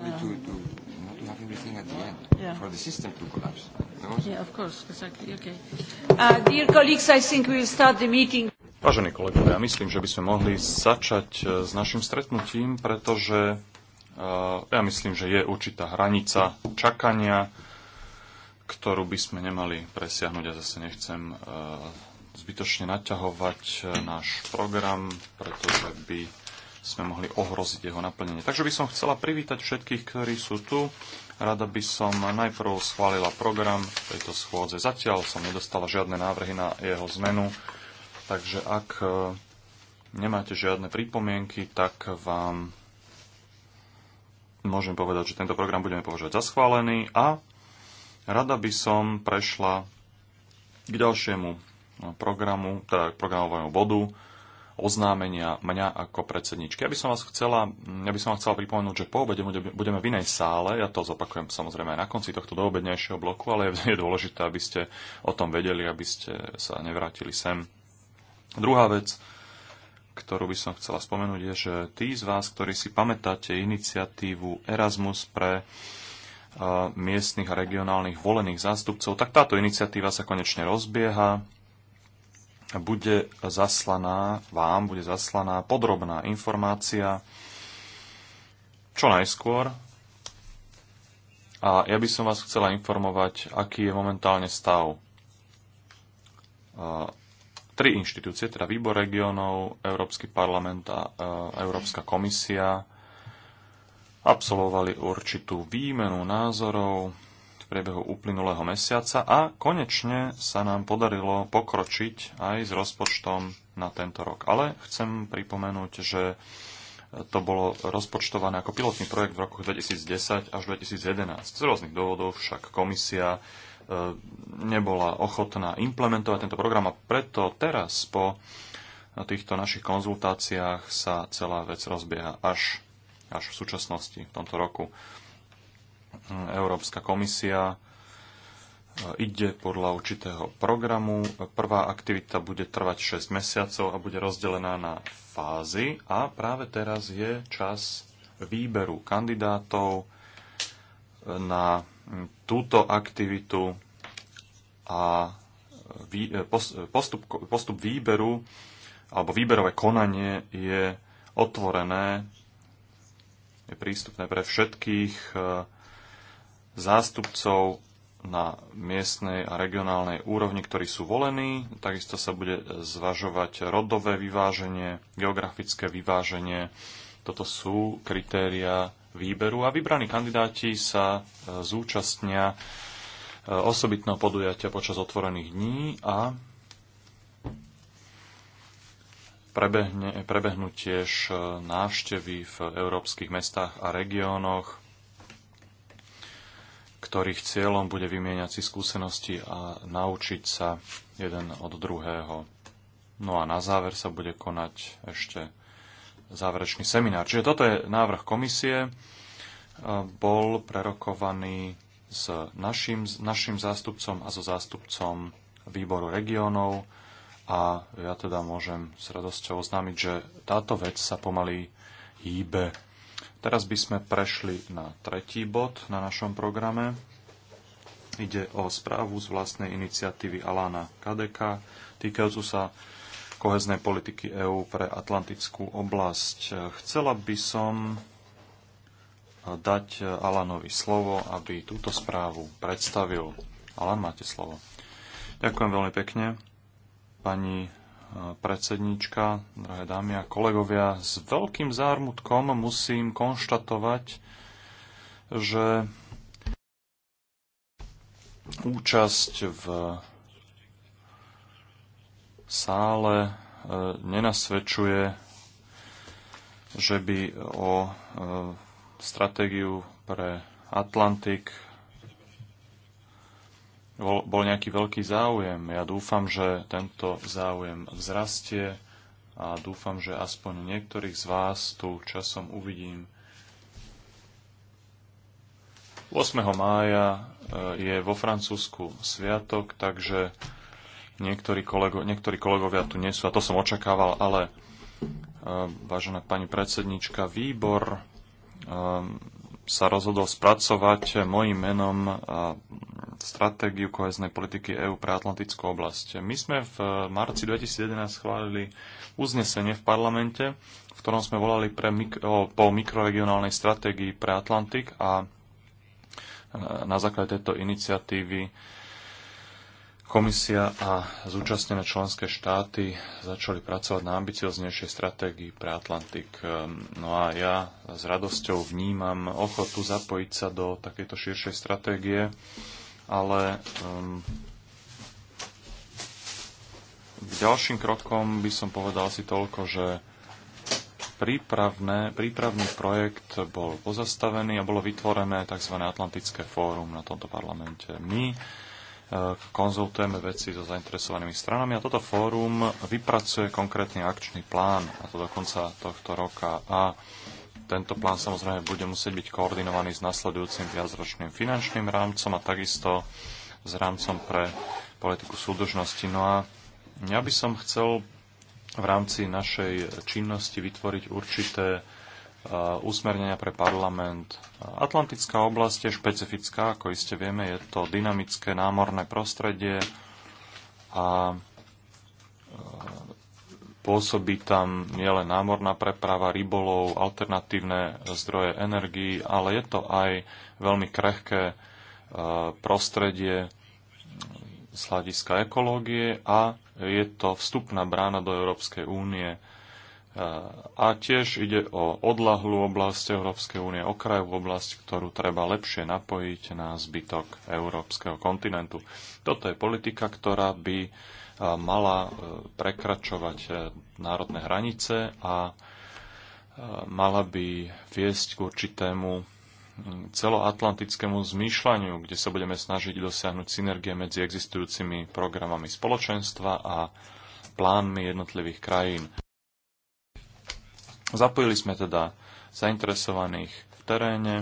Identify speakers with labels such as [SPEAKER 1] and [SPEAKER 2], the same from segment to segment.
[SPEAKER 1] to, to not to have everything at the end yeah. for the system to collapse. No? Yeah,
[SPEAKER 2] of course, exactly. Okay. Uh, dear colleagues, I think we'll start the meeting.
[SPEAKER 1] Vážení kolegovia, ja myslím, že by sme mohli začať uh, s našim stretnutím, pretože uh, ja myslím, že je určitá hranica čakania, ktorú by sme nemali presiahnuť. Ja zase nechcem uh, zbytočne naťahovať náš program, pretože by sme mohli ohroziť jeho naplnenie. Takže by som chcela privítať všetkých, ktorí sú tu. Rada by som najprv schválila program tejto schôdze. Zatiaľ som nedostala žiadne návrhy na jeho zmenu, takže ak e, nemáte žiadne pripomienky, tak vám môžem povedať, že tento program budeme považovať za schválený a rada by som prešla k ďalšiemu programu, teda k programovému bodu, oznámenia mňa ako predsedničky. Ja by som vás chcela, ja by som vám chcela pripomenúť, že po obede budeme v inej sále, ja to zopakujem samozrejme aj na konci tohto doobednejšieho bloku, ale je, je dôležité, aby ste o tom vedeli, aby ste sa nevrátili sem. Druhá vec, ktorú by som chcela spomenúť, je, že tí z vás, ktorí si pamätáte iniciatívu Erasmus pre e, miestnych a regionálnych volených zástupcov, tak táto iniciatíva sa konečne rozbieha bude zaslaná, vám bude zaslaná podrobná informácia čo najskôr. A ja by som vás chcela informovať, aký je momentálne stav. Tri inštitúcie, teda Výbor regionov, Európsky parlament a Európska komisia, absolvovali určitú výmenu názorov priebehu uplynulého mesiaca a konečne sa nám podarilo pokročiť aj s rozpočtom na tento rok. Ale chcem pripomenúť, že to bolo rozpočtované ako pilotný projekt v roku 2010 až 2011. Z rôznych dôvodov však komisia e, nebola ochotná implementovať tento program a preto teraz po týchto našich konzultáciách sa celá vec rozbieha až, až v súčasnosti, v tomto roku. Európska komisia e, ide podľa určitého programu. Prvá aktivita bude trvať 6 mesiacov a bude rozdelená na fázy a práve teraz je čas výberu kandidátov e, na túto aktivitu a e, postup, postup výberu alebo výberové konanie je otvorené, je prístupné pre všetkých zástupcov na miestnej a regionálnej úrovni, ktorí sú volení. Takisto sa bude zvažovať rodové vyváženie, geografické vyváženie. Toto sú kritéria výberu a vybraní kandidáti sa e, zúčastnia e, osobitného podujatia počas otvorených dní a prebehne, prebehnú tiež e, návštevy v európskych mestách a regiónoch ktorých cieľom bude vymieňať si skúsenosti a naučiť sa jeden od druhého. No a na záver sa bude konať ešte záverečný seminár. Čiže toto je návrh komisie. E, bol prerokovaný s našim, našim zástupcom a so zástupcom výboru regiónov a ja teda môžem s radosťou oznámiť, že táto vec sa pomaly hýbe Teraz by sme prešli na tretí bod na našom programe. Ide o správu z vlastnej iniciatívy Alána Kadeka týkajúcu sa koheznej politiky EÚ pre Atlantickú oblasť. Chcela by som dať Alanovi slovo, aby túto správu predstavil. Alan, máte slovo. Ďakujem veľmi pekne, pani predsednička, drahé dámy a kolegovia. S veľkým zármutkom musím konštatovať, že účasť v sále e, nenasvedčuje, že by o e, stratégiu pre Atlantik bol, bol nejaký veľký záujem. Ja dúfam, že tento záujem vzrastie a dúfam, že aspoň niektorých z vás tu časom uvidím. 8. mája e, je vo Francúzsku sviatok, takže niektorí, kolego, niektorí kolegovia tu nie sú a to som očakával, ale e, vážená pani predsednička, výbor e, sa rozhodol spracovať mojim menom stratégiu koheznej politiky EÚ pre Atlantickú oblasť. My sme v marci 2011 schválili uznesenie v parlamente, v ktorom sme volali pre mikro, po mikroregionálnej stratégii pre Atlantik a na základe tejto iniciatívy Komisia a zúčastnené členské štáty začali pracovať na ambicioznejšej stratégii pre Atlantik. Ehm, no a ja s radosťou vnímam ochotu zapojiť sa do takejto širšej stratégie, ale um, ďalším krokom by som povedal si toľko, že prípravné, prípravný projekt bol pozastavený a bolo vytvorené tzv. Atlantické fórum na tomto parlamente. My konzultujeme veci so zainteresovanými stranami a toto fórum vypracuje konkrétny akčný plán a to do konca tohto roka a tento plán samozrejme bude musieť byť koordinovaný s nasledujúcim viacročným finančným rámcom a takisto s rámcom pre politiku súdržnosti. No a ja by som chcel v rámci našej činnosti vytvoriť určité Eh, usmernenia pre parlament. Atlantická oblasť je špecifická, ako iste vieme, je to dynamické námorné prostredie a eh, pôsobí tam nielen námorná preprava rybolov, alternatívne zdroje energií, ale je to aj veľmi krehké eh, prostredie z hľadiska ekológie a je to vstupná brána do Európskej únie. A tiež ide o odlahlú oblasť Európskej únie, okrajovú oblasť, ktorú treba lepšie napojiť na zbytok európskeho kontinentu. Toto je politika, ktorá by e, mala e, prekračovať e, národné hranice a mala by viesť k určitému celoatlantickému zmýšľaniu, kde sa budeme snažiť dosiahnuť synergie medzi existujúcimi programami spoločenstva a plánmi jednotlivých krajín. Zapojili sme teda zainteresovaných v teréne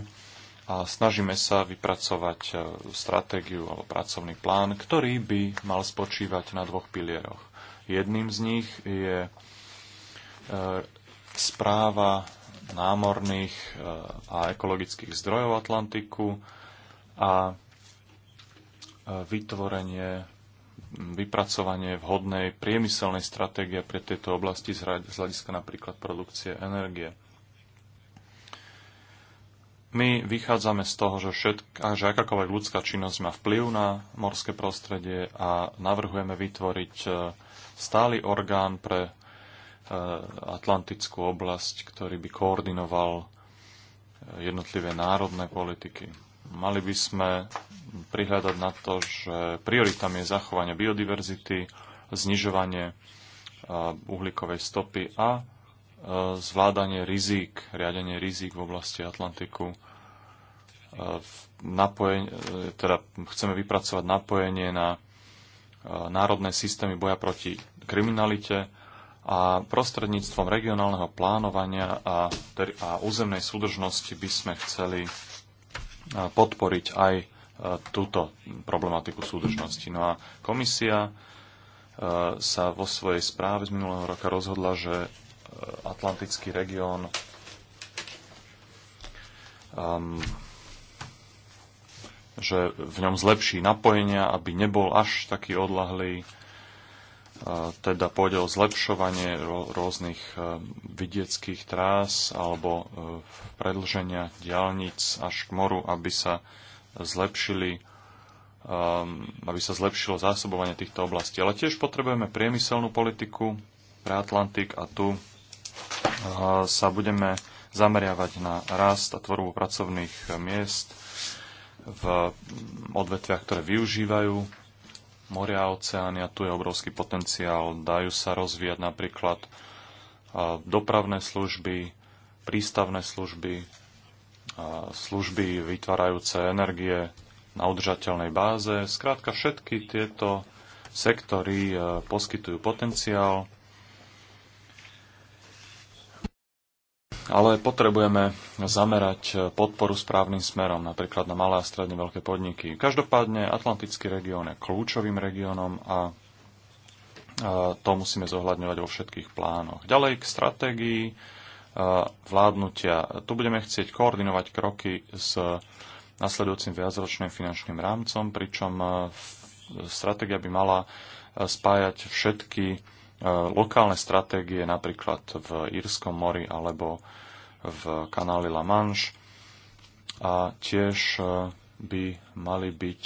[SPEAKER 1] a snažíme sa vypracovať e, stratégiu alebo pracovný plán, ktorý by mal spočívať na dvoch pilieroch. Jedným z nich je e, správa námorných e, a ekologických zdrojov Atlantiku a vytvorenie vypracovanie vhodnej priemyselnej stratégie pre tieto oblasti z hľadiska napríklad produkcie energie. My vychádzame z toho, že, všetka, že akákoľvek ľudská činnosť má vplyv na morské prostredie a navrhujeme vytvoriť e, stály orgán pre e, Atlantickú oblasť, ktorý by koordinoval e, jednotlivé národné politiky. Mali by sme prihľadať na to, že prioritami je zachovanie biodiverzity, znižovanie e, uhlíkovej stopy a e, zvládanie rizík, riadenie rizík v oblasti Atlantiku. E, napojenie, teda chceme vypracovať napojenie na národné systémy boja proti kriminalite, a prostredníctvom regionálneho plánovania a, a územnej súdržnosti by sme chceli podporiť aj túto problematiku súdržnosti. No a komisia e, sa vo svojej správe z minulého roka rozhodla, že e, Atlantický región um, že v ňom zlepší napojenia, aby nebol až taký odlahlý, e, teda pôjde o zlepšovanie rôznych vidieckých trás alebo predlženia diálnic až k moru, aby sa zlepšili um, aby sa zlepšilo zásobovanie týchto oblastí. Ale tiež potrebujeme priemyselnú politiku pre Atlantik a tu uh, sa budeme zameriavať na rast a tvorbu pracovných miest v odvetviach, ktoré využívajú moria a oceány a tu je obrovský potenciál. Dajú sa rozvíjať napríklad uh, dopravné služby, prístavné služby, služby vytvárajúce energie na udržateľnej báze. Skrátka všetky tieto sektory e, poskytujú potenciál, ale potrebujeme zamerať e, podporu správnym smerom, napríklad na malé a stredne veľké podniky. Každopádne Atlantický región je kľúčovým regiónom a to musíme zohľadňovať vo všetkých plánoch. Ďalej k stratégii Eh, vládnutia. Tu budeme chcieť koordinovať kroky s nasledujúcim viacročným finančným rámcom, pričom eh, stratégia by mala eh, spájať všetky lokálne stratégie, napríklad v Írskom mori alebo v kanáli La Manche. A tiež by mali byť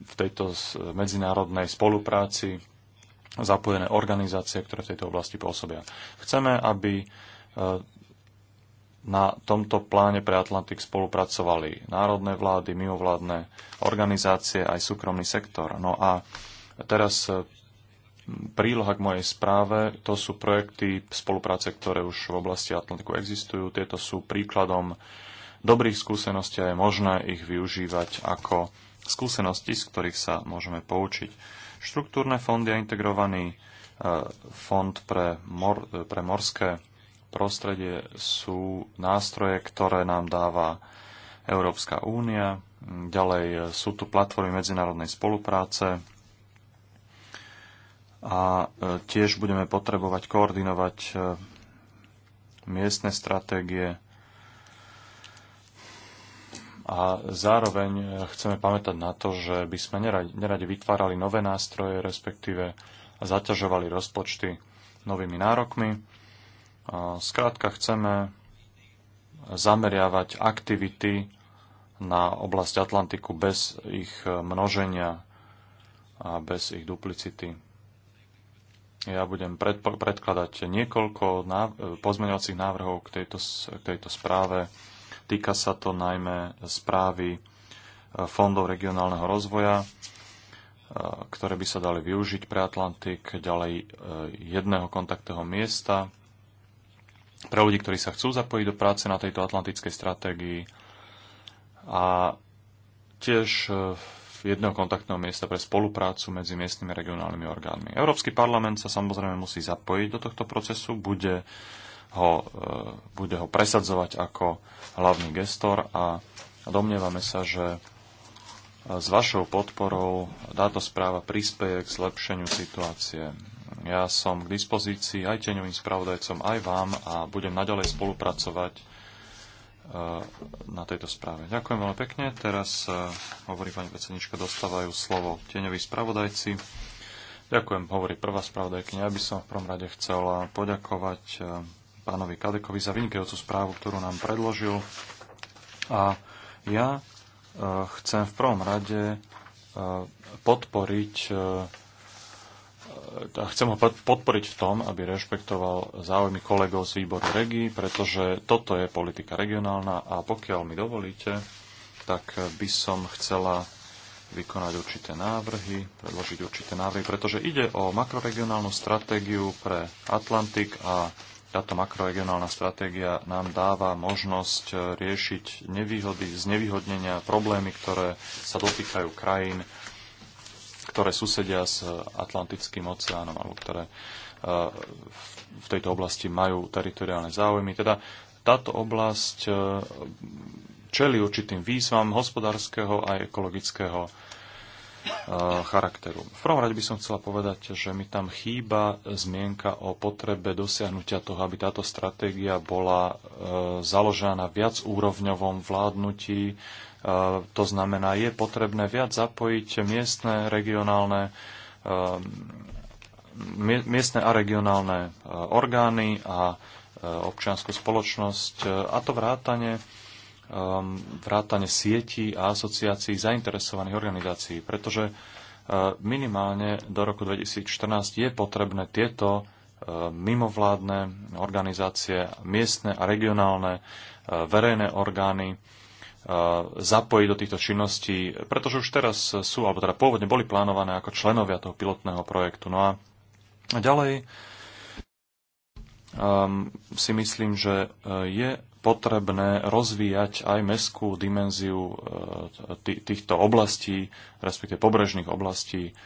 [SPEAKER 1] v tejto medzinárodnej spolupráci zapojené organizácie, ktoré v tejto oblasti pôsobia. Chceme, aby na tomto pláne pre Atlantik spolupracovali národné vlády, mimovládne organizácie, aj súkromný sektor. No a teraz e, príloha k mojej správe, to sú projekty spolupráce, ktoré už v oblasti Atlantiku existujú. Tieto sú príkladom dobrých skúseností a je možné ich využívať ako skúsenosti, z ktorých sa môžeme poučiť. Štruktúrne fondy a integrovaný e, fond pre, mor, e, pre morské prostredie sú nástroje, ktoré nám dáva Európska únia. Ďalej e, sú tu platformy medzinárodnej spolupráce a e, tiež budeme potrebovať koordinovať e, miestne stratégie a zároveň chceme pamätať na to, že by sme neradi, neradi vytvárali nové nástroje, respektíve zaťažovali rozpočty novými nárokmi. Skrátka chceme zameriavať aktivity na oblasť Atlantiku bez ich e, množenia a bez ich duplicity. Ja budem predkladať niekoľko e, pozmeňovacích návrhov k tejto, k tejto správe. Týka sa to najmä správy e, fondov regionálneho rozvoja, ktoré by sa dali využiť pre Atlantik, ďalej jedného kontaktného miesta pre ľudí, ktorí sa chcú zapojiť do práce na tejto atlantickej stratégii a tiež e, jedného kontaktného miesta pre spoluprácu medzi miestnymi regionálnymi orgánmi. Európsky parlament sa samozrejme musí zapojiť do tohto procesu, bude ho, e, bude ho presadzovať ako hlavný gestor a domnievame sa, že e, s vašou podporou táto správa prispieje k zlepšeniu situácie ja som k dispozícii aj teňovým spravodajcom, aj vám a budem naďalej spolupracovať e, na tejto správe. Ďakujem veľmi pekne. Teraz, e, hovorí pani predsednička, dostávajú slovo teňoví spravodajci. Ďakujem, hovorí prvá spravodajkynia. Ja by som v prvom rade chcel poďakovať e, pánovi Kadekovi za vynikajúcu správu, ktorú nám predložil. A ja chcem v prvom rade podporiť a e, chcem ho podporiť v tom, aby rešpektoval záujmy kolegov z výboru regí, pretože toto je politika regionálna a pokiaľ mi dovolíte, tak by som chcela vykonať určité návrhy, predložiť určité návrhy, pretože ide o makroregionálnu stratégiu pre Atlantik a táto makroregionálna stratégia nám dáva možnosť riešiť nevýhody, znevýhodnenia, problémy, ktoré sa dotýkajú krajín ktoré susedia s e, Atlantickým oceánom alebo ktoré e, v tejto oblasti majú teritoriálne záujmy. Teda táto oblasť e, čeli určitým výzvam hospodárskeho a ekologického charakteru. V prvom rade by som chcela povedať, že mi tam chýba zmienka o potrebe dosiahnutia toho, aby táto stratégia bola založená na viacúrovňovom vládnutí to znamená, je potrebné viac zapojiť miestne, regionálne um, miestne a regionálne uh, orgány a uh, občianskú spoločnosť, a to vrátane, um, vrátane sietí a asociácií zainteresovaných organizácií, pretože uh, minimálne do roku 2014 je potrebné tieto mimovládne organizácie, miestne a regionálne verejné orgány Eh, zapojiť do týchto činností, pretože už teraz sú, alebo teda pôvodne boli plánované ako členovia toho pilotného projektu. No a ďalej um, si myslím, že eh, je potrebné rozvíjať aj mestskú dimenziu eh, týchto oblastí, respektíve pobrežných oblastí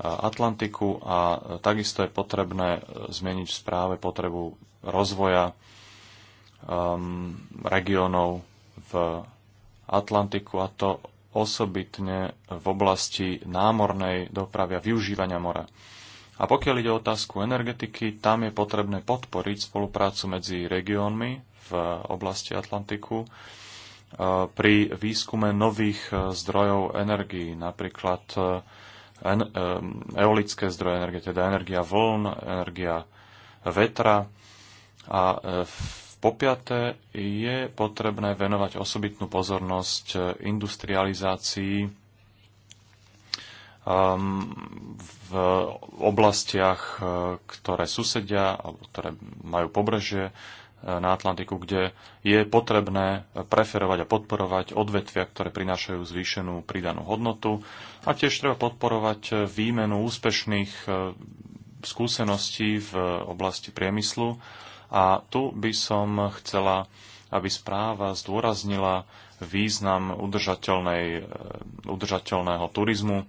[SPEAKER 1] Atlantiku a takisto je potrebné zmeniť v správe potrebu rozvoja um, ehm, regiónov v Atlantiku a to osobitne v oblasti námornej dopravy a využívania mora. A pokiaľ ide o otázku energetiky, tam je potrebné podporiť spoluprácu medzi regiónmi v oblasti Atlantiku e, pri výskume nových e, zdrojov energií, napríklad e, eolické zdroje energie, teda energia vln, energia vetra. A v po piaté, je potrebné venovať osobitnú pozornosť eh, industrializácii ehm, v oblastiach, eh, ktoré susedia, alebo ktoré majú pobrežie eh, na Atlantiku, kde je potrebné preferovať a podporovať odvetvia, ktoré prinášajú zvýšenú pridanú hodnotu. A tiež treba podporovať výmenu úspešných skúseností v oblasti priemyslu a tu by som chcela, aby správa zdôraznila význam eh, udržateľného turizmu,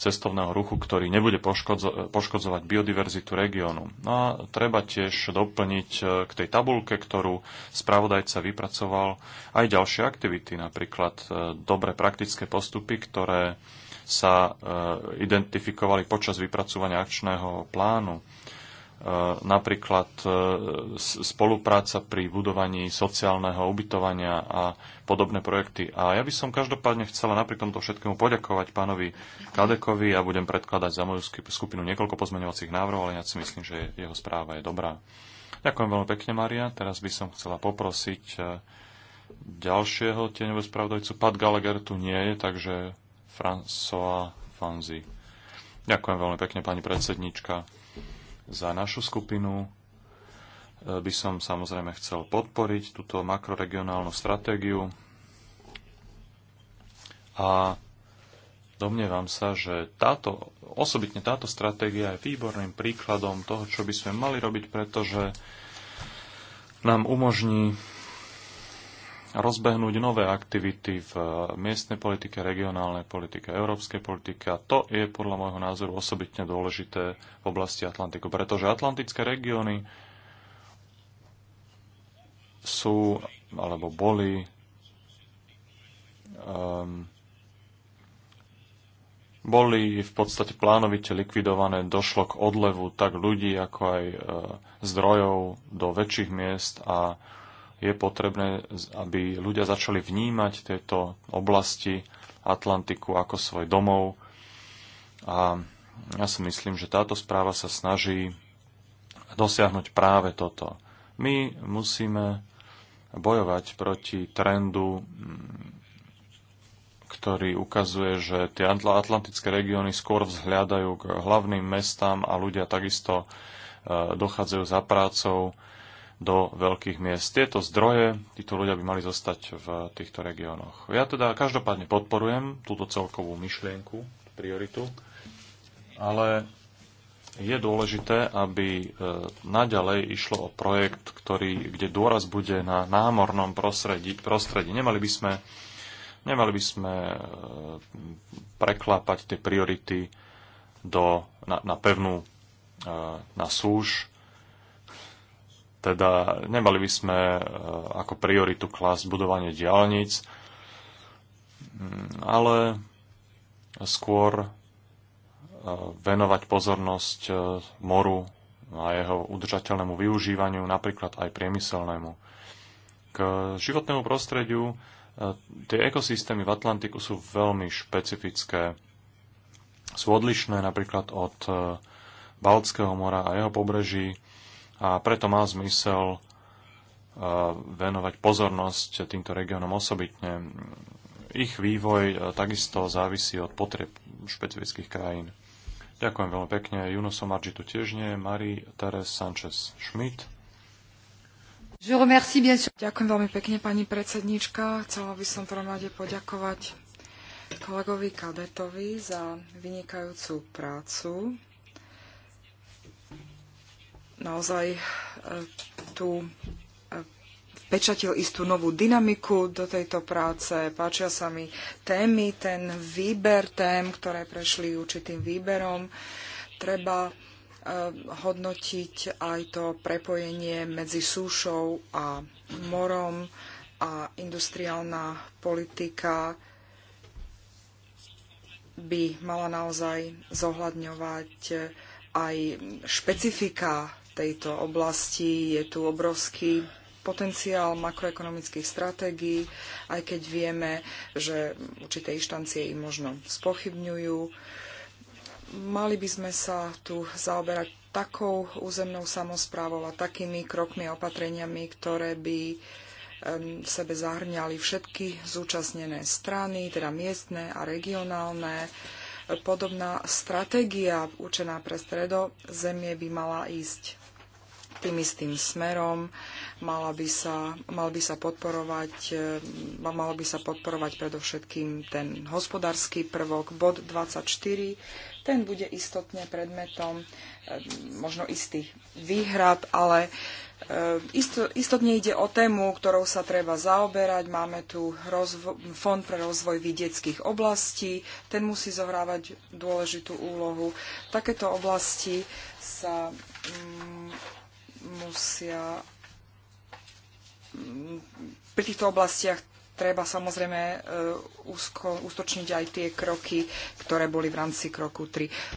[SPEAKER 1] cestovného ruchu, ktorý nebude poškodzo- poškodzovať biodiverzitu regiónu. No a treba tiež doplniť eh, k tej tabulke, ktorú spravodajca vypracoval, aj ďalšie aktivity, napríklad eh, dobre praktické postupy, ktoré sa identifikovali počas vypracovania akčného plánu E, napríklad e, spolupráca pri budovaní sociálneho ubytovania a podobné projekty. A ja by som každopádne chcela napriek tomuto všetkému poďakovať pánovi Kadekovi a ja budem predkladať za moju skupinu niekoľko pozmeňovacích návrhov, ale ja si myslím, že jeho správa je dobrá. Ďakujem veľmi pekne, Maria. Teraz by som chcela poprosiť e, ďalšieho tieňového spravodajcu. Pat Gallagher tu nie je, takže François Fanzi. Ďakujem veľmi pekne, pani predsednička. Za našu skupinu e, by som samozrejme chcel podporiť túto makroregionálnu stratégiu a domnievam sa, že táto, osobitne táto stratégia je výborným príkladom toho, čo by sme mali robiť, pretože nám umožní rozbehnúť nové aktivity v eh, miestnej politike, regionálnej politike, európskej politike. A to je podľa môjho názoru osobitne dôležité v oblasti Atlantiku, pretože atlantické regióny sú alebo boli um, boli v podstate plánovite likvidované, došlo k odlevu tak ľudí, ako aj e, zdrojov do väčších miest a je potrebné, aby ľudia začali vnímať tieto oblasti Atlantiku ako svoj domov. A ja si myslím, že táto správa sa snaží dosiahnuť práve toto. My musíme bojovať proti trendu, ktorý ukazuje, že tie atlantické regióny skôr vzhľadajú k hlavným mestám a ľudia takisto eh, dochádzajú za prácou do veľkých miest. Tieto zdroje, títo ľudia by mali zostať v týchto regiónoch. Ja teda každopádne podporujem túto celkovú myšlienku, prioritu, ale je dôležité, aby e, naďalej išlo o projekt, ktorý, kde dôraz bude na námornom prostredí. prostredí. Nemali by sme, nemali by sme e, preklápať tie priority do, na, na pevnú, e, na súž teda nemali by sme e, ako prioritu klas budovanie diálnic, mm, ale skôr e, venovať pozornosť e, moru a jeho udržateľnému využívaniu, napríklad aj priemyselnému. K životnému prostrediu tie ekosystémy v Atlantiku sú veľmi špecifické. Sú odlišné napríklad od Baltského mora a jeho pobreží a preto má zmysel e, venovať pozornosť týmto regiónom osobitne. Ich vývoj e, takisto závisí od potrieb špecifických krajín. Ďakujem veľmi pekne. Juno Somarži tu tiež nie. Marie Teres Sanchez Schmidt.
[SPEAKER 3] Ďakujem veľmi pekne, pani predsednička. Chcela by som prvom rade poďakovať kolegovi Kadetovi za vynikajúcu prácu naozaj e, tu e, pečatil istú novú dynamiku do tejto práce. Páčia sa mi témy, ten výber tém, ktoré prešli určitým výberom. Treba e, hodnotiť aj to prepojenie medzi súšou a morom a industriálna politika by mala naozaj zohľadňovať aj špecifika tejto oblasti. Je tu obrovský potenciál makroekonomických stratégií, aj keď vieme, že určité inštancie ich možno spochybňujú. Mali by sme sa tu zaoberať takou územnou samozprávou a takými krokmi a opatreniami, ktoré by v sebe zahrňali všetky zúčastnené strany, teda miestne a regionálne. Podobná stratégia určená pre stredo zemie by mala ísť tým istým smerom, mala by sa, mal by sa podporovať, eh, malo by sa podporovať predovšetkým ten hospodársky prvok, bod 24, ten bude istotne predmetom eh, možno istých výhrad, ale eh, istotne ide o tému, ktorou sa treba zaoberať. Máme tu rozvo- Fond pre rozvoj vidieckých oblastí, ten musí zohrávať dôležitú úlohu. Takéto oblasti sa mm, musia mm, pri týchto oblastiach treba samozrejme e, úzko, ústočniť aj tie kroky, ktoré boli v rámci kroku 3.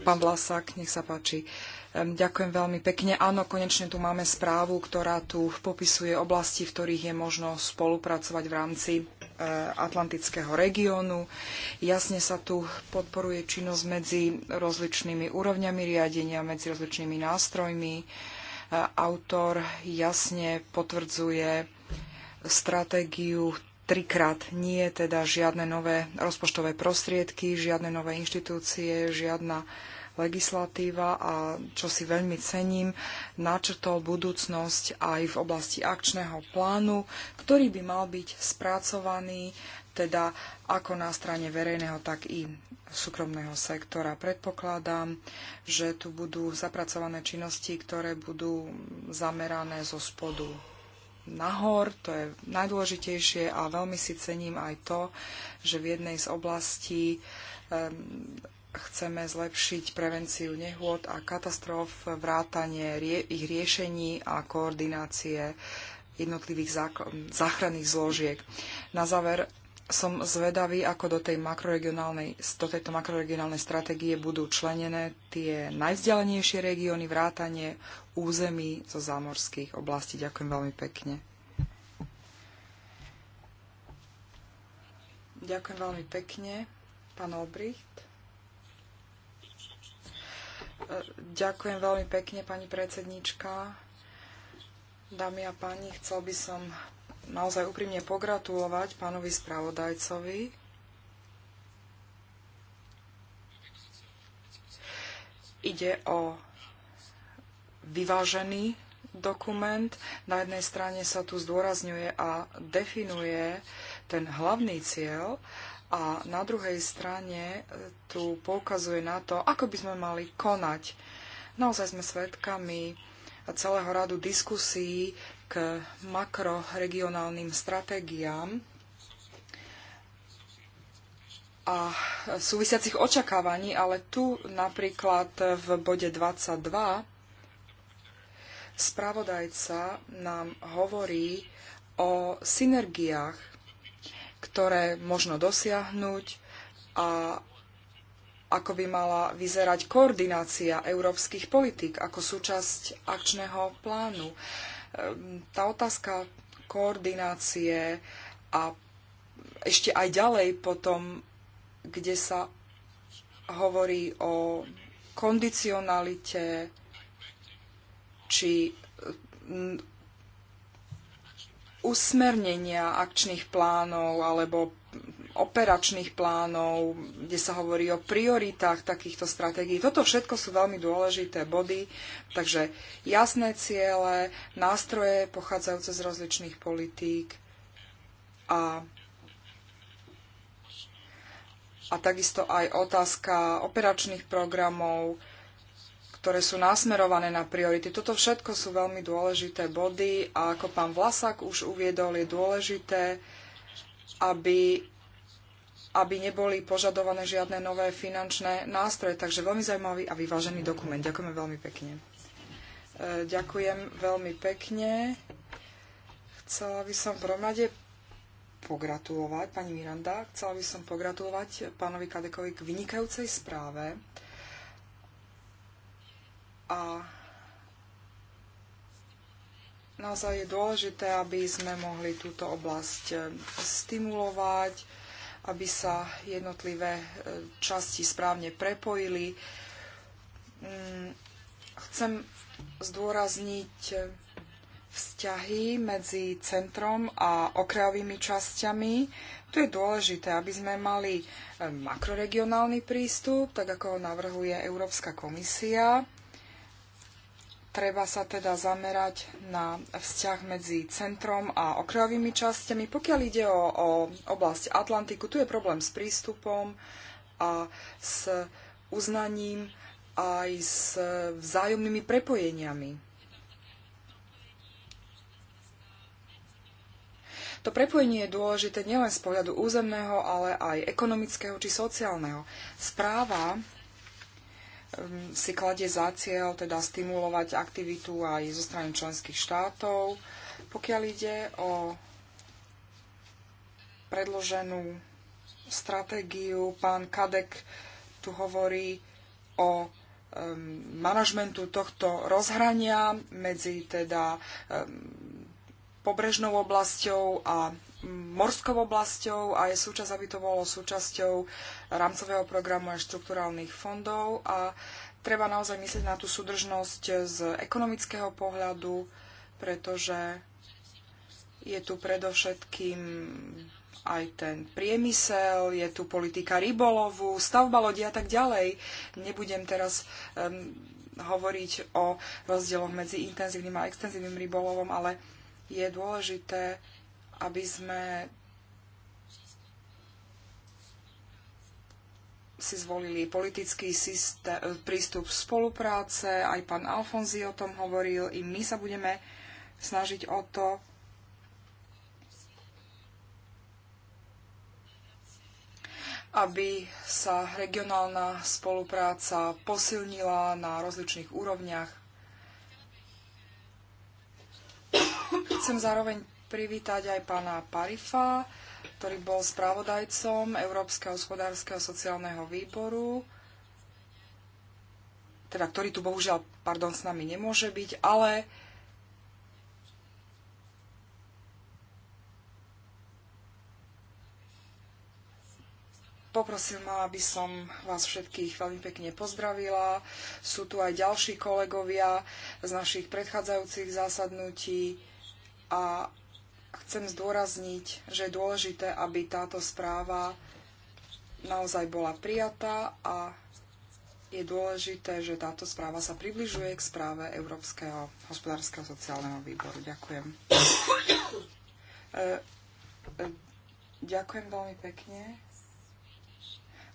[SPEAKER 3] Pán Vlasák, nech sa páči. Ďakujem veľmi pekne. Áno, konečne tu máme správu, ktorá tu popisuje oblasti, v ktorých je možno spolupracovať v rámci Eh, atlantického regiónu. Jasne sa tu podporuje činnosť medzi rozličnými úrovňami riadenia, medzi rozličnými nástrojmi. Eh, autor jasne potvrdzuje stratégiu trikrát nie, teda žiadne nové rozpočtové prostriedky, žiadne nové inštitúcie, žiadna legislatíva a čo si veľmi cením, načrtol budúcnosť aj v oblasti akčného plánu, ktorý by mal byť spracovaný teda ako na strane verejného, tak i súkromného sektora. Predpokladám, že tu budú zapracované činnosti, ktoré budú zamerané zo spodu nahor, to je najdôležitejšie a veľmi si cením aj to, že v jednej z oblastí um, chceme zlepšiť prevenciu nehôd a katastrof, vrátanie ich riešení a koordinácie jednotlivých záchranných zložiek. Na záver som zvedavý, ako do, tej makroregionálnej, do tejto makroregionálnej stratégie budú členené tie najvzdialenejšie regióny, vrátanie území zo zámorských oblastí. Ďakujem veľmi pekne. Ďakujem veľmi pekne, pán Obricht. Ďakujem veľmi pekne, pani predsednička. Dámy a páni, chcel by som naozaj úprimne pogratulovať pánovi spravodajcovi. Ide o vyvážený dokument. Na jednej strane sa tu zdôrazňuje a definuje ten hlavný cieľ, a na druhej strane e, tu poukazuje na to, ako by sme mali konať. Naozaj sme svedkami celého radu diskusí k makroregionálnym stratégiám a súvisiacich očakávaní, ale tu napríklad v bode 22 spravodajca nám hovorí o synergiách ktoré možno dosiahnuť a ako by mala vyzerať koordinácia európskych politík ako súčasť akčného plánu. Ehm, tá otázka koordinácie a ešte aj ďalej potom, kde sa hovorí o kondicionalite či usmernenia akčných plánov alebo operačných plánov, kde sa hovorí o prioritách takýchto stratégií. Toto všetko sú veľmi dôležité body, takže jasné ciele, nástroje pochádzajúce z rozličných politík a, a takisto aj otázka operačných programov, ktoré sú nasmerované na priority. Toto všetko sú veľmi dôležité body a ako pán Vlasák už uviedol, je dôležité, aby, aby neboli požadované žiadne nové finančné nástroje. Takže veľmi zaujímavý a vyvážený dokument. Ďakujeme veľmi pekne. E, ďakujem veľmi pekne. Chcela by som v pogratulovať, pani Miranda, chcela by som pogratulovať pánovi Kadekovi k vynikajúcej správe a naozaj je dôležité, aby sme mohli túto oblasť e, stimulovať, aby sa jednotlivé e, časti správne prepojili. Mm, chcem zdôrazniť e, vzťahy medzi centrom a okrajovými časťami. Tu je dôležité, aby sme mali makroregionálny prístup, tak ako ho navrhuje Európska komisia treba sa teda zamerať na vzťah medzi centrom a okrajovými častiami. Pokiaľ ide o, o oblasť Atlantiku, tu je problém s prístupom a s uznaním aj s vzájomnými prepojeniami. To prepojenie je dôležité nielen z pohľadu územného, ale aj ekonomického či sociálneho. Správa Um, si kladie za cieľ teda stimulovať aktivitu aj zo strany členských štátov. Pokiaľ ide o predloženú stratégiu, pán Kadek tu hovorí o um, manažmentu tohto rozhrania medzi teda um, pobrežnou oblasťou a morskou oblasťou a je súčasť, aby to bolo súčasťou rámcového programu a štrukturálnych fondov a treba naozaj myslieť na tú súdržnosť z ekonomického pohľadu, pretože je tu predovšetkým aj ten priemysel, je tu politika rybolovu, stavba lodi a tak ďalej. Nebudem teraz um, hovoriť o rozdieloch medzi intenzívnym a extenzívnym rybolovom, ale je dôležité aby sme si zvolili politický systém, prístup spolupráce, aj pán Alfonzi o tom hovoril, i my sa budeme snažiť o to. aby sa regionálna spolupráca posilnila na rozličných úrovniach. Chcem zároveň privítať aj pána Parifa, ktorý bol spravodajcom Európskeho hospodárskeho sociálneho výboru, teda ktorý tu bohužiaľ, pardon, s nami nemôže byť, ale poprosím ma, aby som vás všetkých veľmi pekne pozdravila. Sú tu aj ďalší kolegovia z našich predchádzajúcich zásadnutí a chcem zdôrazniť, že je dôležité, aby táto správa naozaj bola prijatá a je dôležité, že táto správa sa približuje k správe Európskeho hospodárskeho sociálneho výboru. Ďakujem. E, e, ďakujem veľmi pekne.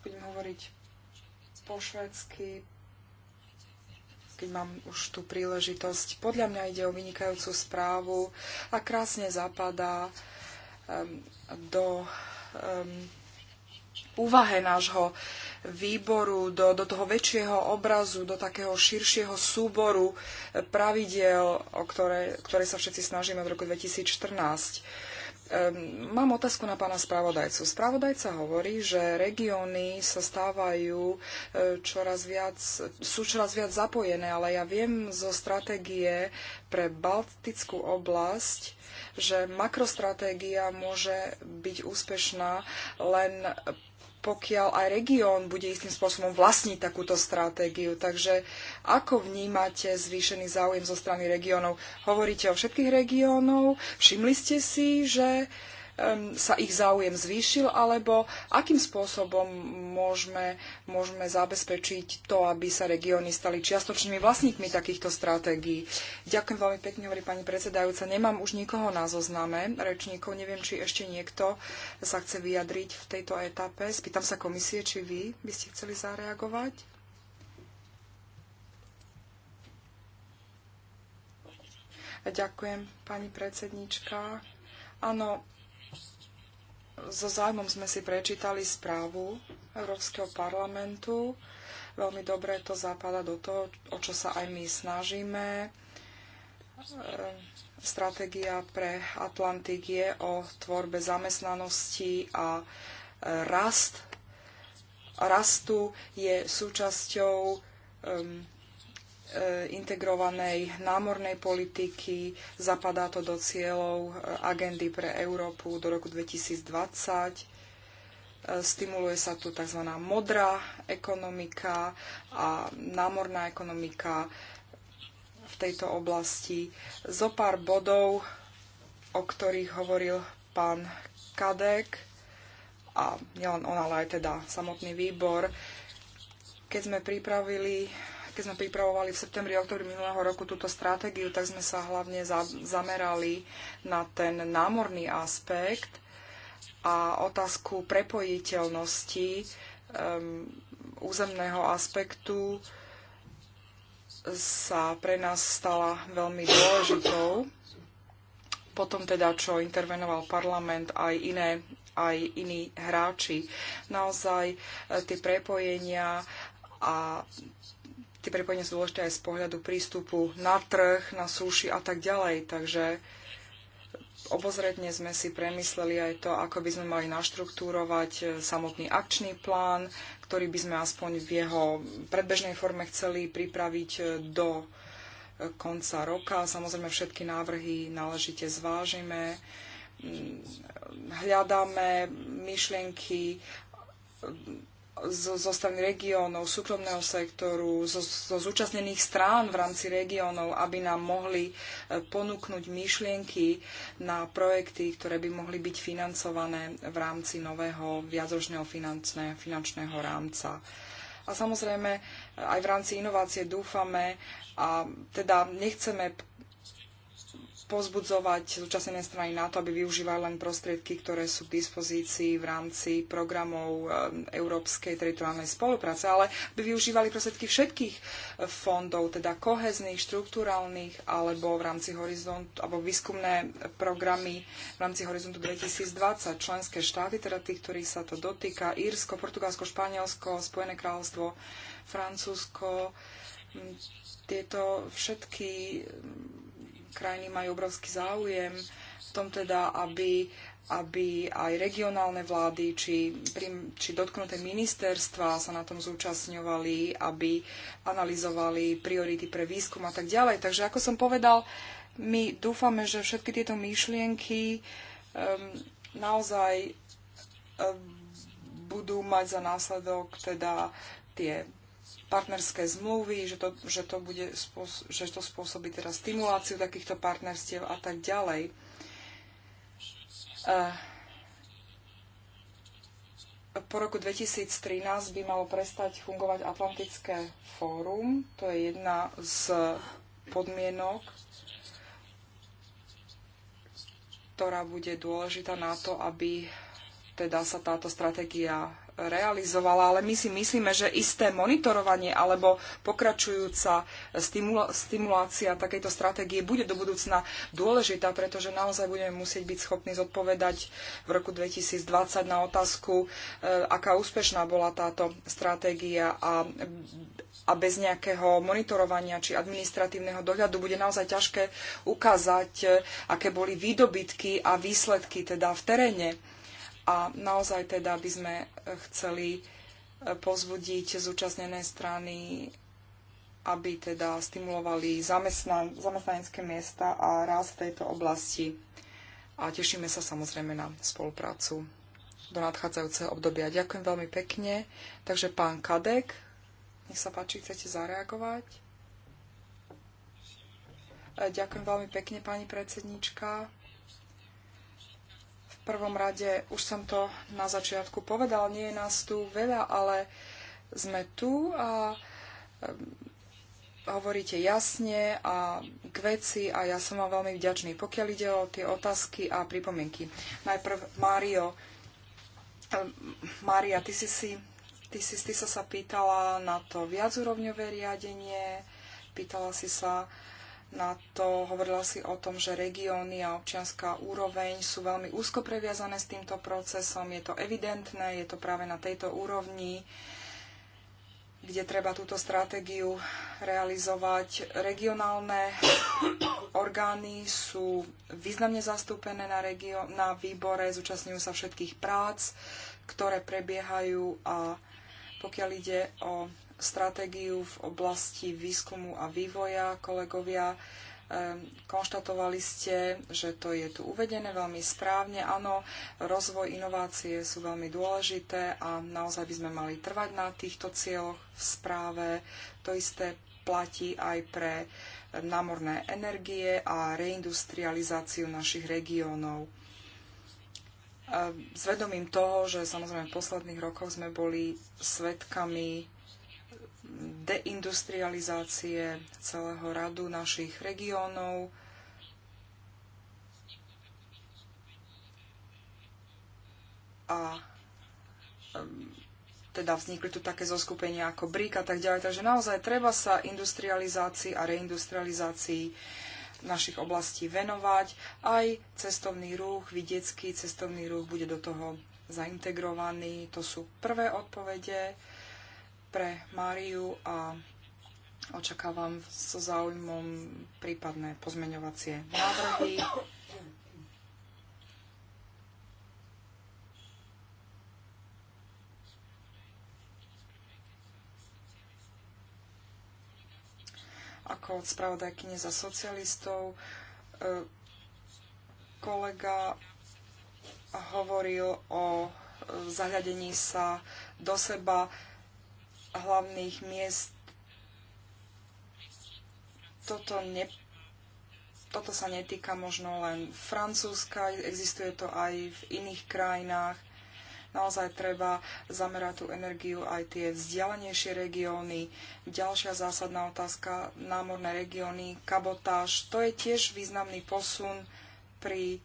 [SPEAKER 3] Budem hovoriť po švedsky, keď mám už tú príležitosť. Podľa mňa ide o vynikajúcu správu a krásne zapadá um, do um, úvahe nášho výboru, do, do toho väčšieho obrazu, do takého širšieho súboru eh, pravidiel, o ktoré, ktoré sa všetci snažíme od roku 2014 Mám otázku na pána spravodajcu. Spravodajca hovorí, že regióny sa stávajú e, čoraz viac, sú čoraz viac zapojené, ale ja viem zo stratégie pre Baltickú oblasť, že makrostratégia môže byť úspešná len pokiaľ aj región bude istým spôsobom vlastniť takúto stratégiu. Takže ako vnímate zvýšený záujem zo strany regiónov? Hovoríte o všetkých regiónov, všimli ste si, že uh, sa ich záujem zvýšil, alebo akým spôsobom môžeme, môžeme zabezpečiť to, aby sa regióny stali čiastočnými vlastníkmi takýchto stratégií. Ďakujem veľmi pekne, hovorí pani predsedajúca. Nemám už nikoho na zozname rečníkov. Neviem, či ešte niekto sa chce vyjadriť v tejto etape. Spýtam sa komisie, či vy by ste chceli zareagovať. Ďakujem, pani predsednička. Áno, so zájmom sme si prečítali správu Európskeho parlamentu. Veľmi dobre to zapadá do toho, o čo sa aj my snažíme. E, stratégia pre Atlantik je o tvorbe zamestnanosti a e, rast. Rastu je súčasťou um, E, integrovanej námornej politiky, zapadá to do cieľov e, agendy pre Európu do roku 2020. E, stimuluje sa tu tzv. modrá ekonomika a námorná ekonomika v tejto oblasti. Zo pár bodov, o ktorých hovoril pán Kadek a nielen on, ale aj teda samotný výbor. Keď sme pripravili keď sme pripravovali v septembri, oktobri minulého roku túto stratégiu, tak sme sa hlavne za, zamerali na ten námorný aspekt a otázku prepojiteľnosti um, územného aspektu sa pre nás stala veľmi dôležitou. Potom teda, čo intervenoval parlament, aj iné aj iní hráči. Naozaj e, tie prepojenia a tie prepojenia sú dôležité aj z pohľadu prístupu na trh, na súši a tak ďalej. Takže obozretne sme si premysleli aj to, ako by sme mali naštruktúrovať e, samotný akčný plán, ktorý by sme aspoň v jeho predbežnej forme chceli pripraviť e, do e, konca roka. Samozrejme všetky návrhy náležite zvážime, mm, hľadáme myšlienky, zo, zo strany regiónov, súkromného sektoru, zo, zo zúčastnených strán v rámci regiónov, aby nám mohli e, ponúknuť myšlienky na projekty, ktoré by mohli byť financované v rámci nového viacročného finančné, finančného rámca. A samozrejme e, aj v rámci inovácie dúfame a teda nechceme pozbudzovať zúčastnené strany na to, aby využívali len prostriedky, ktoré sú k dispozícii v rámci programov eh, Európskej teritoriálnej spolupráce, ale aby využívali prostriedky všetkých eh, fondov, teda kohezných, štrukturálnych, alebo v rámci horizontu, alebo výskumné programy v rámci horizontu 2020. Členské štáty, teda tých, ktorých sa to dotýka, Írsko, Portugalsko, Španielsko, Spojené kráľovstvo, Francúzsko, tieto všetky krajiny majú obrovský záujem v tom teda, aby, aby aj regionálne vlády či, či dotknuté ministerstva sa na tom zúčastňovali, aby analyzovali priority pre výskum a tak ďalej. Takže ako som povedal, my dúfame, že všetky tieto myšlienky um, naozaj um, budú mať za následok teda tie partnerské zmluvy, že to, že to, bude, že to spôsobí teda stimuláciu takýchto partnerstiev a tak ďalej. Eh, po roku 2013 by malo prestať fungovať Atlantické fórum. To je jedna z podmienok, ktorá bude dôležitá na to, aby teda sa táto stratégia realizovala, ale my si myslíme, že isté monitorovanie alebo pokračujúca stimula- stimulácia takejto stratégie bude do budúcna dôležitá, pretože naozaj budeme musieť byť schopní zodpovedať v roku 2020 na otázku, e, aká úspešná bola táto stratégia a, a bez nejakého monitorovania či administratívneho dohľadu bude naozaj ťažké ukázať, e, aké boli výdobytky a výsledky teda v teréne a naozaj teda by sme e, chceli e, pozbudiť zúčastnené strany, aby teda stimulovali zamestnanecké miesta a rast v tejto oblasti. A tešíme sa samozrejme na spoluprácu do nadchádzajúceho obdobia. Ďakujem veľmi pekne. Takže pán Kadek, nech sa páči, chcete zareagovať? E, ďakujem veľmi pekne, pani predsednička prvom rade, už som to na začiatku povedal, nie je nás tu veľa, ale sme tu a hovoríte jasne a k veci a ja som vám veľmi vďačný, pokiaľ ide o tie otázky a pripomienky. Najprv Mário. Mária, ty si, si, ty si ty sa, sa pýtala na to viacúrovňové riadenie, pýtala si sa na to, hovorila si o tom, že regióny a občianská úroveň sú veľmi úzko previazané s týmto procesom. Je to evidentné, je to práve na tejto úrovni, kde treba túto stratégiu realizovať. Regionálne orgány sú významne zastúpené na, regio- na výbore, zúčastňujú sa všetkých prác, ktoré prebiehajú a pokiaľ ide o stratégiu v oblasti výskumu a vývoja, kolegovia. Ehm, konštatovali ste, že to je tu uvedené veľmi správne. Áno, rozvoj inovácie sú veľmi dôležité a naozaj by sme mali trvať na týchto cieľoch v správe. To isté platí aj pre námorné energie a reindustrializáciu našich regiónov. Ehm, s vedomím toho, že samozrejme v posledných rokoch sme boli svetkami deindustrializácie celého radu našich regiónov. A teda vznikli tu také zoskupenia ako BRIC a tak ďalej. Takže naozaj treba sa industrializácii a reindustrializácii našich oblastí venovať. Aj cestovný ruch, vidiecký cestovný ruch bude do toho zaintegrovaný. To sú prvé odpovede pre Máriu a očakávam so záujmom prípadné pozmeňovacie návrhy. Ako spravodajkyne za socialistov, e, kolega hovoril o e, zahľadení sa do seba hlavných miest toto, ne, toto sa netýka možno len Francúzska, existuje to aj v iných krajinách. Naozaj treba zamerať tú energiu aj tie vzdialenejšie regióny. Ďalšia zásadná otázka, námorné regióny, kabotáž. To je tiež významný posun pri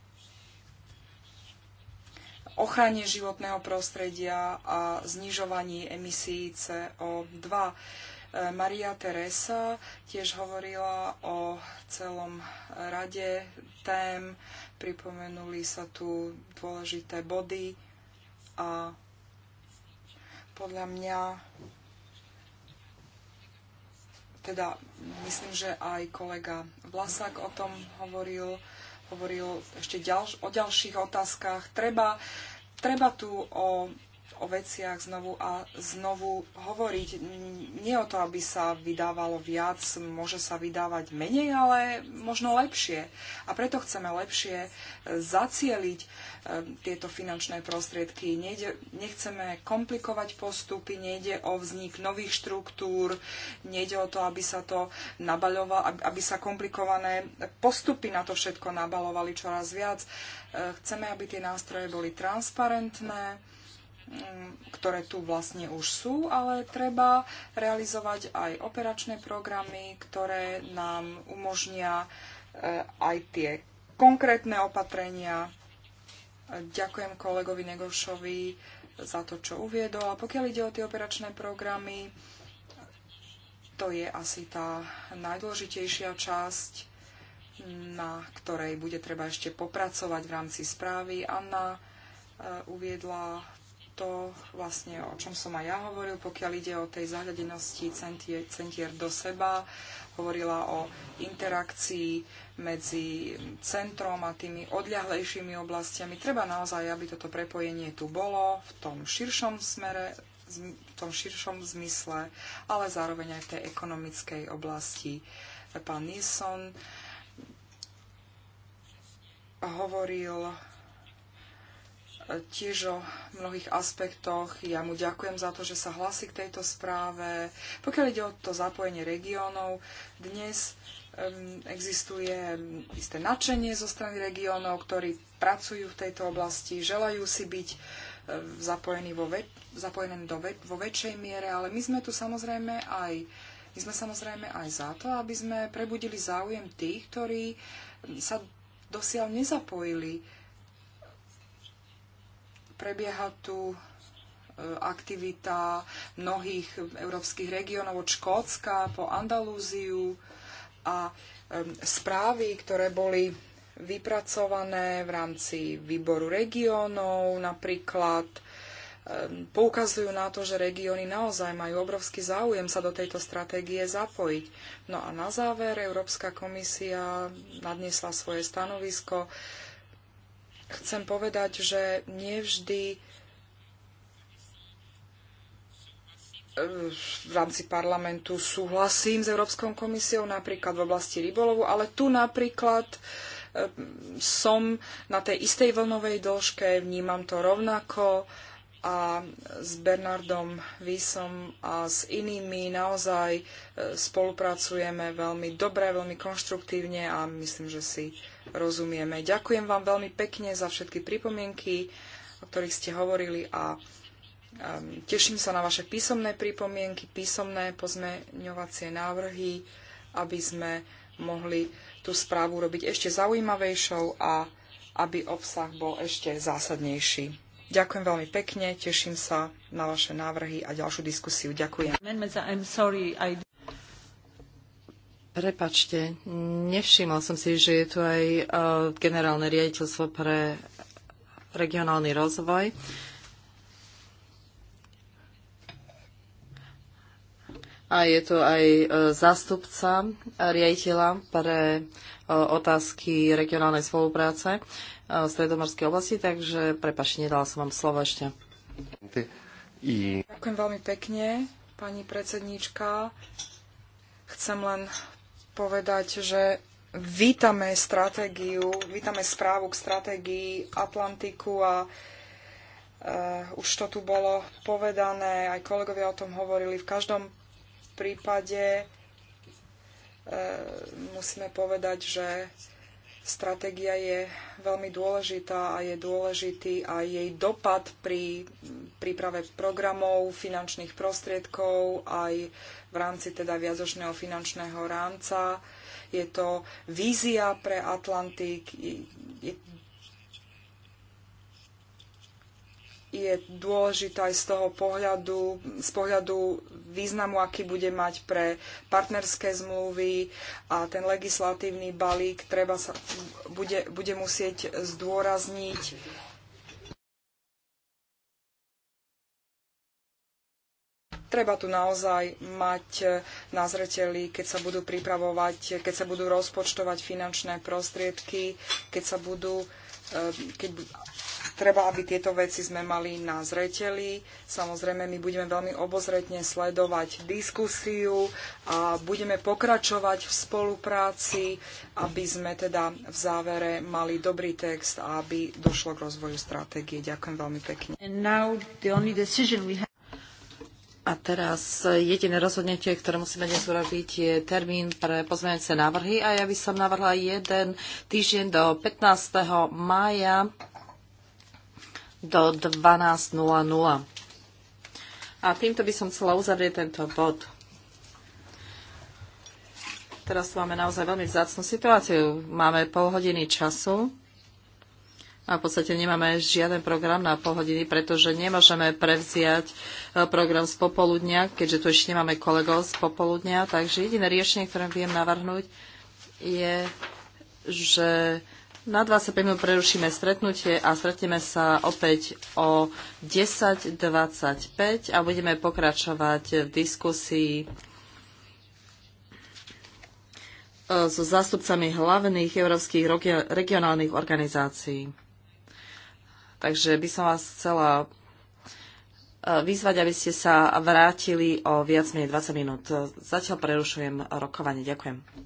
[SPEAKER 3] ochrane životného prostredia a znižovaní emisí CO2. E, Maria Teresa tiež hovorila o celom rade tém, pripomenuli sa tu dôležité body a podľa mňa teda myslím, že aj kolega Vlasák o tom hovoril hovoril ešte ďalš- o ďalších otázkach. Treba, treba tu o o veciach znovu a znovu hovoriť. Nie o to, aby sa vydávalo viac, môže sa vydávať menej, ale možno lepšie. A preto chceme lepšie e, zacieliť e, tieto finančné prostriedky. Nejde, nechceme komplikovať postupy, nejde o vznik nových štruktúr, nejde o to, aby sa to nabaľovalo, aby sa komplikované postupy na to všetko nabalovali čoraz viac. E, chceme, aby tie nástroje boli transparentné, Mm, ktoré tu vlastne už sú, ale treba realizovať aj operačné programy, ktoré nám umožnia eh, aj tie konkrétne opatrenia. Ďakujem kolegovi Negošovi za to, čo uviedol. A pokiaľ ide o tie operačné programy, to je asi tá najdôležitejšia časť, na ktorej bude treba ešte popracovať v rámci správy. Anna eh, uviedla to vlastne, o čom som aj ja hovoril, pokiaľ ide o tej zahľadenosti centier, centier do seba. Hovorila o interakcii medzi centrom a tými odľahlejšími oblastiami. Treba naozaj, aby toto prepojenie tu bolo v tom širšom smere, v tom širšom zmysle, ale zároveň aj v tej ekonomickej oblasti. Pán Nilsson hovoril tiež o mnohých aspektoch. Ja mu ďakujem za to, že sa hlasí k tejto správe. Pokiaľ ide o to zapojenie regiónov, dnes um, existuje isté nadšenie zo strany regiónov, ktorí pracujú v tejto oblasti, želajú si byť um, zapojení vo, väč- zapojení do väč- vo väčšej miere, ale my sme tu samozrejme aj my sme samozrejme aj za to, aby sme prebudili záujem tých, ktorí sa dosiaľ nezapojili Prebieha tu e, aktivita mnohých európskych regiónov od Škótska po Andalúziu a správy, ktoré boli vypracované v rámci výboru regiónov napríklad, poukazujú na to, že regióny naozaj majú obrovský záujem sa do tejto stratégie zapojiť. No a na záver Európska komisia nadniesla svoje stanovisko, chcem povedať, že nevždy eh, v rámci parlamentu súhlasím s Európskou komisiou, napríklad v oblasti rybolovu, ale tu napríklad eh, som na tej istej vlnovej dĺžke, vnímam to rovnako a s Bernardom Vísom a s inými naozaj e, spolupracujeme veľmi dobre, veľmi konštruktívne a myslím, že si rozumieme. Ďakujem vám veľmi pekne za všetky pripomienky, o ktorých ste hovorili a teším sa na vaše písomné pripomienky, písomné pozmeňovacie návrhy, aby sme mohli tú správu robiť ešte zaujímavejšou a aby obsah bol ešte zásadnejší. Ďakujem veľmi pekne, teším sa na vaše návrhy a ďalšiu diskusiu. Ďakujem.
[SPEAKER 2] Prepačte, nevšimol som si, že je tu aj uh, generálne riaditeľstvo pre regionálny rozvoj. A je tu aj uh, zástupca riaditeľa pre E, otázky regionálnej spolupráce e, v stredomorskej oblasti, takže prepašte, nedala som vám slovo ešte.
[SPEAKER 3] Ďakujem veľmi pekne, pani predsedníčka. Chcem len povedať, že vítame stratégiu, vítame správu k stratégii Atlantiku a Uh, už to tu bolo povedané, aj kolegovia o tom hovorili. V každom prípade E, musíme povedať, že stratégia je veľmi dôležitá a je dôležitý aj jej dopad pri príprave programov, finančných prostriedkov, aj v rámci teda viazočného finančného rámca. Je to vízia pre Atlantik, je je dôležitá aj z toho pohľadu, z pohľadu významu, aký bude mať pre partnerské zmluvy a ten legislatívny balík treba sa, bude, bude musieť zdôrazniť treba tu naozaj mať na zreteli, keď sa budú pripravovať, keď sa budú rozpočtovať finančné prostriedky, keď sa budú, eh, keď, treba, aby tieto veci sme mali na zreteli. Samozrejme, my budeme veľmi obozretne sledovať diskusiu a budeme pokračovať v spolupráci, aby sme teda v závere mali dobrý text a aby došlo k rozvoju stratégie. Ďakujem veľmi pekne.
[SPEAKER 2] A teraz jediné rozhodnutie, ktoré musíme dnes urobiť, je termín pre pozmeňujúce návrhy a ja by som navrhla jeden týždeň do 15. mája do 12.00. A týmto by som chcela uzavrieť tento bod. Teraz tu máme naozaj veľmi vzácnú situáciu. Máme pol hodiny času a v podstate nemáme žiaden program na pol hodiny, pretože nemôžeme prevziať e, program z popoludnia, keďže tu ešte nemáme kolegov z popoludnia. Takže jediné riešenie, ktoré viem navrhnúť, je, že na 25 minút prerušíme stretnutie a stretneme sa opäť o 10.25 a budeme pokračovať v diskusii e, so zástupcami hlavných európskych regionálnych organizácií. Takže by som vás chcela e, vyzvať, aby ste sa vrátili o viac menej 20 minút. Zatiaľ prerušujem rokovanie. Ďakujem.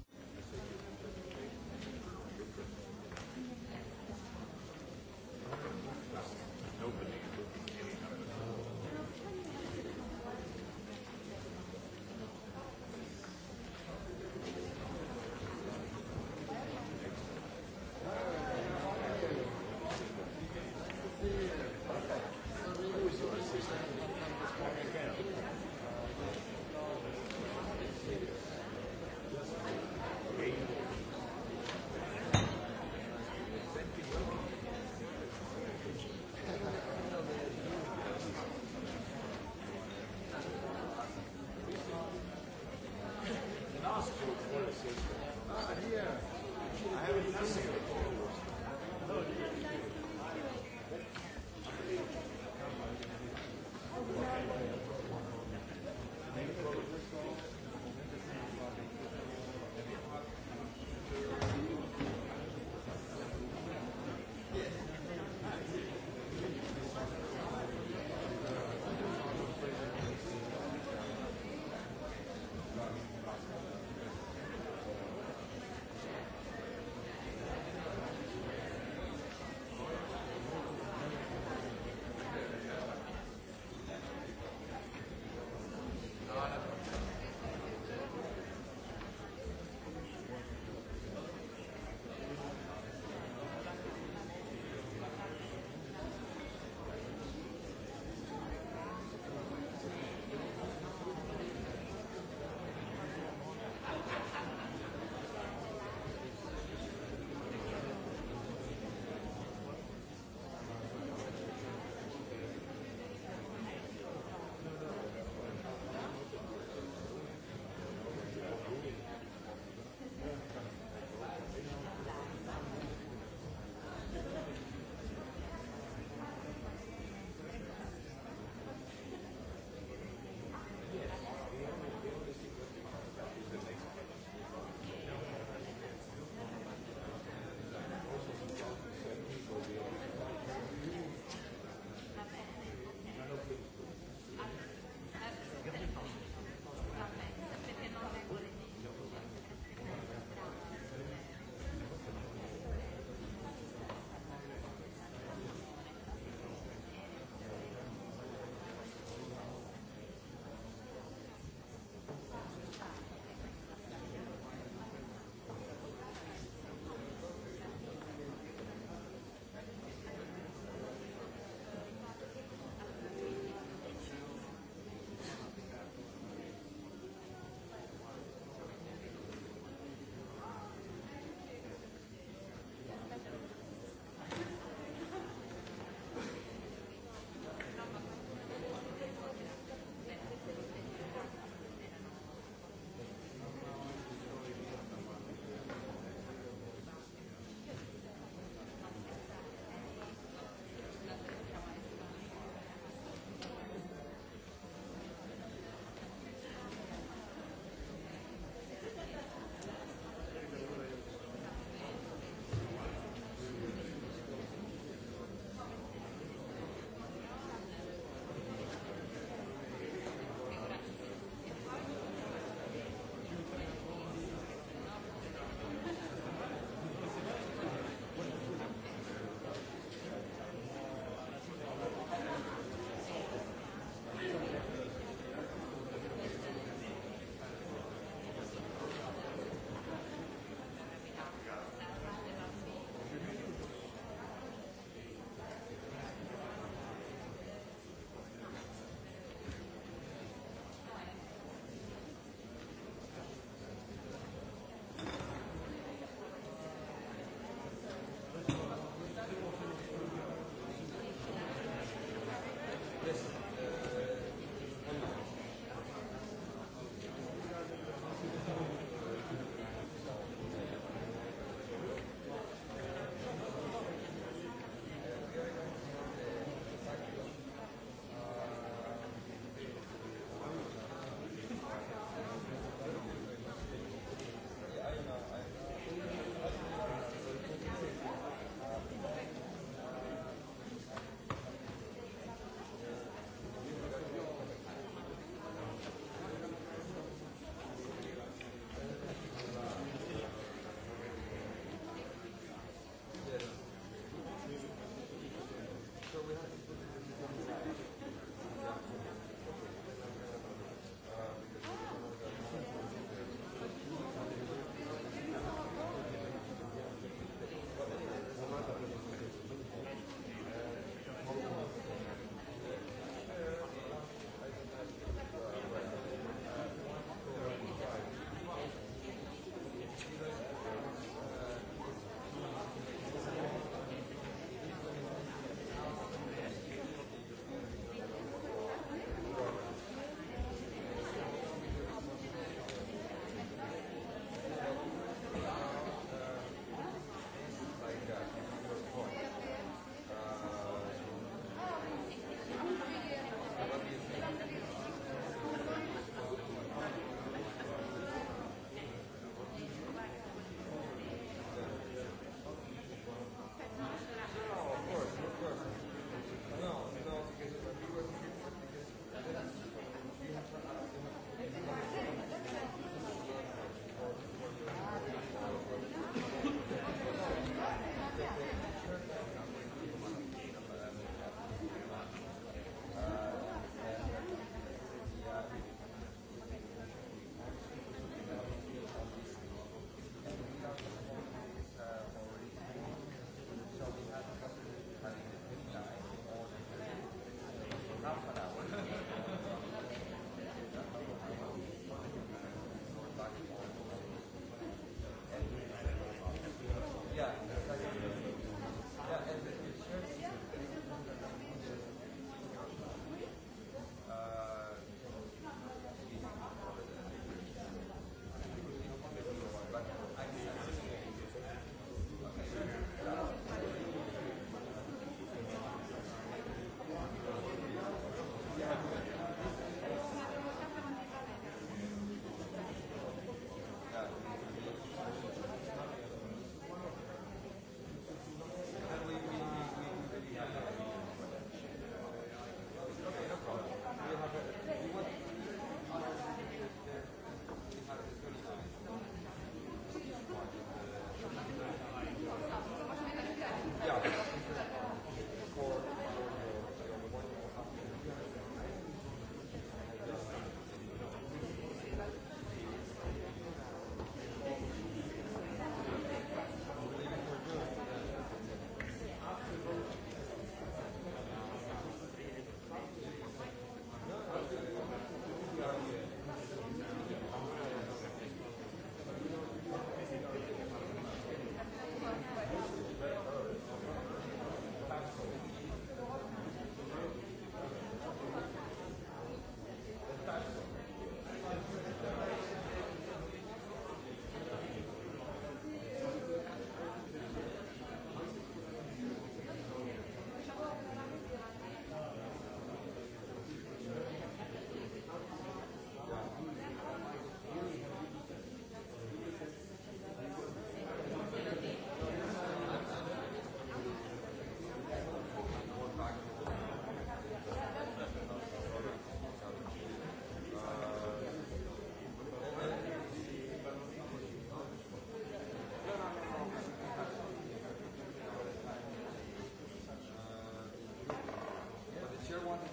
[SPEAKER 2] one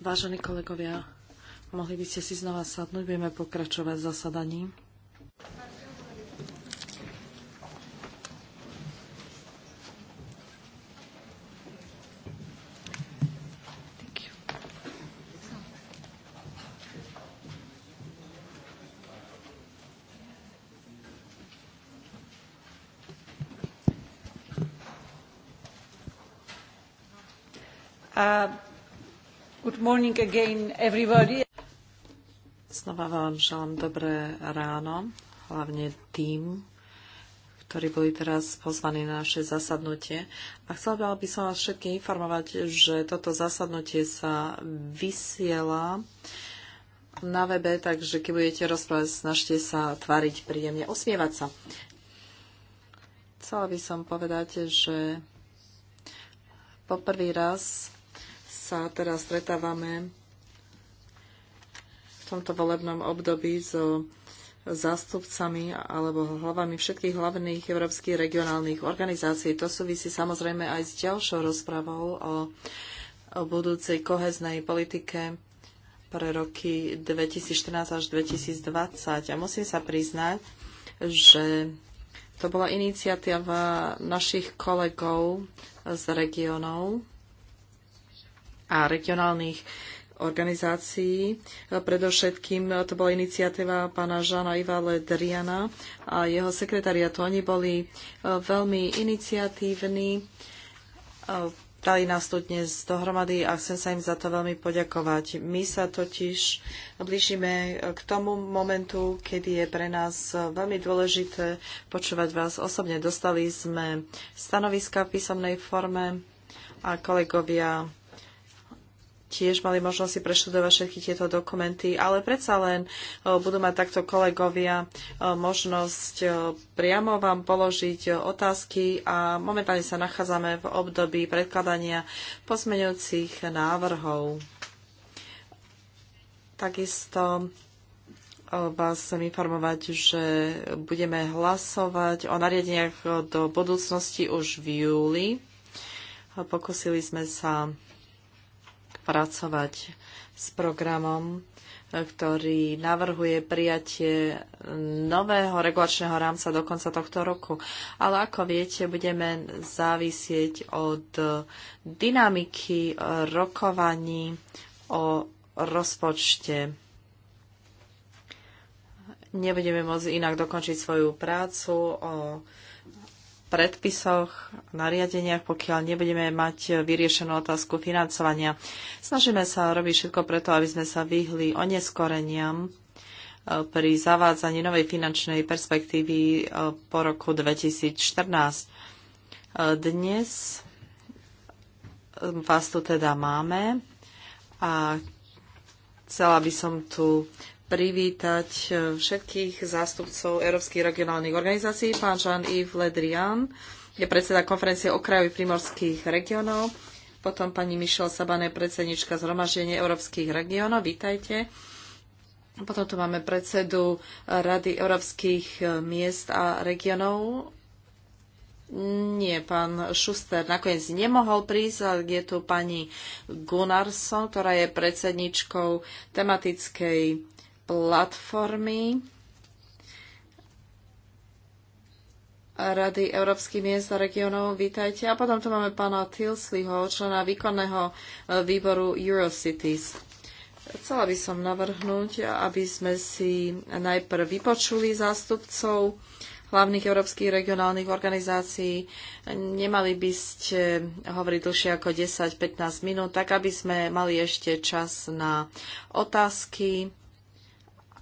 [SPEAKER 2] Vážení kolegovia, mohli by ste si znova sadnúť, budeme pokračovať zasadaním. Znova vám želám dobré ráno, hlavne tým, ktorí boli teraz pozvaní na naše zasadnutie. A chcela by som vás všetkých informovať, že toto zasadnutie sa vysiela na webe, takže keď budete rozprávať, snažte sa tváriť príjemne, osmievať sa. Chcela by som povedať, že prvý raz sa teraz stretávame v tomto volebnom období so zástupcami alebo hlavami všetkých hlavných európskych regionálnych organizácií. To súvisí samozrejme aj s ďalšou rozpravou o, o budúcej koheznej politike pre roky 2014 až 2020. A musím sa priznať, že to bola iniciatíva našich kolegov z regionov, a regionálnych organizácií. Predovšetkým to bola iniciatíva pána Žana Ivale Driana a jeho sekretariatu. Oni boli e, veľmi iniciatívni, e, dali nás tu dnes dohromady a chcem sa im za to veľmi poďakovať. My sa totiž blížime k tomu momentu, kedy je pre nás veľmi dôležité počúvať vás osobne. Dostali sme stanoviska v písomnej forme a kolegovia tiež mali možnosť si preštudovať všetky tieto dokumenty, ale predsa len e, budú mať takto kolegovia e, možnosť e, priamo vám položiť otázky a momentálne sa nachádzame v období predkladania pozmeňujúcich návrhov. Takisto vás chcem informovať, že budeme hlasovať o nariadeniach do budúcnosti už v júli. Pokúsili sme sa pracovať s programom, ktorý navrhuje prijatie nového regulačného rámca do konca tohto roku. Ale ako viete, budeme závisieť od dynamiky rokovaní o rozpočte. Nebudeme môcť inak dokončiť svoju prácu o predpisoch, nariadeniach, pokiaľ nebudeme mať vyriešenú otázku financovania. Snažíme sa robiť všetko preto, aby sme sa vyhli oneskoreniam e, pri zavádzaní novej finančnej perspektívy e, po roku 2014. E, dnes vás tu teda máme a chcela by som tu privítať eh, všetkých zástupcov európskych regionálnych organizácií. Pán Jean-Yves Ledrian je predseda konferencie okrajových primorských regionov, potom pani Michelle Sabané, predsednička zhromaždenia európskych regionov. Vítajte. Potom tu máme predsedu Rady európskych eh, miest a regionov nie, pán Šuster nakoniec nemohol prísť, ale je tu pani Gunnarsson, ktorá je predsedničkou tematickej platformy Rady Európskych miest a regionov. Vítajte. A potom tu máme pána Tilsliho, člena výkonného e, výboru Eurocities. Chcela by som navrhnúť, aby sme si najprv vypočuli zástupcov hlavných európskych regionálnych organizácií. Nemali by ste hovoriť dlhšie ako 10-15 minút, tak aby sme mali ešte čas na otázky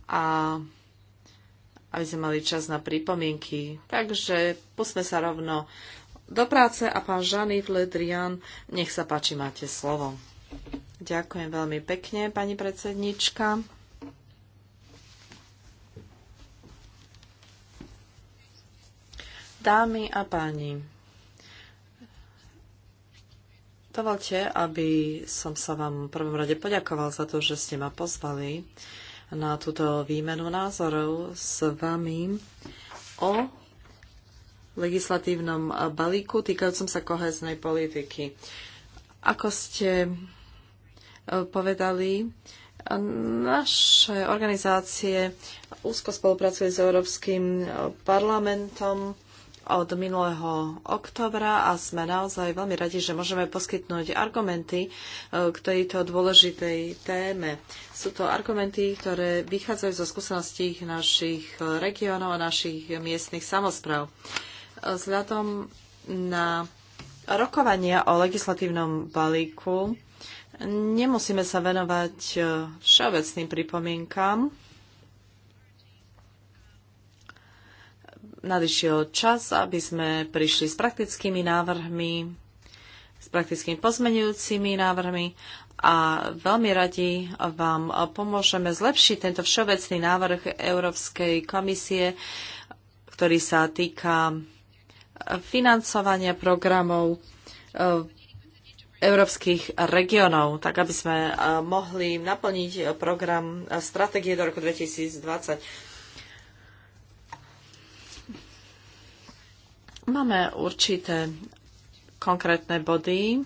[SPEAKER 2] a aby sme mali čas na pripomienky. Takže pusme sa rovno do práce a pán Žany Vledrian, nech sa páči, máte slovo. Ďakujem veľmi pekne, pani predsednička. Dámy a páni, dovolte, aby som sa vám v prvom rade poďakoval za to, že ste ma pozvali na túto výmenu názorov s vami o legislatívnom balíku týkajúcom sa koheznej politiky. Ako ste e, povedali, naše organizácie úzko spolupracuje s Európskym parlamentom od minulého oktobra a sme naozaj veľmi radi, že môžeme poskytnúť argumenty e, k tejto dôležitej téme. Sú to argumenty, ktoré vychádzajú zo skúseností našich regiónov a našich miestnych samozpráv. Vzhľadom na rokovania o legislatívnom balíku nemusíme sa venovať e, všeobecným pripomienkám, nadišiel čas, aby sme prišli s praktickými návrhmi, s praktickými pozmenujúcimi návrhmi a veľmi radi vám pomôžeme zlepšiť tento všeobecný návrh Európskej komisie, ktorý sa týka financovania programov eh, európskych regionov, tak aby sme eh, mohli naplniť program eh, stratégie do roku 2020. Máme určité konkrétne body,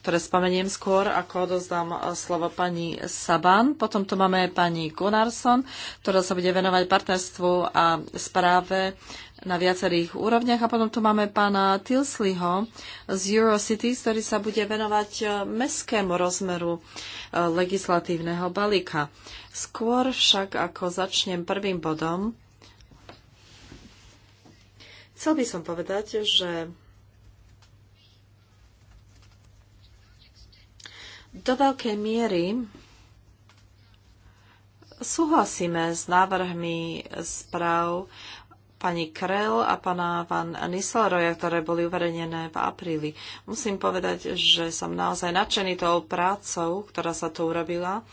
[SPEAKER 2] ktoré spomeniem skôr, ako odozdám eh, slovo pani Saban. Potom tu máme pani Gunnarsson, ktorá sa bude venovať partnerstvu a správe na viacerých úrovniach. A potom tu máme pána Tilsliho z Eurocity, ktorý sa bude venovať eh, mestskému rozmeru eh, legislatívneho balíka. Skôr však, ako začnem prvým bodom, Chcel by som povedať, že do veľkej miery súhlasíme s návrhmi správ pani Krell a pana Van Nisleroja, ktoré boli uverejnené v apríli. Musím povedať, že som naozaj nadšený tou prácou, ktorá sa tu urobila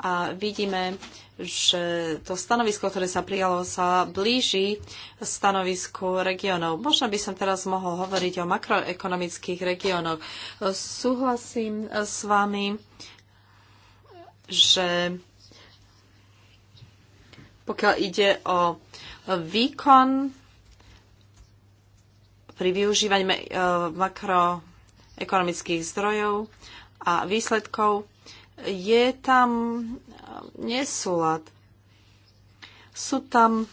[SPEAKER 2] a vidíme, že to stanovisko, ktoré sa prijalo, sa blíži stanovisku regiónov. Možno by som teraz mohol hovoriť o makroekonomických regiónoch. Súhlasím s vami, že pokiaľ ide o výkon pri využívaní eh, makroekonomických zdrojov a výsledkov, je tam nesúlad. Sú tam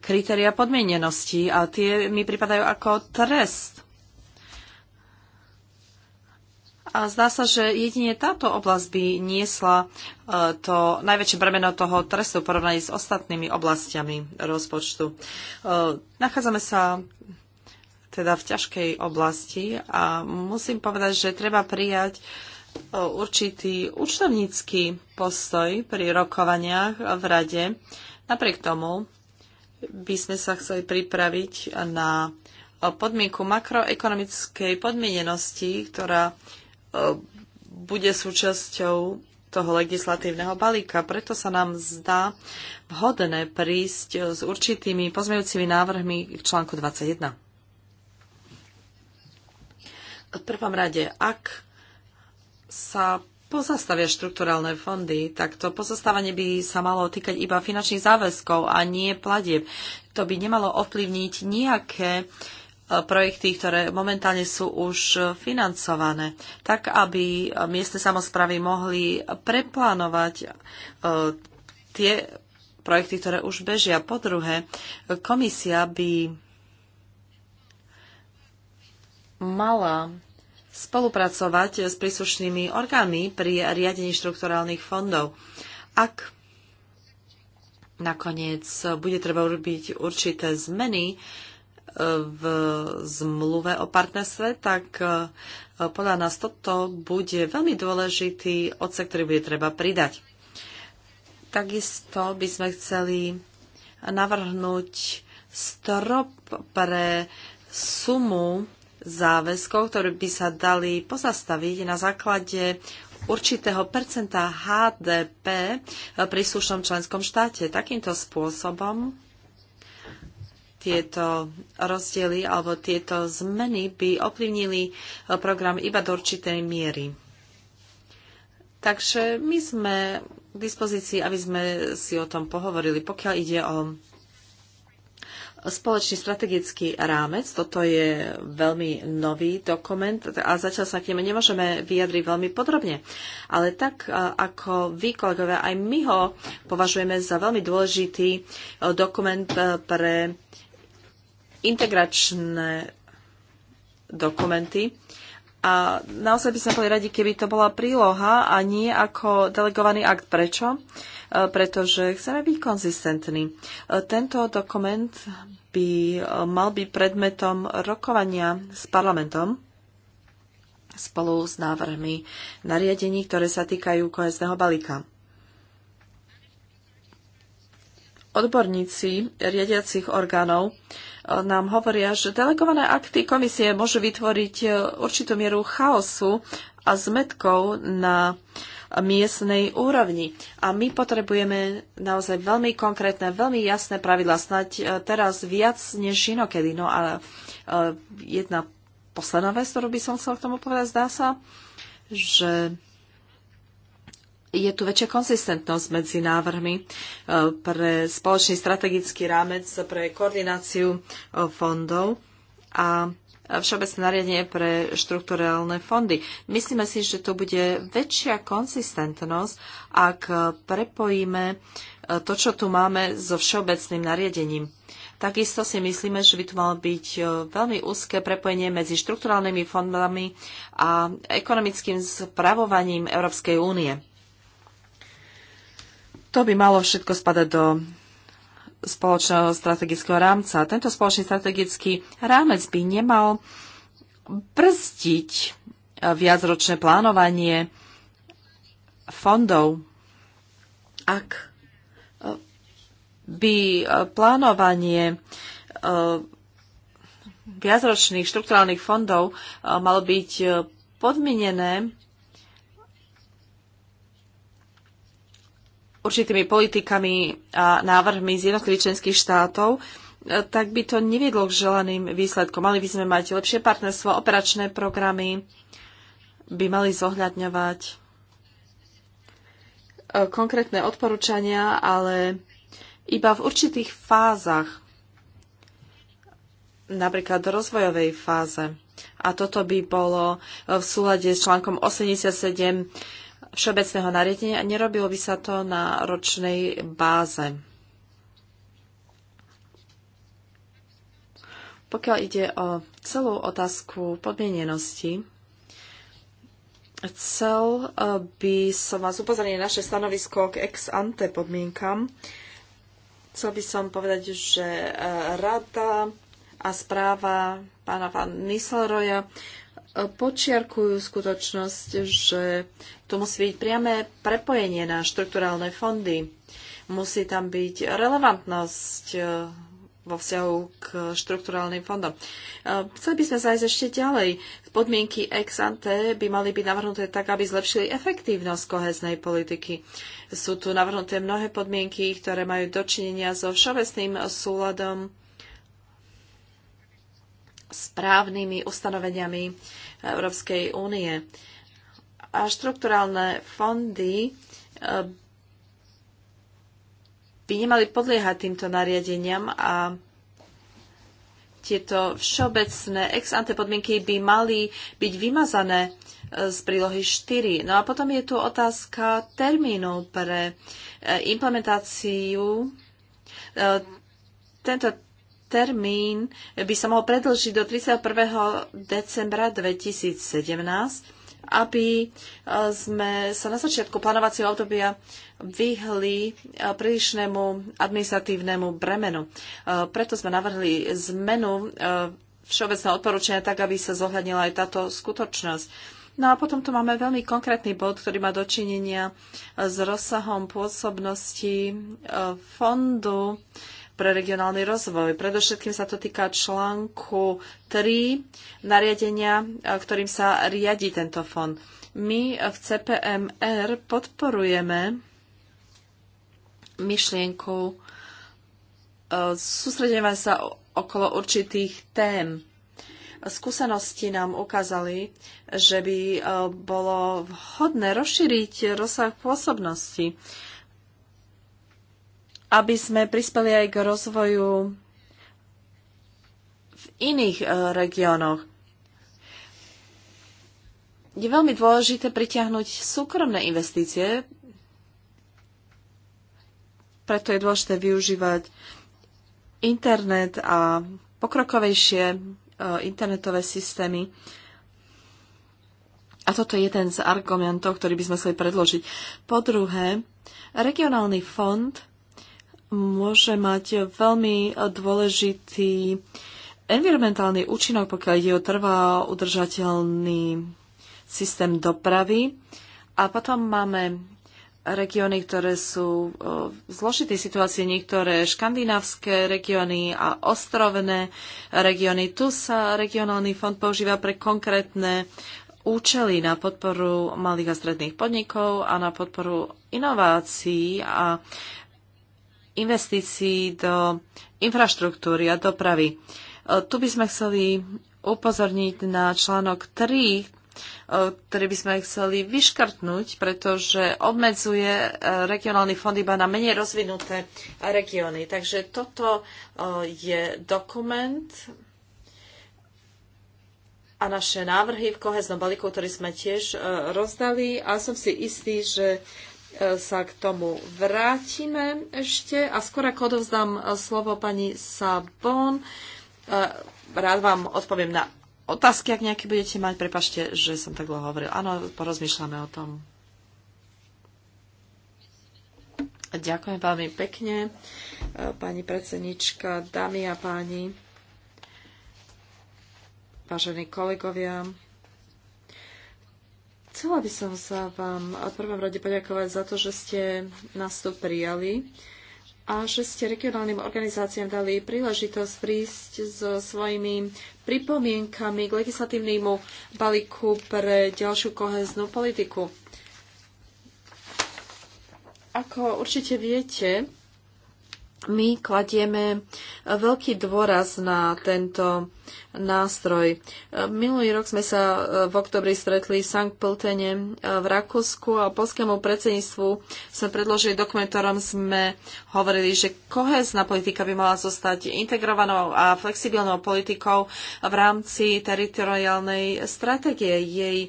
[SPEAKER 2] kritéria podmienenosti a tie mi pripadajú ako trest. A zdá sa, že jedine táto oblasť by niesla e, to najväčšie bremeno toho trestu v porovnaní s ostatnými oblastiami rozpočtu. E, nachádzame sa teda v ťažkej oblasti a musím povedať, že treba prijať e, určitý účtovnícky postoj pri rokovaniach v rade. Napriek tomu by sme sa chceli pripraviť na e, podmienku makroekonomickej podmienenosti, ktorá e, bude súčasťou toho legislatívneho balíka. Preto sa nám zdá vhodné prísť s určitými pozmejúcimi návrhmi k článku 21. V prvom rade, ak sa pozastavia štrukturálne fondy, tak to pozastávanie by sa malo týkať iba finančných záväzkov a nie platieb. To by nemalo ovplyvniť nejaké e, projekty, ktoré momentálne sú už financované, tak aby miestne samozpravy mohli preplánovať e, tie projekty, ktoré už bežia. Po druhé, komisia by mala spolupracovať s príslušnými orgánmi pri riadení štrukturálnych fondov. Ak nakoniec bude treba urobiť určité zmeny e, v zmluve o partnerstve, tak e, podľa nás toto bude veľmi dôležitý odsek, ktorý bude treba pridať. Takisto by sme chceli navrhnúť strop pre sumu záväzkov, ktoré by sa dali pozastaviť na základe určitého percenta HDP v príslušnom členskom štáte. Takýmto spôsobom tieto rozdiely alebo tieto zmeny by ovplyvnili program iba do určitej miery. Takže my sme k dispozícii, aby sme si o tom pohovorili. Pokiaľ ide o spoločný strategický rámec. Toto je veľmi nový dokument a zatiaľ sa k nemu nemôžeme vyjadriť veľmi podrobne. Ale tak ako vy, kolegovia, aj my ho považujeme za veľmi dôležitý e, dokument e, pre integračné dokumenty. A naozaj by sme boli radi, keby to bola príloha a nie ako delegovaný akt. Prečo? Uh, Eh, pretože chceme byť konzistentní. Eh, tento dokument by eh, mal byť predmetom rokovania s parlamentom spolu s návrhmi nariadení, ktoré sa týkajú kohezného balíka. Odborníci riadiacich orgánov nám hovoria, že delegované akty komisie môžu vytvoriť určitú mieru chaosu a zmetkov na uh, miestnej úrovni. A my potrebujeme naozaj veľmi konkrétne, veľmi jasné pravidla, snať e, teraz viac než inokedy. No a e, jedna posledná vec, ktorú by som chcel k tomu povedať, zdá sa, že je tu väčšia konsistentnosť medzi návrhmi e, pre spoločný strategický rámec pre koordináciu fondov a všeobecné nariadenie pre štrukturálne fondy. Myslíme si, že to bude väčšia konsistentnosť, ak prepojíme e, to, čo tu máme so všeobecným nariadením. Takisto si myslíme, že by tu malo byť e, veľmi úzke prepojenie medzi štrukturálnymi fondami a ekonomickým spravovaním Európskej únie. To by malo všetko spadať do spoločného strategického rámca. Tento spoločný strategický rámec by nemal brzdiť e, viacročné plánovanie fondov. Ak e, by e, plánovanie viacročných štruktúrálnych fondov malo byť podmienené určitými politikami a návrhmi z jednotlivých členských štátov, e, tak by to neviedlo k želaným výsledkom. Mali by sme mať lepšie partnerstvo, operačné programy by mali zohľadňovať e, konkrétne odporúčania, ale iba v určitých fázach, napríklad rozvojovej fáze. A toto by bolo v súlade s článkom 87 všeobecného nariadenia a nerobilo by sa to na ročnej báze. Pokiaľ ide o celú otázku podmienenosti, chcel eh, by som vás upozorniť naše stanovisko k ex ante podmienkam. Chcel by som povedať, že eh, rada a správa pána Van Nisleroja E, počiarkujú skutočnosť, že tu musí byť priame prepojenie na štrukturálne fondy. Musí tam byť relevantnosť e, vo vzťahu k štrukturálnym fondom. E, chceli by sme sa ísť ešte ďalej. Podmienky ex ante by mali byť navrhnuté tak, aby zlepšili efektívnosť koheznej politiky. Sú tu navrhnuté mnohé podmienky, ktoré majú dočinenia so všeobecným súladom správnymi ustanoveniami Európskej únie. A štrukturálne fondy eh, by nemali podliehať týmto nariadeniam a tieto všeobecné ex ante podmienky by mali byť vymazané eh, z prílohy 4. No a potom je tu otázka termínov pre eh, implementáciu. Tento termín by sa mohol predlžiť do 31. decembra 2017, aby e, sme sa na začiatku plánovacieho obdobia vyhli e, prílišnému administratívnemu bremenu. E, preto sme navrhli zmenu všeobecného odporúčania tak, aby sa zohľadnila aj táto skutočnosť. No a potom tu máme veľmi konkrétny bod, ktorý má dočinenia s rozsahom pôsobnosti fondu pre regionálny rozvoj. Predovšetkým sa to týka článku 3 nariadenia, e, ktorým sa riadi tento fond. My v CPMR podporujeme myšlienku e, sústredíme sa okolo určitých tém. Skúsenosti nám ukázali, že by e, bolo vhodné rozšíriť rozsah pôsobnosti aby sme prispeli aj k rozvoju v iných e, regiónoch. Je veľmi dôležité pritiahnuť súkromné investície, preto je dôležité využívať internet a pokrokovejšie e, internetové systémy. A toto je jeden z argumentov, ktorý by sme chceli predložiť. Po druhé, regionálny fond môže mať veľmi dôležitý environmentálny účinok, pokiaľ ide o trvá udržateľný systém dopravy. A potom máme regióny, ktoré sú e, v zložitej situácii, niektoré škandinávské regióny a ostrovné regióny. Tu sa regionálny fond používa pre konkrétne účely na podporu malých a stredných podnikov a na podporu inovácií a investícií do infraštruktúry a dopravy. E, tu by sme chceli upozorniť na článok 3, e, ktorý by sme chceli vyškrtnúť, pretože obmedzuje e, regionálny fond iba na menej rozvinuté regióny. Takže toto je dokument a naše návrhy v koheznom balíku, ktorý sme tiež rozdali a som si istý, že sa k tomu vrátime ešte. A skôr ako odovzdám slovo pani Sabon, e, rád vám odpoviem na otázky, ak nejaké budete mať. Prepašte, že som tak dlho hovoril. Áno, porozmýšľame o tom. Ďakujem veľmi pekne, e, pani predsednička, dámy a páni, vážení kolegovia. Chcela by som sa vám v prvom rade poďakovať za to, že ste nás tu prijali a že ste regionálnym organizáciám dali príležitosť prísť so svojimi pripomienkami k legislatívnemu balíku pre ďalšiu koheznú politiku. Ako určite viete, my kladieme veľký dôraz na tento nástroj. Minulý rok sme sa e, v oktobri stretli v Sankt Pltene e, v Rakúsku a polskému predsedníctvu sme predložili dokument, ktorom sme hovorili, že kohezná politika by mala zostať integrovanou a flexibilnou politikou v rámci teritoriálnej stratégie. Jej e,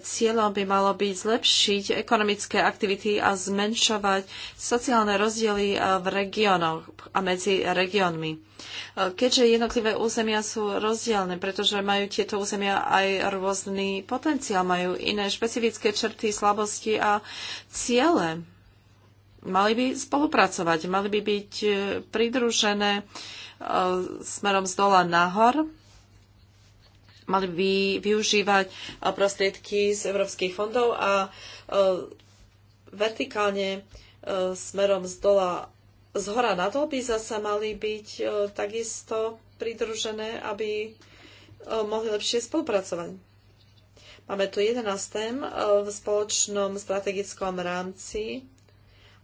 [SPEAKER 2] cieľom by malo byť zlepšiť ekonomické aktivity a zmenšovať sociálne rozdiely v regiónoch a medzi regiónmi. Keďže jednotlivé územia sú rozdielne, pretože majú tieto územia aj rôzny potenciál, majú iné špecifické črty, slabosti a ciele. Mali by spolupracovať, mali by byť e, pridružené e, smerom z dola nahor, mali by využívať e, prostriedky z európskych fondov a vertikálne smerom z dola z hora nadol by zasa mali byť takisto pridružené, aby e, mohli lepšie spolupracovať. Máme tu 11 e, v spoločnom strategickom rámci.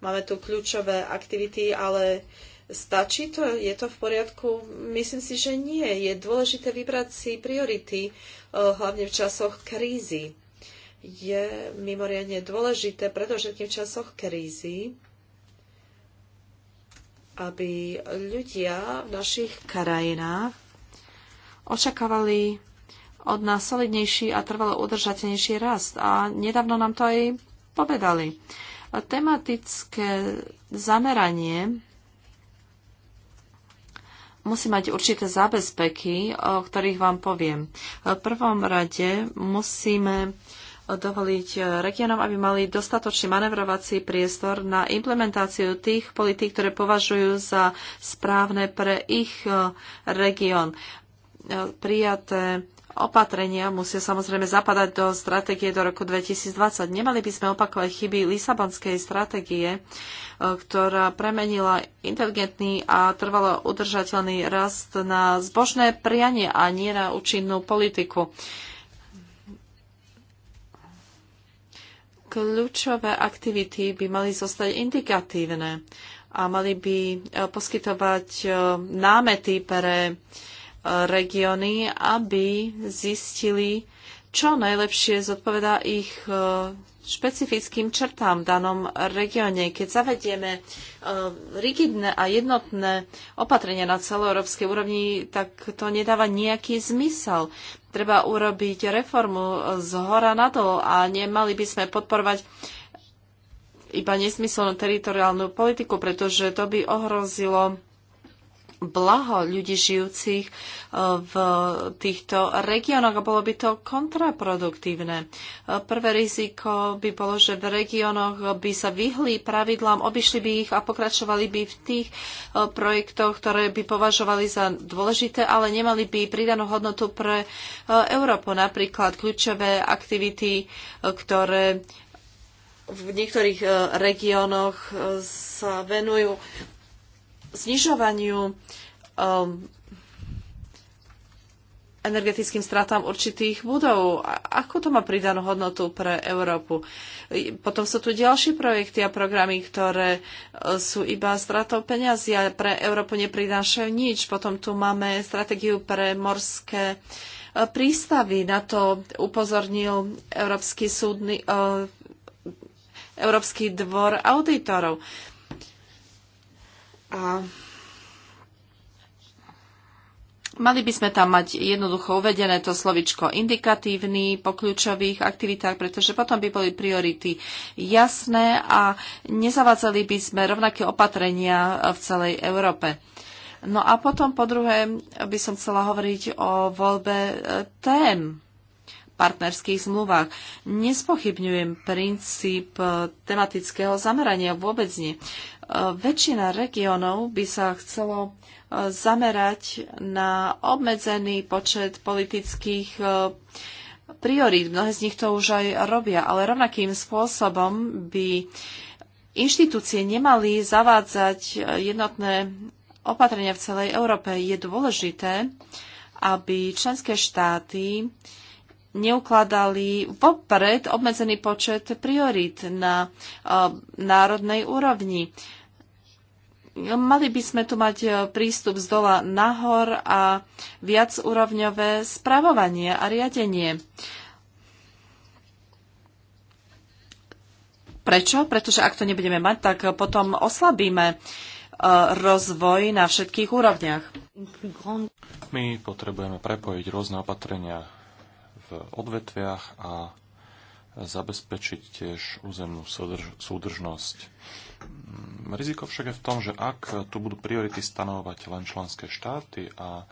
[SPEAKER 2] Máme tu kľúčové aktivity, ale stačí to? Je to v poriadku? Myslím si, že nie. Je dôležité vybrať si priority, e, hlavne v časoch krízy. Je mimoriadne dôležité, pretože v časoch krízy, aby ľudia v našich krajinách očakávali od nás solidnejší a trvalo udržateľnejší rast. A nedávno nám to aj povedali. Tematické zameranie musí mať určité zábezpeky, o ktorých vám poviem. V prvom rade musíme dovoliť eh, regiónom, aby mali dostatočný manevrovací priestor na implementáciu tých politík, ktoré považujú za správne pre ich eh, región. Eh, prijaté opatrenia musia samozrejme zapadať do stratégie do roku 2020. Nemali by sme opakovať chyby Lisabonskej stratégie, ktorá premenila inteligentný a trvalo udržateľný rast na zbožné prianie a nie na účinnú politiku. Kľúčové aktivity by mali zostať indikatívne a mali by e, poskytovať e, námety pre e, regióny, aby zistili, čo najlepšie zodpovedá ich špecifickým črtám v danom regióne. Keď zavedieme rigidné a jednotné opatrenia na celoeurópskej úrovni, tak to nedáva nejaký zmysel treba urobiť reformu z hora na dol a nemali by sme podporovať iba nesmyselnú teritoriálnu politiku, pretože to by ohrozilo blaho ľudí žijúcich e, v týchto regiónoch a bolo by to kontraproduktívne. E, prvé riziko by bolo, že v regiónoch by sa vyhli pravidlám, obišli by ich a pokračovali by v tých e, projektoch, ktoré by považovali za dôležité, ale nemali by pridanú hodnotu pre Európu. Napríklad kľúčové aktivity, ktoré v niektorých regiónoch sa venujú znižovaniu um, energetickým stratám určitých budov. Ako to má pridanú hodnotu pre Európu? Potom sú tu ďalšie projekty a programy, ktoré e, sú iba stratou peňazí a pre Európu neprinášajú nič. Potom tu máme stratégiu pre morské e, prístavy. Na to upozornil Európsky súdny, e, Európsky dvor auditorov. A Mali by sme tam mať jednoducho uvedené to slovičko indikatívny po kľúčových aktivitách, pretože potom by boli priority jasné a nezavádzali by sme rovnaké opatrenia v celej Európe. No a potom po druhé by som chcela hovoriť o voľbe e, tém partnerských zmluvách. Nespochybňujem princíp e, tematického zamerania, vôbec nie. Väčšina regiónov by sa chcelo e, zamerať na obmedzený počet politických e, priorít. Mnohé z nich to už aj robia, ale rovnakým spôsobom by inštitúcie nemali zavádzať jednotné opatrenia v celej Európe. Je dôležité, aby členské štáty neukladali vopred obmedzený počet priorít na e, národnej úrovni. Mali by sme tu mať e, prístup z dola nahor a viacúrovňové spravovanie a riadenie. Prečo? Pretože ak to nebudeme mať, tak potom oslabíme e, rozvoj na všetkých úrovniach.
[SPEAKER 1] My potrebujeme prepojiť rôzne opatrenia v odvetviach a zabezpečiť tiež územnú súdrž súdržnosť Mm, riziko však je v tom, že ak tu budú priority stanovovať len členské štáty a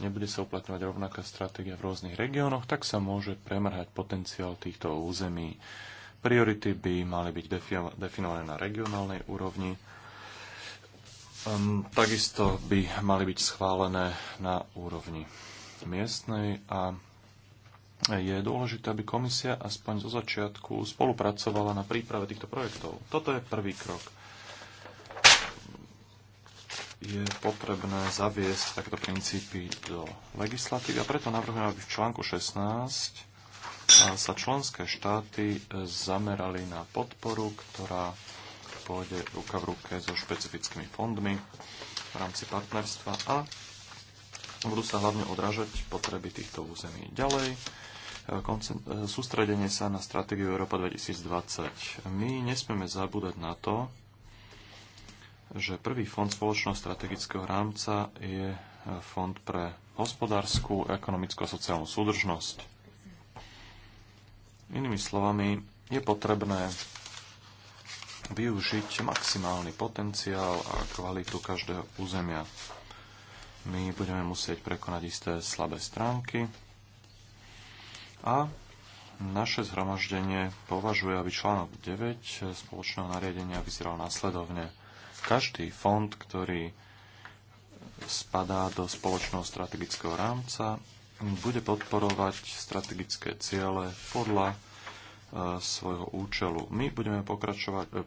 [SPEAKER 1] nebude sa uplatňovať rovnaká stratégia v rôznych regiónoch, tak sa môže premrhať potenciál týchto území. Priority by mali byť definované na regionálnej úrovni. Ehm, takisto by mali byť schválené na úrovni miestnej a je dôležité, aby komisia aspoň zo začiatku spolupracovala na príprave týchto projektov. Toto je prvý krok. Je potrebné zaviesť takéto princípy do legislatívy a preto navrhujem, aby v článku 16 sa členské štáty zamerali na podporu, ktorá pôjde ruka v ruke so špecifickými fondmi v rámci partnerstva a budú sa hlavne odrážať potreby týchto území. Ďalej, E, sústredenie sa na stratégiu Európa 2020. My nesmieme zabúdať na to, že prvý fond spoločného strategického rámca je e, fond pre hospodárskú, ekonomickú a sociálnu súdržnosť. Inými slovami, je potrebné využiť maximálny potenciál a kvalitu každého územia. My budeme musieť prekonať isté slabé stránky a naše zhromaždenie považuje, aby článok 9 spoločného nariadenia vyzeral následovne. Každý fond, ktorý spadá do spoločného strategického rámca, bude podporovať strategické ciele podľa e, svojho účelu. My budeme pokračovať, e,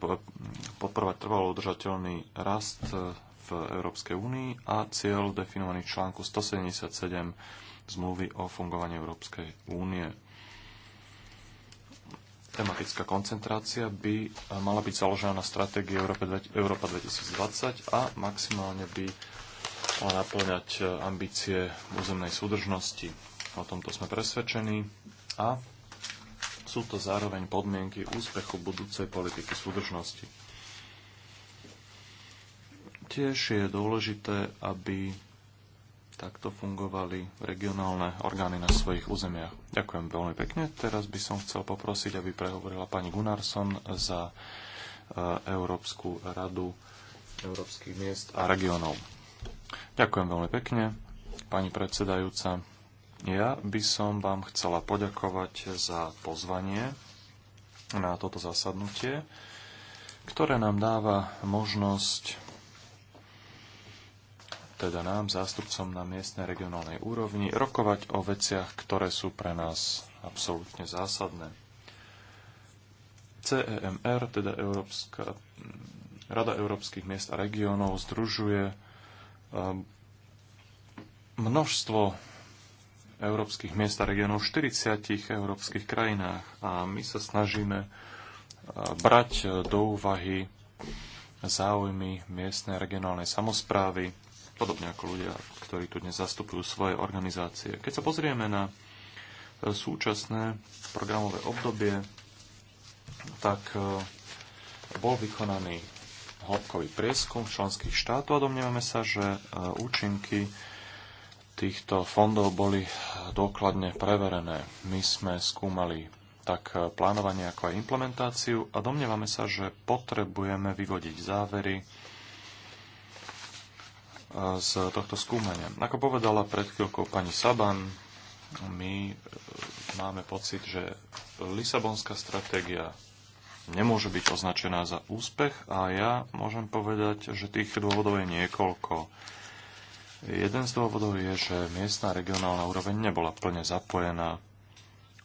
[SPEAKER 1] podporovať trvalo udržateľný rast e, v Európskej únii a cieľ definovaný v článku 177 zmluvy o fungovaní Európskej únie. Tematická koncentrácia by mala byť založená na stratégii Európa 2020 a maximálne by mala naplňať e, ambície územnej súdržnosti. O tomto sme presvedčení a sú to zároveň podmienky úspechu budúcej politiky súdržnosti. Tiež je dôležité, aby takto fungovali regionálne orgány na svojich územiach. Ďakujem veľmi pekne. Teraz by som chcel poprosiť, aby prehovorila pani Gunnarsson za e, Európsku radu európskych miest a regionov. Ďakujem veľmi pekne, pani predsedajúca. Ja by som vám chcela poďakovať za pozvanie na toto zasadnutie, ktoré nám dáva možnosť teda nám, zástupcom na miestnej regionálnej úrovni, rokovať o veciach, ktoré sú pre nás absolútne zásadné. CEMR, teda Európska, Rada európskych miest a regiónov, združuje ehm, množstvo európskych miest a regiónov v 40 európskych krajinách a my sa snažíme ehm, brať do úvahy záujmy miestnej a regionálnej samozprávy podobne ako ľudia, ktorí tu dnes zastupujú svoje organizácie. Keď sa pozrieme na e, súčasné programové obdobie, tak e, bol vykonaný hĺbkový prieskum členských štátov a domnievame sa, že e, účinky týchto fondov boli dôkladne preverené. My sme skúmali tak plánovanie ako aj implementáciu a domnievame sa, že potrebujeme vyvodiť závery z tohto skúmania. Ako povedala pred chvíľkou pani Saban, my e, máme pocit, že Lisabonská stratégia nemôže byť označená za úspech a ja môžem povedať, že tých dôvodov je niekoľko. Jeden z dôvodov je, že miestna regionálna úroveň nebola plne zapojená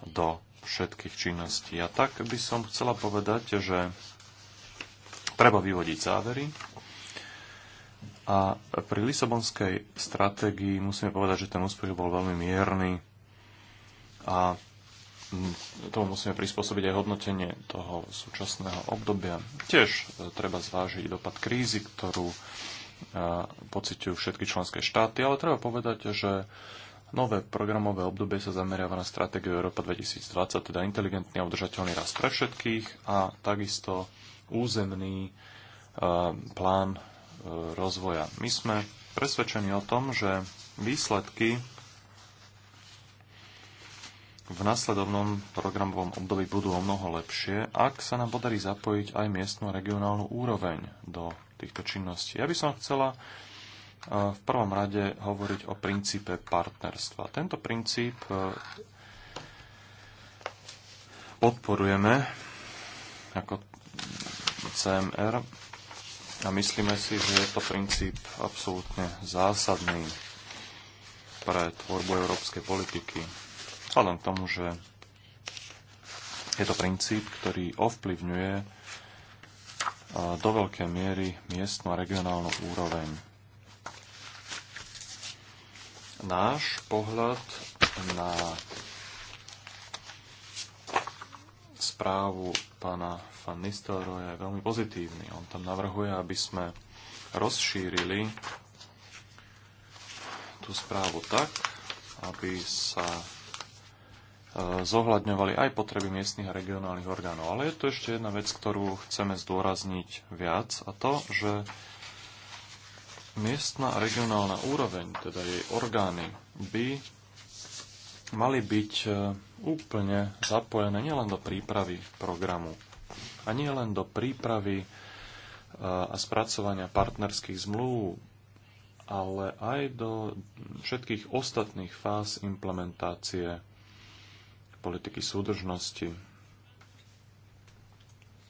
[SPEAKER 1] do všetkých činností. A tak by som chcela povedať, že treba vyvodiť závery a pri Lisabonskej stratégii musíme povedať, že ten úspech bol veľmi mierny a tomu musíme prispôsobiť aj hodnotenie toho súčasného obdobia. Tiež e, treba zvážiť dopad krízy, ktorú e, pociťujú všetky členské štáty, ale treba povedať, že nové programové obdobie sa zameriava na stratégiu Európa 2020, teda inteligentný a udržateľný rast pre všetkých a takisto územný e, plán rozvoja. My sme presvedčení o tom, že výsledky v nasledovnom programovom období budú o mnoho lepšie, ak sa nám podarí zapojiť aj miestnu a regionálnu úroveň do týchto činností. Ja by som chcela e, v prvom rade hovoriť o princípe partnerstva. Tento princíp e, podporujeme ako CMR a myslíme si, že je to princíp absolútne zásadný pre tvorbu európskej politiky. A len k tomu, že je to princíp, ktorý ovplyvňuje do veľkej miery miestnu a regionálnu úroveň. Náš pohľad na správu pána van Nistelrooy je veľmi pozitívny. On tam navrhuje, aby sme rozšírili tú správu tak, aby sa e, zohľadňovali aj potreby miestnych a regionálnych orgánov. Ale je tu ešte jedna vec, ktorú chceme zdôrazniť viac, a to, že miestna a regionálna úroveň, teda jej orgány, by mali byť e, úplne zapojené nielen do prípravy programu, a nie len do prípravy e, a spracovania partnerských zmluv, ale aj do všetkých ostatných fáz implementácie politiky súdržnosti.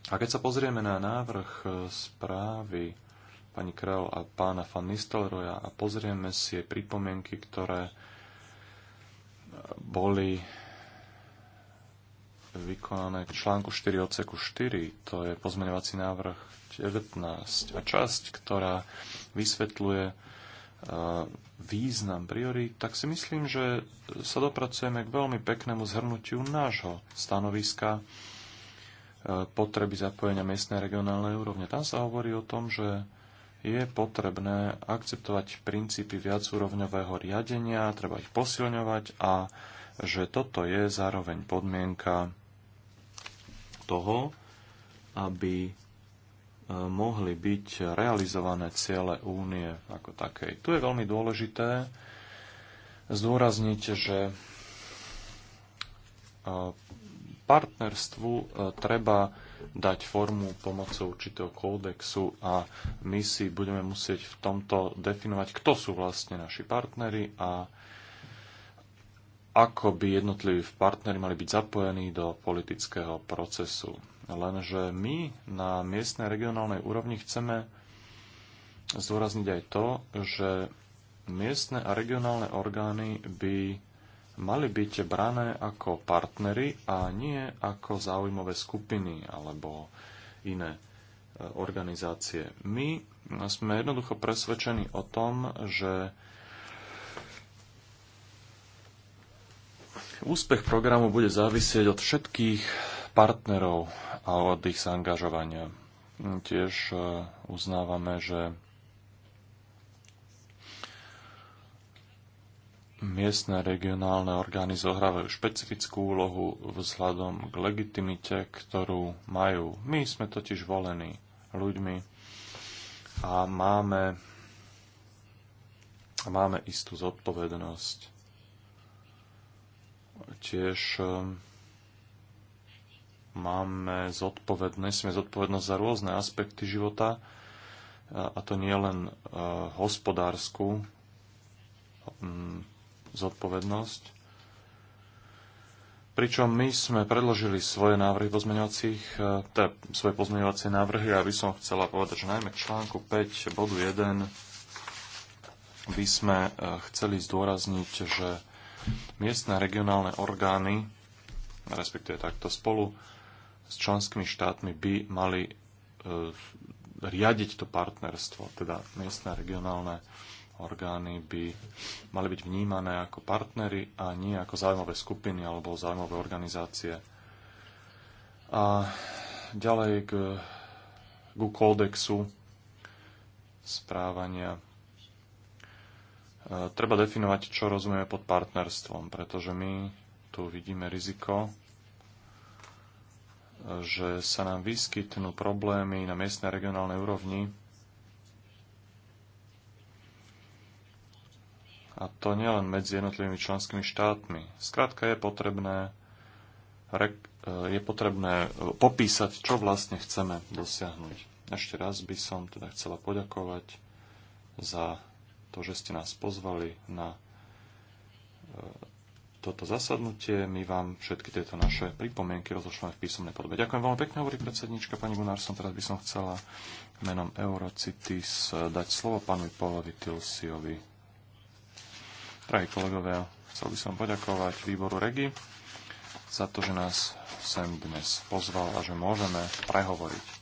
[SPEAKER 1] A keď sa pozrieme na návrh e, správy pani Krell a pána van Nistelroja a pozrieme si pripomienky, ktoré boli vykonané k článku 4 odseku 4, to je pozmeňovací návrh 19 a časť, ktorá vysvetľuje e, význam priorít, tak si myslím, že sa dopracujeme k veľmi peknému zhrnutiu nášho stanoviska e, potreby zapojenia miestnej regionálnej úrovne. Tam sa hovorí o tom, že je potrebné akceptovať princípy viacúrovňového riadenia, treba ich posilňovať a že toto je zároveň podmienka toho, aby e, mohli byť realizované ciele únie ako takej. Tu je veľmi dôležité zdôrazniť, že e, partnerstvu e, treba dať formu pomocou určitého kódexu a my si budeme musieť v tomto definovať, kto sú vlastne naši partnery a ako by jednotliví partneri mali byť zapojení do politického procesu. Lenže my na miestnej regionálnej úrovni chceme zdôrazniť aj to, že miestne a regionálne orgány by mali byť brané ako partnery a nie ako záujmové skupiny alebo iné e, organizácie. My sme jednoducho presvedčení o tom, že Úspech programu bude závisieť od všetkých partnerov a od ich zaangažovania. Tiež e, uznávame, že miestne regionálne orgány zohrávajú špecifickú úlohu vzhľadom k legitimite, ktorú majú. My sme totiž volení ľuďmi a máme, máme istú zodpovednosť tiež ehm, máme zodpovednosť, sme zodpovednosť za rôzne aspekty života, a to nie len e, hospodárskú mm, zodpovednosť. Pričom my sme predložili svoje návrhy pozmeňovacích, teda svoje pozmeňovacie návrhy a by som chcela povedať, že najmä k článku 5 bodu 1 by sme e, chceli zdôrazniť, že miestne a regionálne orgány, respektíve takto spolu s členskými štátmi, by mali e, riadiť to partnerstvo, teda miestne a regionálne orgány by mali byť vnímané ako partnery a nie ako zájmové skupiny alebo zájmové organizácie. A ďalej k, ku kódexu správania E, treba definovať, čo rozumieme pod partnerstvom, pretože my tu vidíme riziko, e, že sa nám vyskytnú problémy na miestnej a regionálnej úrovni. A to nielen medzi jednotlivými členskými štátmi. Skrátka je potrebné, e, je potrebné popísať, čo vlastne chceme dosiahnuť. Ešte raz by som teda chcela poďakovať za to, že ste nás pozvali na e, toto zasadnutie. My vám všetky tieto naše pripomienky rozošleme v písomnej podobe. Ďakujem veľmi pekne, hovorí predsednička pani Gunárson. Teraz by som chcela menom Eurocitis e, dať slovo panu Polovi Tilsiovi. Drahí kolegovia, chcel by som poďakovať výboru REGI za to, že nás sem dnes pozval a že môžeme prehovoriť.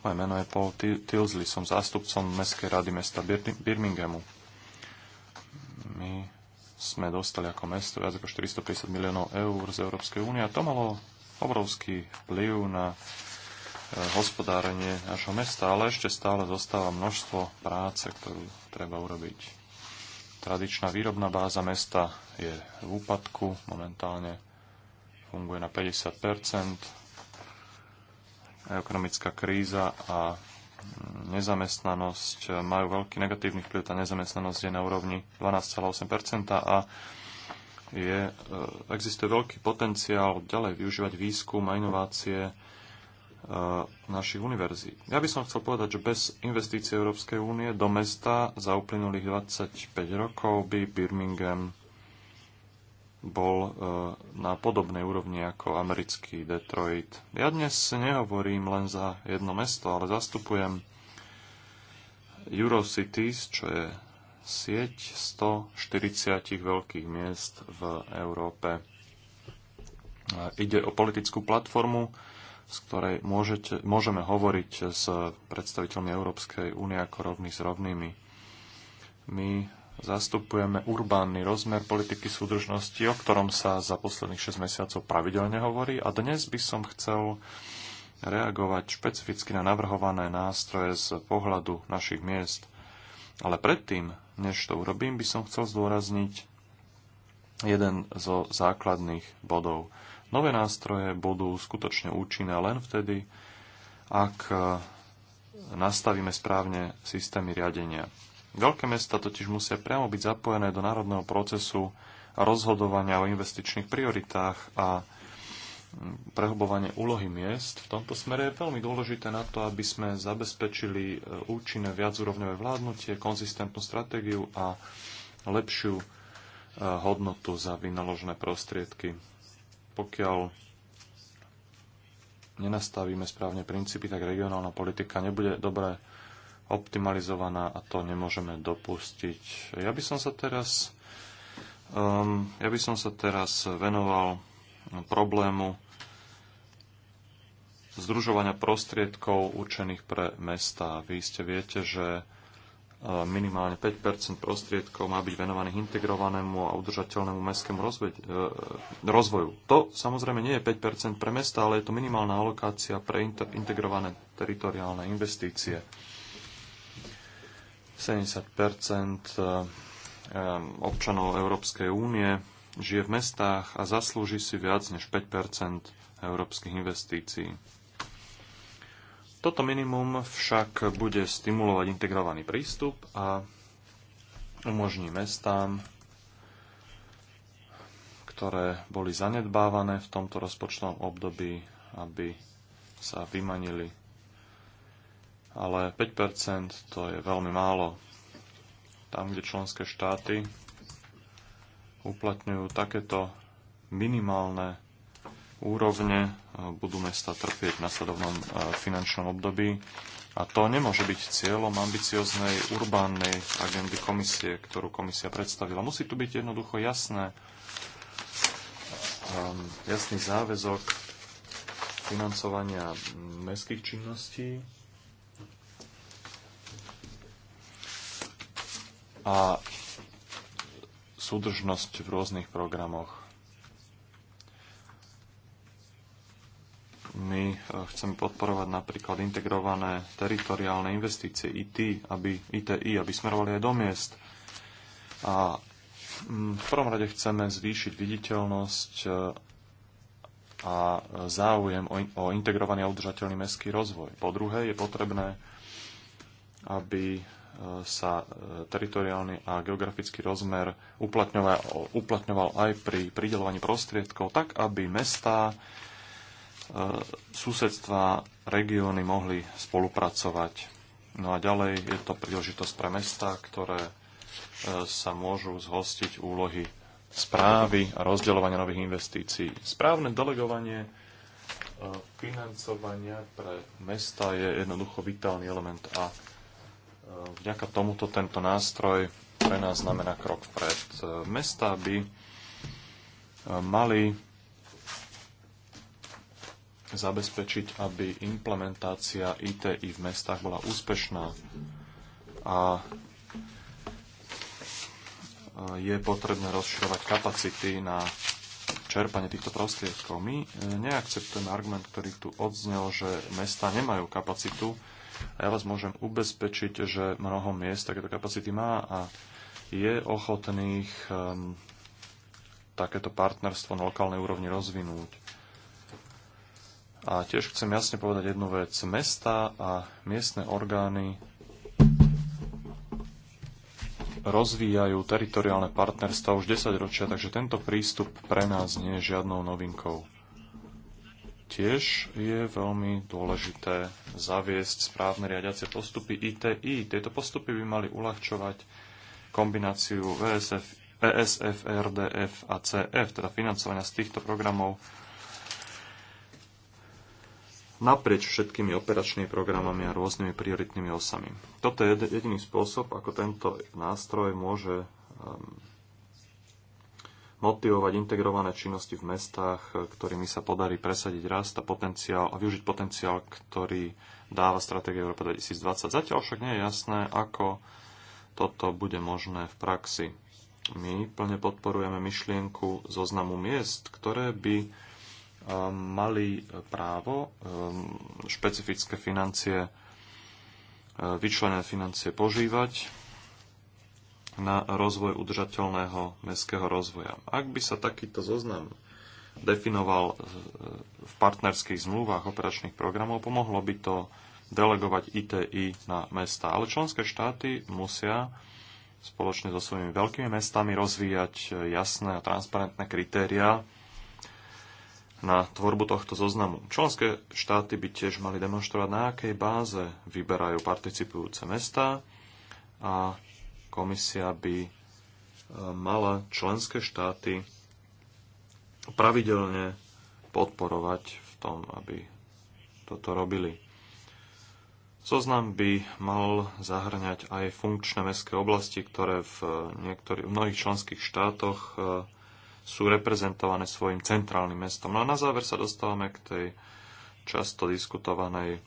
[SPEAKER 1] Moje meno je Paul Tilsley, som zástupcom Mestskej rady mesta Birminghamu. My sme dostali ako mesto viac ako 450 miliónov eur z Európskej únie a to malo obrovský vplyv na e, hospodárenie našho mesta, ale ešte stále zostáva množstvo práce, ktorú treba urobiť. Tradičná výrobná báza mesta je v úpadku, momentálne funguje na 50 ekonomická kríza a nezamestnanosť majú veľký negatívny vplyv. Tá nezamestnanosť je na úrovni 12,8 a je, e, existuje veľký potenciál ďalej využívať výskum a inovácie e, našich univerzí. Ja by som chcel povedať, že bez investície Európskej únie do mesta za uplynulých 25 rokov by Birmingham bol e, na podobnej úrovni ako americký Detroit. Ja dnes nehovorím len za jedno mesto, ale zastupujem Eurocities, čo je sieť 140 veľkých miest v Európe. Ide o politickú platformu, z ktorej môžete, môžeme hovoriť s predstaviteľmi Európskej únie ako rovný s rovnými. My zastupujeme urbánny rozmer politiky súdržnosti, o ktorom sa za posledných 6 mesiacov pravidelne hovorí. A dnes by som chcel reagovať špecificky na navrhované nástroje z pohľadu našich miest. Ale predtým, než to urobím, by som chcel zdôrazniť jeden zo základných bodov. Nové nástroje budú skutočne účinné len vtedy, ak nastavíme správne systémy riadenia. Veľké mesta totiž musia priamo byť zapojené do národného procesu a rozhodovania o investičných prioritách a prehobovanie úlohy miest v tomto smere je veľmi dôležité na to, aby sme zabezpečili e, účinné viacúrovňové vládnutie, konzistentnú stratégiu a lepšiu e, hodnotu za vynaložené prostriedky. Pokiaľ nenastavíme správne princípy, tak regionálna politika nebude dobre optimalizovaná a to nemôžeme dopustiť. Ja by som sa teraz, um, ja by som sa teraz venoval problému združovania prostriedkov určených pre mesta. Vy ste viete, že uh, minimálne 5 prostriedkov má byť venovaných integrovanému a udržateľnému mestskému uh, rozvoju. To samozrejme nie je 5 pre mesta, ale je to minimálna alokácia pre integrované teritoriálne investície. 70 eh, eh, občanov Európskej únie žije v mestách a zaslúži si viac než 5 európskych investícií. Toto minimum však bude stimulovať integrovaný prístup a umožní mestám, ktoré boli zanedbávané v tomto rozpočtovom období, aby sa vymanili ale 5 to je veľmi málo. Tam, kde členské štáty uplatňujú takéto minimálne úrovne, e, budú mesta trpieť v nasledovnom e, finančnom období. A to nemôže byť cieľom ambicioznej urbánnej agendy komisie, ktorú komisia predstavila. Musí tu byť jednoducho jasné, ehm, jasný záväzok financovania mestských činností a súdržnosť v rôznych programoch. My eh, chceme podporovať napríklad integrované teritoriálne investície IT, aby, ITI, aby smerovali aj do miest. A mm, v prvom rade chceme zvýšiť viditeľnosť eh, a záujem o, o integrovaný a udržateľný mestský rozvoj. Po druhé, je potrebné, aby sa e, teritoriálny a geografický rozmer uplatňoval, uplatňoval aj pri pridelovaní prostriedkov, tak aby mestá, e, susedstva, regióny mohli spolupracovať. No a ďalej je to príležitosť pre mestá, ktoré e, sa môžu zhostiť úlohy správy a rozdeľovania nových investícií. Správne delegovanie financovania pre mesta je jednoducho vitálny element a vďaka tomuto tento nástroj pre nás znamená krok vpred. Mesta by e, mali zabezpečiť, aby implementácia ITI v mestách bola úspešná a e, je potrebné rozširovať kapacity na čerpanie týchto prostriedkov. My e, neakceptujeme argument, ktorý tu odznel, že mesta nemajú kapacitu a ja vás môžem ubezpečiť, že mnoho miest takéto kapacity má a je ochotných um, takéto partnerstvo na lokálnej úrovni rozvinúť. A tiež chcem jasne povedať jednu vec. Mesta a miestne orgány rozvíjajú teritoriálne partnerstva už 10 ročia, takže tento prístup pre nás nie je žiadnou novinkou. Tiež je veľmi dôležité zaviesť správne riadiace postupy ITI. Tieto postupy by mali uľahčovať kombináciu VSF, ESF, RDF a CF, teda financovania z týchto programov naprieč všetkými operačnými programami a rôznymi prioritnými osami. Toto je jediný spôsob, ako tento nástroj môže ehm, motivovať integrované činnosti v mestách, ktorými sa podarí presadiť rast a, potenciál, a využiť potenciál, ktorý dáva stratégia Európa 2020. Zatiaľ však nie je jasné, ako toto bude možné v praxi. My plne podporujeme myšlienku zoznamu miest, ktoré by um, mali právo um, špecifické financie, uh, vyčlené financie požívať na rozvoj udržateľného mestského rozvoja. Ak by sa takýto zoznam definoval e, v partnerských zmluvách operačných programov, pomohlo by to delegovať ITI na mesta. Ale členské štáty musia spoločne so svojimi veľkými mestami rozvíjať jasné a transparentné kritériá na tvorbu tohto zoznamu. Členské štáty by tiež mali demonstrovať, na akej báze vyberajú participujúce mesta a komisia by e, mala členské štáty pravidelne podporovať v tom, aby toto robili. Zoznam by mal zahrňať aj funkčné mestské oblasti, ktoré v, e, niektorých, v mnohých členských štátoch e, sú reprezentované svojim centrálnym mestom. No a na záver sa dostávame k tej často diskutovanej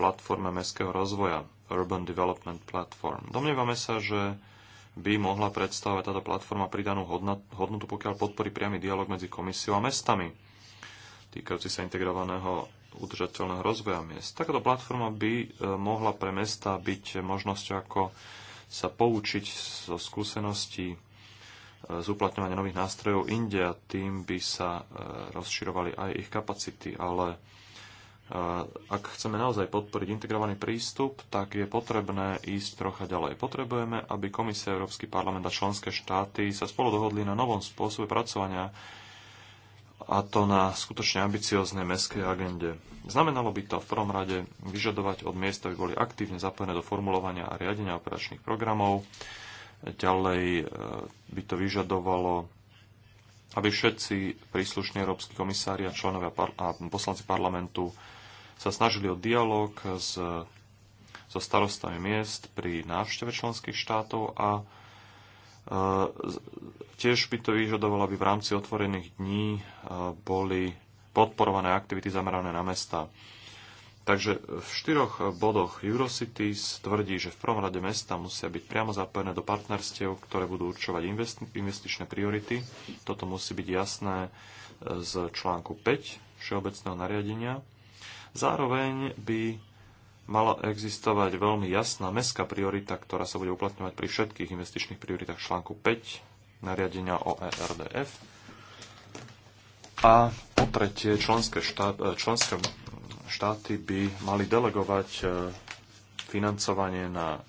[SPEAKER 1] platforme mestského rozvoja. Urban Development Platform. Domnievame sa, že by mohla predstavovať táto platforma pridanú hodnotu, pokiaľ podporí priamy dialog medzi komisiou a mestami týkajúci sa integrovaného udržateľného rozvoja miest. Takáto platforma by e, mohla pre mesta byť možnosťou, ako sa poučiť zo skúseností e, z uplatňovania nových nástrojov inde a tým by sa e, rozširovali aj ich kapacity, ale ak chceme naozaj podporiť integrovaný prístup, tak je potrebné ísť trocha ďalej. Potrebujeme, aby Komisia, Európsky parlament a členské štáty sa spolu dohodli na novom spôsobe pracovania a to na skutočne ambicioznej meskej agende. Znamenalo by to v prvom rade vyžadovať od miest, aby boli aktívne zapojené do formulovania a riadenia operačných programov. Ďalej e, by to vyžadovalo aby všetci príslušní európsky komisári a členovia par- a poslanci parlamentu sa snažili o dialog s, so starostami miest pri návšteve členských štátov a e, tiež by to vyžadovalo, aby v rámci otvorených dní e, boli podporované aktivity zamerané na mesta. Takže v štyroch bodoch Eurocities tvrdí, že v prvom rade mesta musia byť priamo zapojené do partnerstiev, ktoré budú určovať investičné priority. Toto musí byť jasné z článku 5 Všeobecného nariadenia. Zároveň by mala existovať veľmi jasná mestská priorita, ktorá sa bude uplatňovať pri všetkých investičných prioritách článku 5 nariadenia o ERDF. A po tretie, členské, štát, e, členské štáty by mali delegovať e, financovanie na e,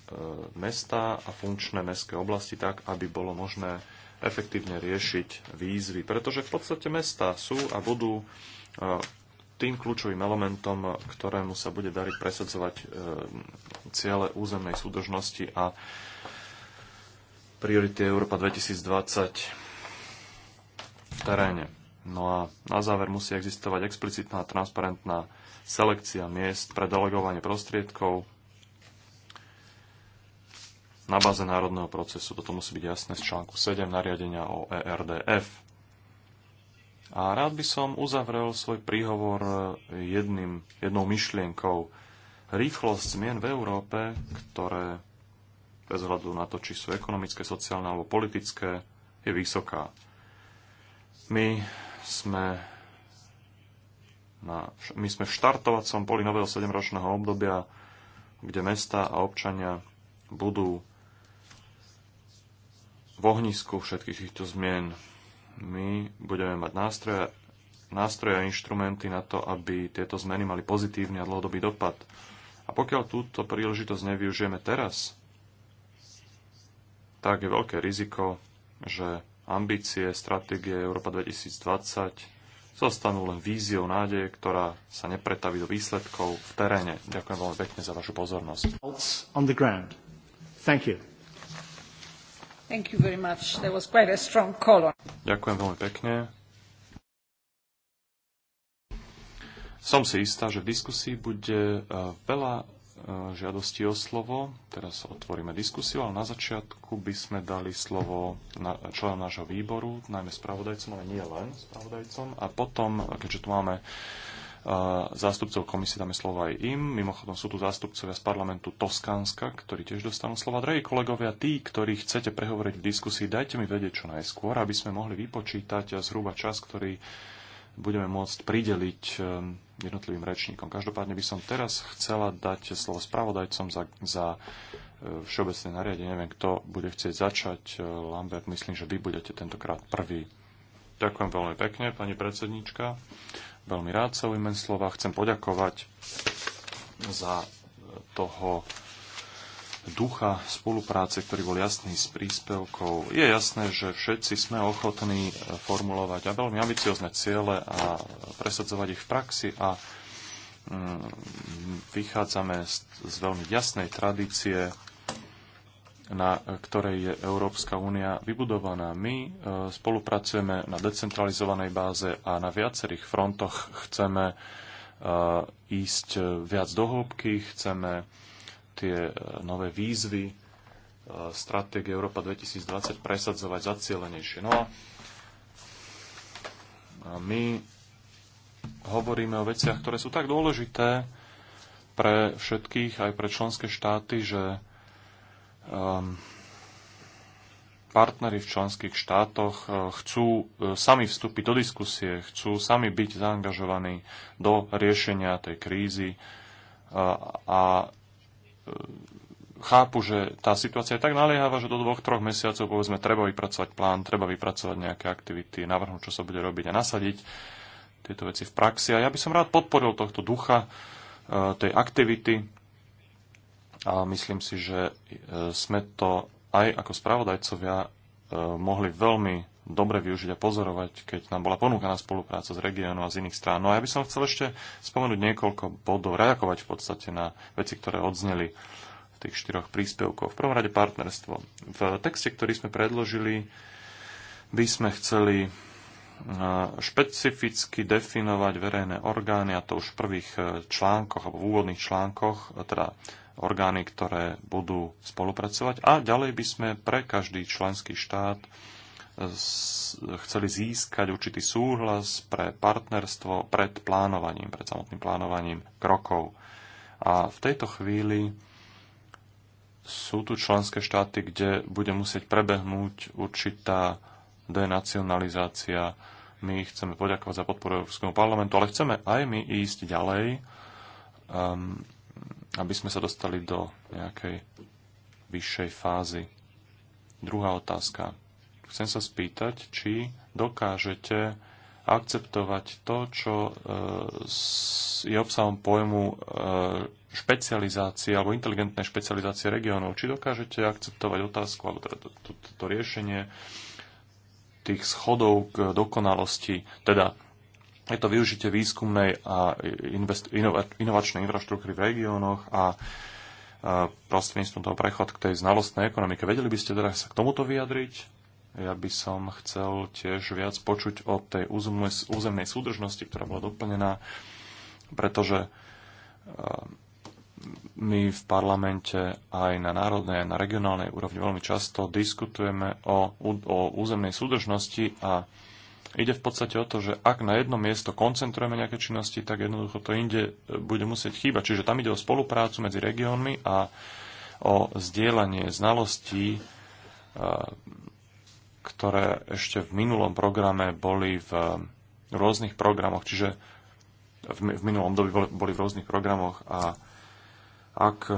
[SPEAKER 1] mesta a funkčné mestské oblasti tak, aby bolo možné efektívne riešiť výzvy, pretože v podstate mesta sú a budú tým kľúčovým elementom, ktorému sa bude dariť presadzovať e, ciele územnej súdržnosti a priority Európa 2020 v teréne. No a na záver musí existovať explicitná a transparentná selekcia miest pre delegovanie prostriedkov na báze národného procesu. Toto musí byť jasné z článku 7 nariadenia o ERDF. A rád by som uzavrel svoj príhovor eh, jedným, jednou myšlienkou. Rýchlosť zmien v Európe, ktoré bez hľadu na to, či sú ekonomické, sociálne alebo politické, je vysoká. My sme, na, my sme v štartovacom poli nového 7-ročného obdobia, kde mesta a občania budú v ohnisku všetkých týchto zmien my budeme mať nástroje, nástroje a inštrumenty na to, aby tieto zmeny mali pozitívny a dlhodobý dopad. A pokiaľ túto príležitosť nevyužijeme teraz, tak je veľké riziko, že ambície stratégie Európa 2020 zostanú len víziou nádeje, ktorá sa nepretaví do výsledkov v teréne. Ďakujem veľmi pekne za vašu pozornosť.
[SPEAKER 3] Thank you very much. There was quite a strong
[SPEAKER 1] Ďakujem veľmi pekne. Som si istá, že v diskusii bude e, veľa e, žiadostí o slovo. Teraz otvoríme diskusiu, ale na začiatku by sme dali slovo na členom nášho výboru, najmä spravodajcom, ale nie len spravodajcom. A potom, keďže tu máme zástupcov komisie, dáme slovo aj im. Mimochodom sú tu zástupcovia z parlamentu Toskánska, ktorí tiež dostanú slova. Drahí kolegovia, tí, ktorí chcete prehovoriť v diskusii, dajte mi vedieť čo najskôr, aby sme mohli vypočítať zhruba čas, ktorý budeme môcť prideliť ehm, jednotlivým rečníkom. Každopádne by som teraz chcela dať slovo spravodajcom za, za e, všeobecné nariadenie. Neviem, kto bude chcieť začať. E, Lambert, myslím, že vy budete tentokrát prvý. Ďakujem veľmi pekne, pani predsednička veľmi rád sa ujmem slova. Chcem poďakovať za toho ducha spolupráce, ktorý bol jasný s príspevkou. Je jasné, že všetci sme ochotní formulovať a veľmi ambiciozne ciele a presadzovať ich v praxi a mm, vychádzame z, z veľmi jasnej tradície na ktorej je Európska únia vybudovaná. My e, spolupracujeme na decentralizovanej báze a na viacerých frontoch chceme e, ísť viac do hĺbky, chceme e, tie nové výzvy stratégie Európa 2020 presadzovať zacielenejšie. No a my hovoríme o veciach, ktoré sú tak dôležité pre všetkých, aj pre členské štáty, že um, ehm, partnery v členských štátoch e, chcú e, sami vstúpiť do diskusie, chcú sami byť zaangažovaní do riešenia tej krízy e, a chápu, že tá situácia je tak naliehavá, že do dvoch, troch mesiacov povedzme treba vypracovať plán, treba vypracovať nejaké aktivity, navrhnúť, čo sa bude robiť a nasadiť tieto veci v praxi. A ja by som rád podporil tohto ducha tej aktivity a myslím si, že e, sme to aj ako spravodajcovia e, mohli veľmi dobre využiť a pozorovať, keď nám bola ponúkaná spolupráca z regiónu a z iných strán. No a ja by som chcel ešte spomenúť niekoľko bodov, reagovať v podstate na veci, ktoré odzneli v tých štyroch príspevkoch. V prvom rade partnerstvo. V texte, ktorý sme predložili, by sme chceli e, špecificky definovať verejné orgány, a to už v prvých článkoch alebo v úvodných článkoch, teda orgány, ktoré budú spolupracovať. A ďalej by sme pre každý členský štát eh, chceli získať určitý súhlas pre partnerstvo pred plánovaním, pred samotným plánovaním krokov. A v tejto chvíli sú tu členské štáty, kde bude musieť prebehnúť určitá denacionalizácia. My chceme poďakovať za podporu Európskeho parlamentu, ale chceme aj my ísť ďalej. Um, aby sme sa dostali do nejakej vyššej fázy. Druhá otázka. Chcem sa spýtať, či dokážete akceptovať to, čo e, je obsahom pojmu e, špecializácie alebo inteligentné špecializácie regiónov. Či dokážete akceptovať otázku alebo toto teda to, to, to riešenie tých schodov k dokonalosti, teda je to využitie výskumnej a invest, inova, inovačnej infraštruktúry v regiónoch a prostredníctvom toho prechod k tej znalostnej ekonomike. Vedeli by ste teda sa k tomuto vyjadriť? Ja by som chcel tiež viac počuť o tej územnej, súdržnosti, ktorá bola doplnená, pretože my v parlamente aj na národnej, aj na regionálnej úrovni veľmi často diskutujeme o, o územnej súdržnosti a Ide v podstate o to, že ak na jedno miesto koncentrujeme nejaké činnosti, tak jednoducho to inde e, bude musieť chýbať. Čiže tam ide o spoluprácu medzi regiónmi a o zdieľanie znalostí, e, ktoré ešte v minulom programe boli v rôznych programoch, čiže v minulom dobi boli v rôznych programoch a ak e,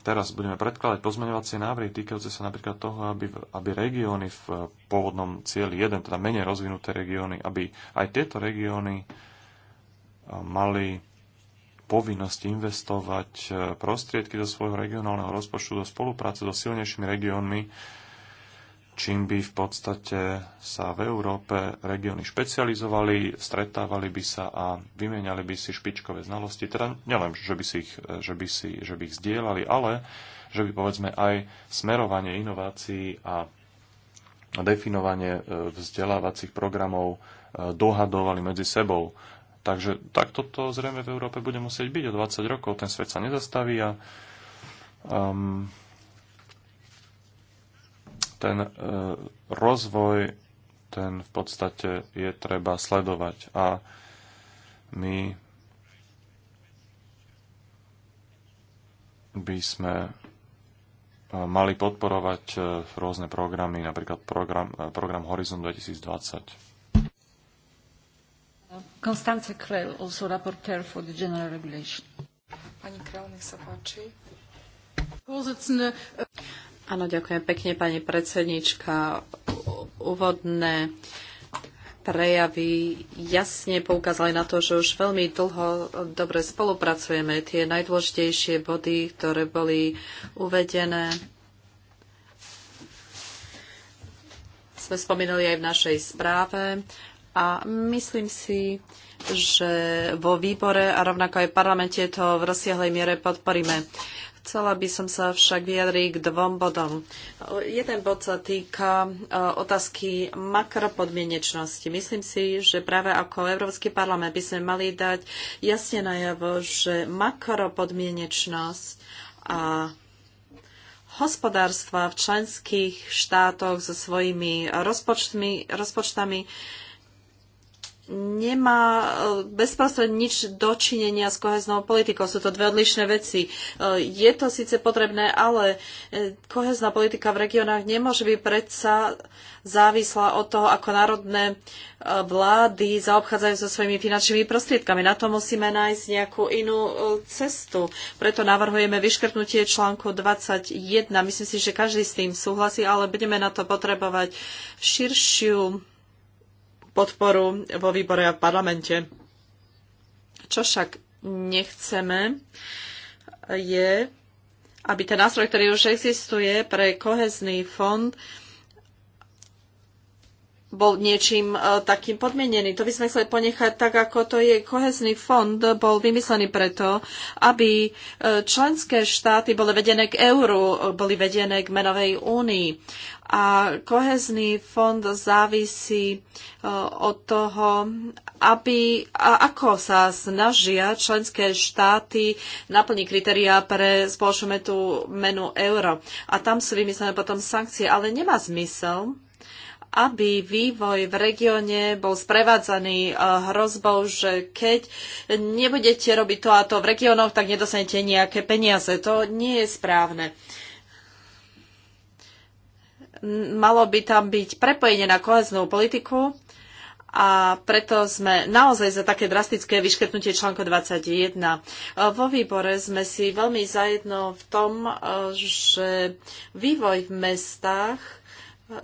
[SPEAKER 1] Teraz budeme predkladať pozmeňovacie návrhy týkajúce sa napríklad toho, aby, aby regióny v pôvodnom cieli 1, teda menej rozvinuté regióny, aby aj tieto regióny e, mali povinnosť investovať e, prostriedky do svojho regionálneho rozpočtu do spolupráce so silnejšími regiónmi, čím by v podstate sa v Európe regióny špecializovali, stretávali by sa a vymieniali by si špičkové znalosti. Teda nielen, že by, si ich, že by, si, že by ich zdieľali, ale že by povedzme aj smerovanie inovácií a definovanie e, vzdelávacích programov e, dohadovali medzi sebou. Takže takto to zrejme v Európe bude musieť byť o 20 rokov. Ten svet sa nezastaví a um, ten e, rozvoj, ten v podstate je treba sledovať. A my by sme e, mali podporovať e, rôzne programy, napríklad program, program Horizon 2020.
[SPEAKER 2] Konstance Krell, also rapporteur for the general regulation.
[SPEAKER 3] Pani Krell, nech sa páči.
[SPEAKER 2] Áno, ďakujem pekne, pani predsednička. Úvodné prejavy jasne poukázali na to, že už veľmi dlho dobre spolupracujeme. Tie najdôležitejšie body, ktoré boli uvedené, sme spomínali aj v našej správe a myslím si, že vo výbore a rovnako aj v parlamente to v rozsiahlej miere podporíme. Chcela by som sa však vyjadriť k dvom bodom. Jeden bod sa týka e, otázky makropodmienečnosti. Myslím si, že práve ako Európsky parlament by sme mali dať jasne najavo, že makropodmienečnosť a hospodárstva v členských štátoch so svojimi rozpočtami nemá e, bezprostredne nič dočinenia s koheznou politikou. Sú to dve odlišné veci. E, je to síce potrebné, ale e, kohezná politika v regiónoch nemôže byť predsa závislá od toho, ako národné vlády zaobchádzajú so svojimi finančnými prostriedkami. Na to musíme nájsť nejakú inú cestu. Preto navrhujeme vyškrtnutie článku 21. Myslím si, že každý s tým súhlasí, ale budeme na to potrebovať širšiu podporu vo výbore a v parlamente. Čo však nechceme, je, aby ten nástroj, ktorý už existuje pre kohezný fond, bol niečím e, takým podmienený. To by sme chceli ponechať tak, ako to je. Kohezný fond bol vymyslený preto, aby e, členské štáty boli vedené k euru, e, boli vedené k menovej únii a kohezný fond závisí e, od toho, aby, a ako sa snažia členské štáty naplniť kritériá pre spoločnú metu, menu euro. A tam sú vymyslené potom sankcie, ale nemá zmysel, aby vývoj v regióne bol sprevádzaný e, hrozbou, že keď nebudete robiť to a to v regiónoch, tak nedostanete nejaké peniaze. To nie je správne malo by tam byť prepojenie na koheznú politiku a preto sme naozaj za také drastické vyškrtnutie článku 21. Vo výbore sme si veľmi zajedno v tom, e, že vývoj v mestách e,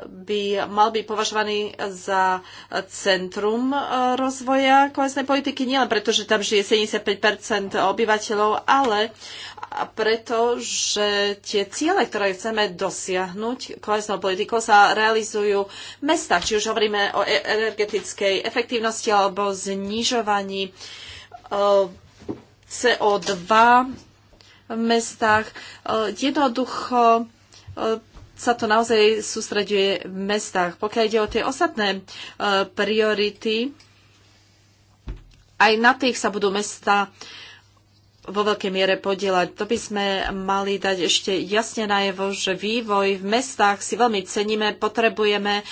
[SPEAKER 2] by mal byť považovaný za centrum e, rozvoja kohesnej politiky, nielen preto, že tam žije 75 obyvateľov, ale a pretože tie ciele, ktoré chceme dosiahnuť kohesnou politikou, sa realizujú v mestách. Či už hovoríme o e- energetickej efektívnosti alebo znižovaní eh, CO2 v mestách. Eh, jednoducho eh, sa to naozaj sústreďuje v mestách. Pokiaľ ide o tie ostatné priority, aj na tých sa budú mesta vo veľkej miere podielať. To by sme mali dať ešte jasne najevo, že vývoj v mestách si veľmi ceníme, potrebujeme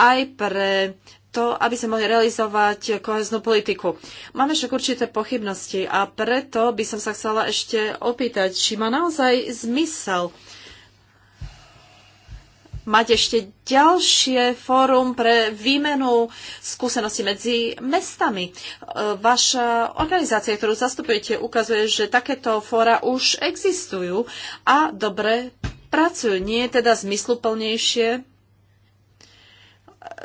[SPEAKER 2] aj pre to, aby sme mohli realizovať koheznú politiku. Máme však určité pochybnosti a preto by som sa chcela ešte opýtať, či má naozaj zmysel uh, mať ešte ďalšie fórum pre výmenu skúseností medzi mestami. E, vaša organizácia, ktorú zastupujete, ukazuje, že takéto fóra už existujú a dobre pracujú. Nie je teda zmysluplnejšie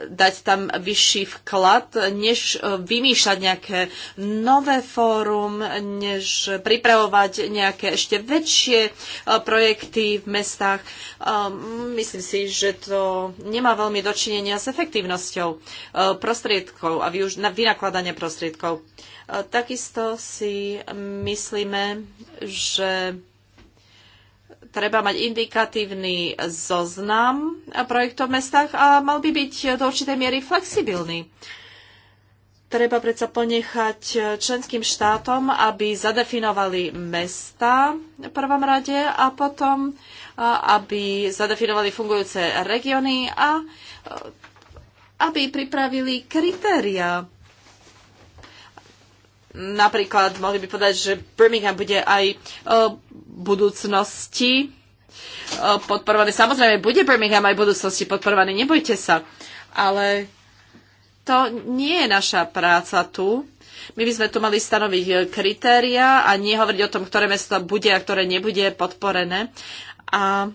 [SPEAKER 2] dať tam vyšší vklad, než e, vymýšľať nejaké nové fórum, než pripravovať nejaké ešte väčšie e, projekty v mestách. E, myslím si, že to nemá veľmi dočinenia s efektívnosťou prostriedkov a vynakladanie prostriedkov. Takisto si myslíme, že treba mať indikatívny zoznam projektov v mestách a mal by byť do určitej miery flexibilný. Treba predsa ponechať členským štátom, aby zadefinovali mesta v prvom rade a potom, aby zadefinovali fungujúce regióny a aby pripravili kritéria Napríklad mohli by povedať, že Birmingham bude aj e, v budúcnosti e, podporovaný. Samozrejme, bude Birmingham aj v budúcnosti podporovaný, nebojte sa. Ale to nie je naša práca tu. My by sme tu mali stanoviť e, kritéria a nie hovoriť o tom, ktoré mesto bude a ktoré nebude podporené. A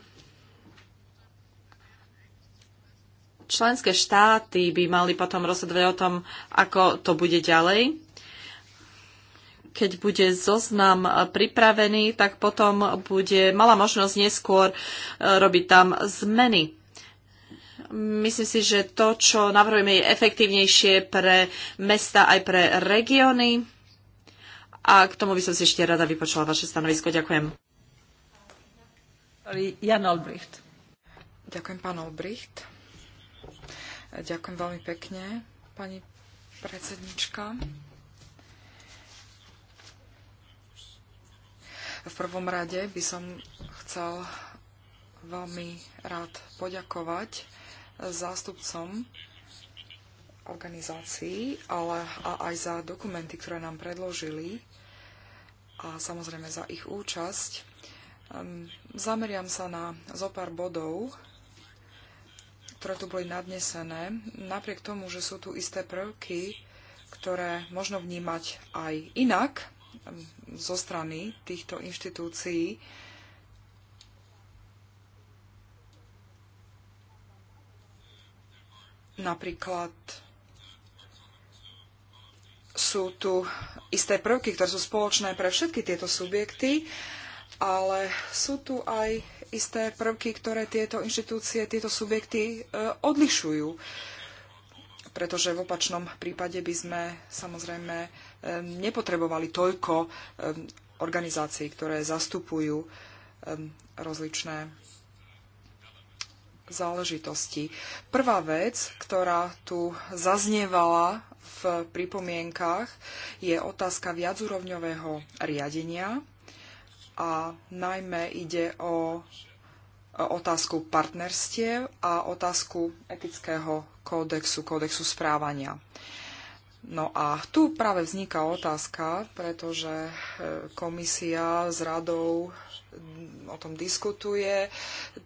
[SPEAKER 2] členské štáty by mali potom rozhodovať o tom, ako to bude ďalej keď bude zoznam eh, pripravený, tak potom bude mala možnosť neskôr eh, robiť tam zmeny. Myslím si, že to, čo navrhujeme, je efektívnejšie pre mesta aj pre regióny. A k tomu by som si ešte rada vypočula vaše stanovisko. Ďakujem.
[SPEAKER 3] Jan Olbricht. Ďakujem, pán Olbricht. Ďakujem veľmi pekne, pani predsednička. V prvom rade by som chcel veľmi rád poďakovať zástupcom organizácií, ale aj za dokumenty, ktoré nám predložili a samozrejme za ich účasť. Ehm, zameriam sa na zopár bodov, ktoré tu boli nadnesené, napriek tomu, že sú tu isté prvky, ktoré možno vnímať aj inak, zo strany týchto inštitúcií napríklad sú tu isté prvky, ktoré sú spoločné pre všetky tieto subjekty, ale sú tu aj isté prvky, ktoré tieto inštitúcie, tieto subjekty e, odlišujú. Pretože v opačnom prípade by sme samozrejme Ehm, nepotrebovali toľko ehm, organizácií, ktoré zastupujú ehm, rozličné záležitosti. Prvá vec, ktorá tu zaznievala v pripomienkach, je otázka viacúrovňového riadenia a najmä ide o otázku partnerstiev a otázku etického kódexu, kódexu správania. No a tu práve vzniká otázka, pretože e, komisia s radou Mm, o tom diskutuje.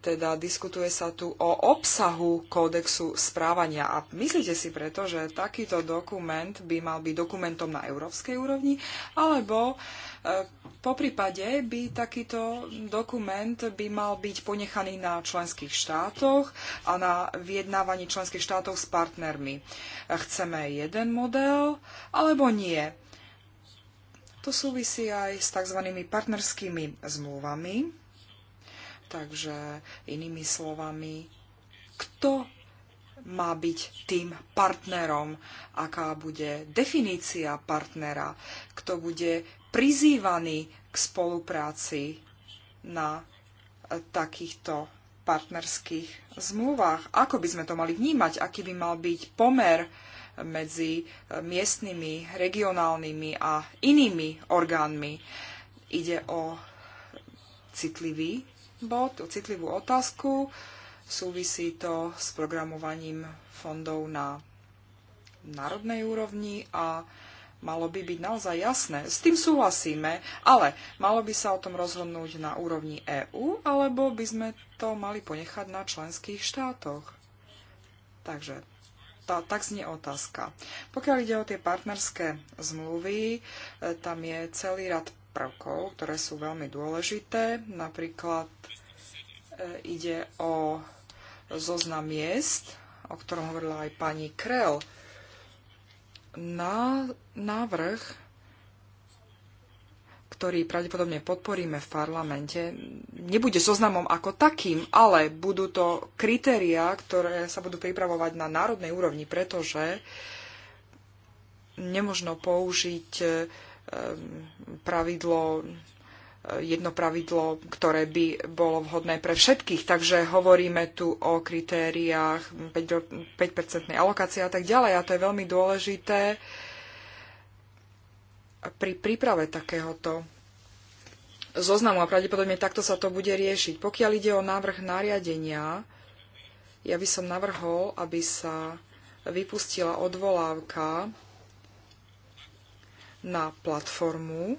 [SPEAKER 3] Teda diskutuje sa tu o obsahu kódexu správania. A myslíte si preto, že takýto dokument by mal byť dokumentom na európskej úrovni, alebo e, po prípade by takýto dokument by mal byť ponechaný na členských štátoch a na vyjednávaní členských štátov s partnermi. Chceme jeden model alebo nie? To súvisí aj s tzv. partnerskými zmluvami. Takže inými slovami, kto má byť tým partnerom, aká bude definícia partnera, kto bude prizývaný k spolupráci na takýchto partnerských zmluvách. Ako by sme to mali vnímať? Aký by mal byť pomer medzi miestnymi, regionálnymi a inými orgánmi. Ide o citlivý bod, o citlivú otázku. Súvisí to s programovaním fondov na národnej úrovni a malo by byť naozaj jasné. S tým súhlasíme, ale malo by sa o tom rozhodnúť na úrovni EÚ, alebo by sme to mali ponechať na členských štátoch. Takže otá- tak znie otázka. Pokiaľ ide o tie partnerské zmluvy, e, tam je celý rad prvkov, ktoré sú veľmi dôležité. Napríklad e, ide o zoznam miest, o ktorom hovorila aj pani Krell. Na návrh ktorý pravdepodobne podporíme v parlamente, nebude zoznamom ako takým, ale budú to kritériá, ktoré sa budú pripravovať na národnej úrovni, pretože nemožno použiť e, pravidlo e, jedno pravidlo, ktoré by bolo vhodné pre všetkých. Takže hovoríme tu o kritériách 5-percentnej alokácie a tak ďalej. A to je veľmi dôležité pri príprave takéhoto zoznamu a pravdepodobne takto sa to bude riešiť. Pokiaľ ide o návrh nariadenia, ja by som navrhol, aby sa vypustila odvolávka na platformu,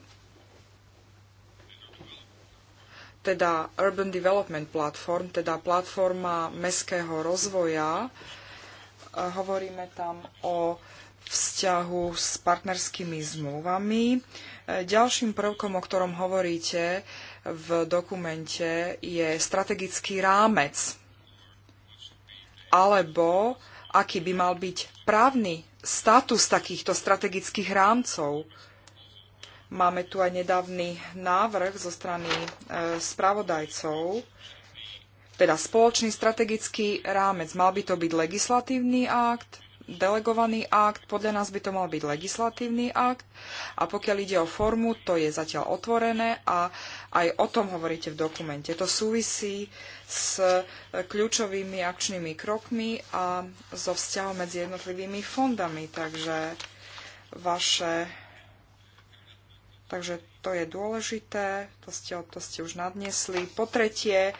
[SPEAKER 3] teda Urban Development Platform, teda platforma mestského rozvoja. Hovoríme tam o vzťahu s partnerskými zmluvami. E, ďalším prvkom, o ktorom hovoríte v dokumente, je strategický rámec alebo aký by mal byť právny status takýchto strategických rámcov. Máme tu aj nedávny návrh zo strany e, spravodajcov, teda spoločný strategický rámec. Mal by to byť legislatívny akt, delegovaný akt, podľa nás by to mal byť legislatívny akt a pokiaľ ide o formu, to je zatiaľ otvorené a aj o tom hovoríte v dokumente. To súvisí s e, kľúčovými akčnými krokmi a so vzťahom medzi jednotlivými fondami, takže vaše Takže to je dôležité, to ste, to ste už nadnesli. Po tretie,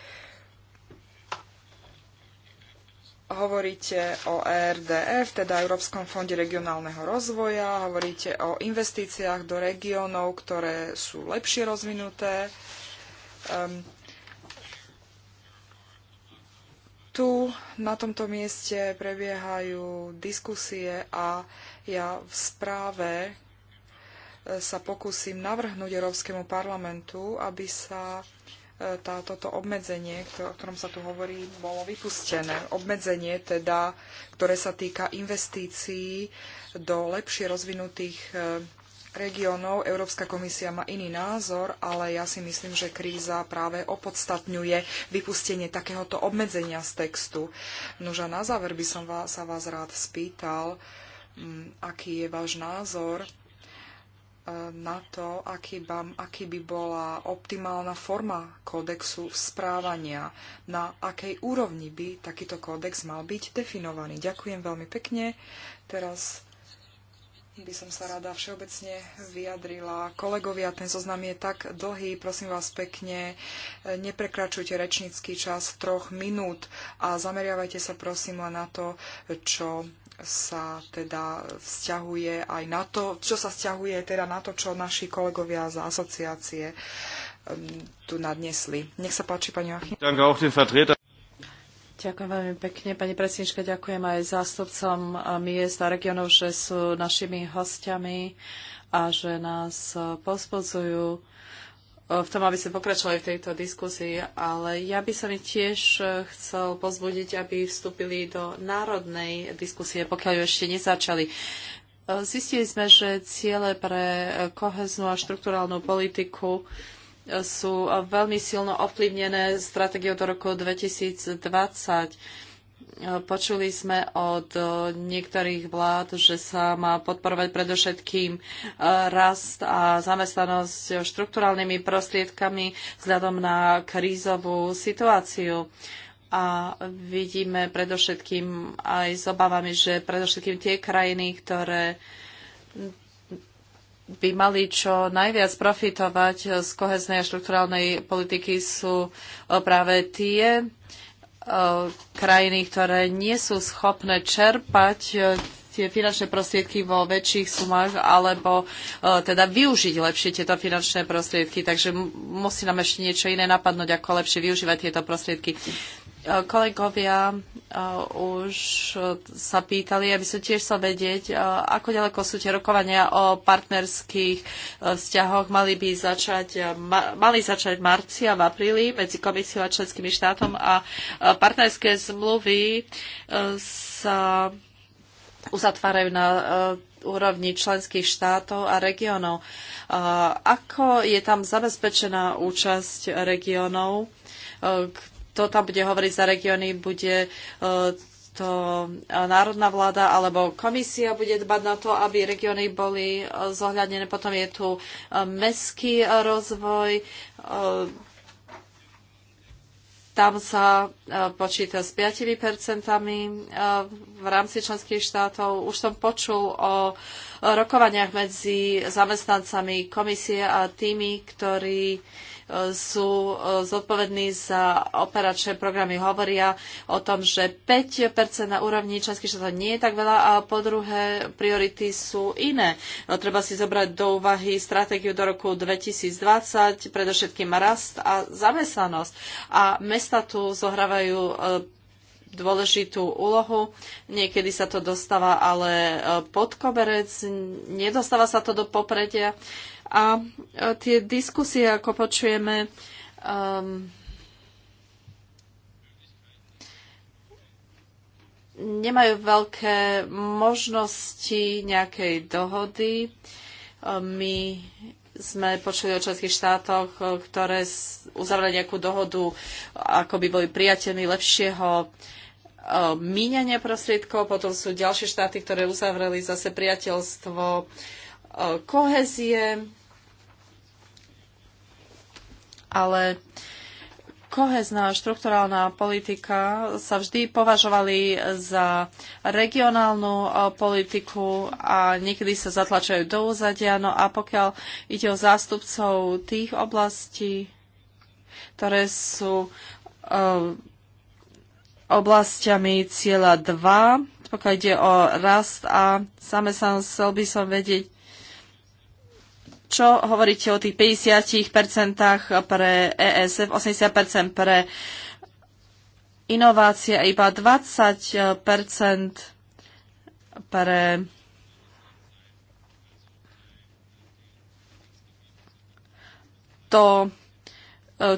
[SPEAKER 3] hovoríte o ERDF, teda Európskom fonde regionálneho rozvoja, hovoríte o investíciách do regiónov, ktoré sú lepšie rozvinuté. Um, tu na tomto mieste prebiehajú diskusie a ja v správe e, sa pokúsim navrhnúť Európskemu parlamentu, aby sa uh, tá, toto obmedzenie, o ktorom sa tu hovorí, bolo vypustené. Obmedzenie teda, ktoré sa týka investícií do lepšie rozvinutých eh, regiónov. Európska komisia má iný názor, ale ja si myslím, že kríza práve opodstatňuje vypustenie takéhoto obmedzenia z textu. a na záver by som vás, sa vás rád spýtal, mm, aký je váš názor na to, aký, bam, aký by bola optimálna forma kódexu správania, na akej úrovni by takýto kódex mal byť definovaný. Ďakujem veľmi pekne. Teraz by som sa rada všeobecne vyjadrila. Kolegovia, ten zoznam je tak dlhý, prosím vás pekne, neprekračujte rečnícky čas troch minút a zameriavajte sa prosím len na to, čo sa teda vzťahuje aj na to, čo sa vzťahuje teda na to, čo naši kolegovia z asociácie um, tu nadnesli. Nech sa páči, pani Joachim. Ďakujem veľmi
[SPEAKER 2] pekne, pani predsednička. Ďakujem aj zástupcom miest a regionov, že sú našimi hostiami a že nás pozbudzujú v tom, aby sme pokračovali v tejto diskusii, ale ja by som ich tiež eh, chcel pozbudiť, aby vstúpili do národnej diskusie, pokiaľ ju ešte nezačali. Eh, zistili sme, že ciele pre eh, koheznú a štruktúrálnu politiku sú veľmi silno ovplyvnené stratégiou do roku 2020 Počuli sme od e, niektorých vlád, že sa má podporovať predovšetkým e, rast a zamestnanosť štruktúralnými prostriedkami vzhľadom na krízovú situáciu. A vidíme predovšetkým aj s obavami, že predovšetkým tie krajiny, ktoré by mali čo najviac profitovať z koheznej a štruktúralnej politiky sú e, práve tie Eh, krajiny, ktoré nie sú schopné čerpať eh, tie finančné prostriedky vo väčších sumách alebo eh, teda využiť lepšie tieto finančné prostriedky. Takže musí nám ešte niečo iné napadnúť, ako lepšie využívať tieto prostriedky. Kolegovia Eh, už eh, sa pýtali, aby som tiež sa vedieť, eh, ako ďaleko sú tie rokovania o partnerských vzťahoch. Mali by začať, mali začať v marci a v apríli medzi komisiou a členskými štátom a partnerské zmluvy sa uzatvárajú na úrovni členských štátov a regiónov. Ako je tam zabezpečená účasť regiónov, kto tam bude hovoriť za regióny, bude e, to e, národná vláda alebo komisia bude dbať na to, aby regióny boli e, zohľadnené. Potom je tu mestský rozvoj. Tam sa počíta s 5% v rámci členských štátov. Už som počul o rokovaniach medzi zamestnancami komisie a tými, ktorí sú e, zodpovední za operačné programy, hovoria o tom, že 5% na úrovni členských štátov nie je tak veľa a po druhé priority sú iné. No, treba si zobrať do úvahy stratégiu do roku 2020, predovšetkým rast a zamestnanosť. A mesta tu zohrávajú e, dôležitú úlohu. Niekedy sa to dostáva ale e, pod koberec, nedostáva sa to do popredia. A tie diskusie, ako počujeme, um, nemajú veľké možnosti nejakej dohody. Um, my sme počuli o členských štátoch, ktoré uzavreli nejakú dohodu, ako by boli priateľmi lepšieho um, míňania prostriedkov. Potom sú ďalšie štáty, ktoré uzavreli zase priateľstvo kohezie, ale kohezná štrukturálna politika sa vždy považovali za regionálnu e, politiku a niekedy sa zatlačajú do úzadia. No a pokiaľ ide o zástupcov tých oblastí, ktoré sú e, oblastiami cieľa 2, pokiaľ ide o rast a samé sa chcel by som vedieť, čo hovoríte o tých 50% pre e ESF, 80% pre inovácie a iba 20% pre to,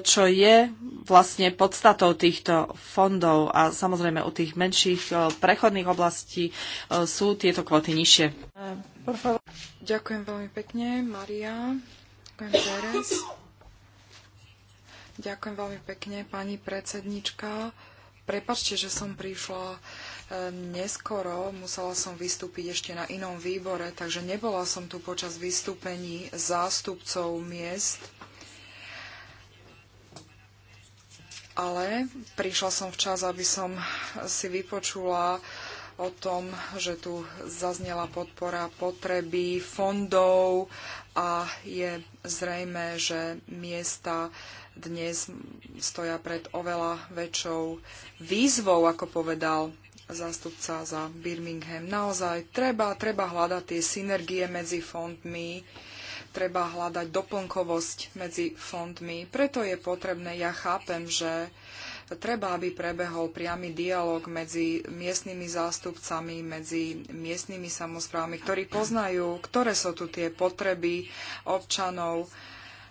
[SPEAKER 2] čo je vlastne podstatou týchto fondov a samozrejme u tých menších eh, prechodných oblastí eh, sú tieto kvoty nižšie.
[SPEAKER 3] Eh, Ďakujem veľmi pekne, Maria. Ďakujem, Teres. Ďakujem veľmi pekne, pani predsednička. Prepačte, že som prišla e, neskoro, musela som vystúpiť ešte na inom výbore, takže nebola som tu počas vystúpení zástupcov miest. Ale prišla som včas, aby som si vypočula o tom, že tu zaznela podpora potreby fondov a je zrejme, že miesta dnes stoja pred oveľa väčšou výzvou, ako povedal zástupca za Birmingham. Naozaj treba, treba hľadať tie synergie medzi fondmi, treba hľadať doplnkovosť medzi fondmi. Preto je potrebné, ja chápem, že Treba, aby prebehol priamy dialog medzi miestnymi zástupcami, medzi miestnymi samozprávami, ktorí poznajú, ktoré sú tu tie potreby občanov,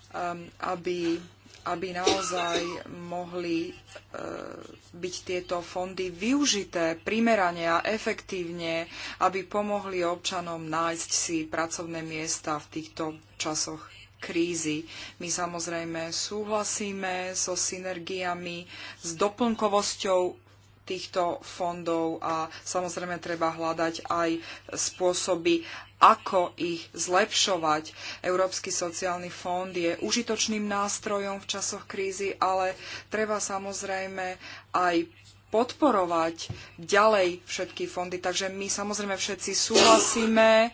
[SPEAKER 3] um, aby aby naozaj mohli e, byť tieto fondy využité primerane a efektívne, aby pomohli občanom nájsť si pracovné miesta v týchto časoch krízy. My samozrejme súhlasíme so synergiami, s doplnkovosťou týchto fondov a samozrejme treba hľadať aj spôsoby, ako ich zlepšovať. Európsky sociálny fond je užitočným nástrojom v časoch krízy, ale treba samozrejme aj podporovať ďalej všetky fondy. Takže my samozrejme všetci súhlasíme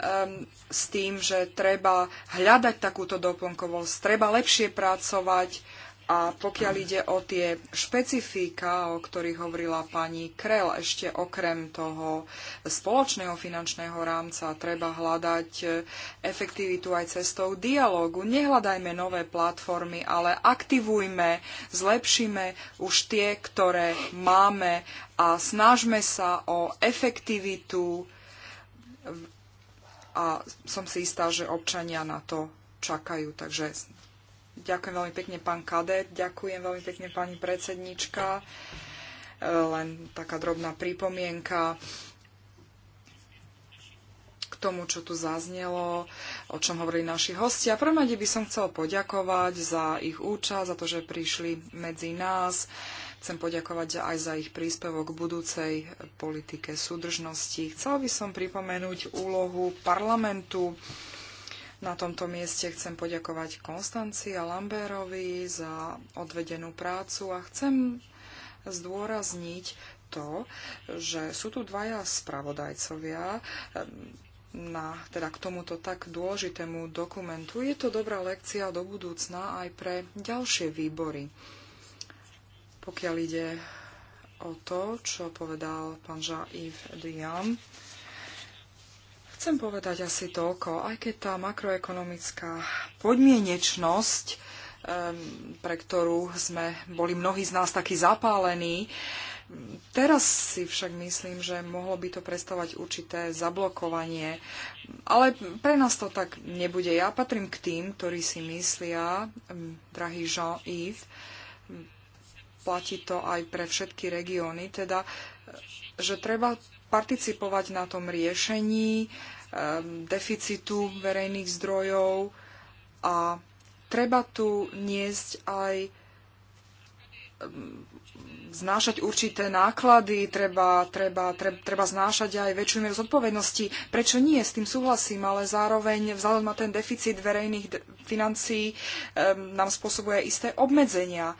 [SPEAKER 3] um, s tým, že treba hľadať takúto doplnkovosť, treba lepšie pracovať a pokiaľ ide o tie špecifika, o ktorých hovorila pani Krel, ešte okrem toho spoločného finančného rámca treba hľadať e, efektivitu aj cestou dialógu. Nehľadajme nové platformy, ale aktivujme, zlepšíme už tie, ktoré máme a snažme sa o efektivitu a som si istá, že občania na to čakajú. Takže ďakujem veľmi pekne, pán Kadet, ďakujem veľmi pekne, pani predsednička. E, len taká drobná pripomienka k tomu, čo tu zaznelo, o čom hovorili naši hostia. Prvom by som chcel poďakovať za ich účasť, za to, že prišli medzi nás. Uh, Chcem poďakovať aj za ich príspevok k budúcej politike súdržnosti. Chcela by som pripomenúť úlohu parlamentu. Na tomto mieste chcem poďakovať Konstanci a Lambérovi za odvedenú prácu a chcem zdôrazniť to, že sú tu dvaja spravodajcovia ehm, na, teda k tomuto tak dôležitému dokumentu. Je to dobrá lekcia do budúcna aj pre ďalšie výbory. Pokiaľ ide o to, čo povedal pán Jean-Yves Diam. chcem povedať asi toľko, aj keď tá makroekonomická podmienečnosť, pre ktorú sme boli mnohí z nás takí zapálení, Teraz si však myslím, že mohlo by to predstavovať určité zablokovanie, ale pre nás to tak nebude. Ja patrím k tým, ktorí si myslia, drahý Jean-Yves, platí to aj pre všetky regióny, teda, že treba participovať na tom riešení ehm, deficitu verejných zdrojov a treba tu niesť aj ehm, znášať určité náklady, treba, treba, treba, treba znášať aj väčšiu mieru zodpovednosti. Prečo nie? S tým súhlasím, ale zároveň vzhľadom na ten deficit verejných financií ehm, nám spôsobuje isté obmedzenia.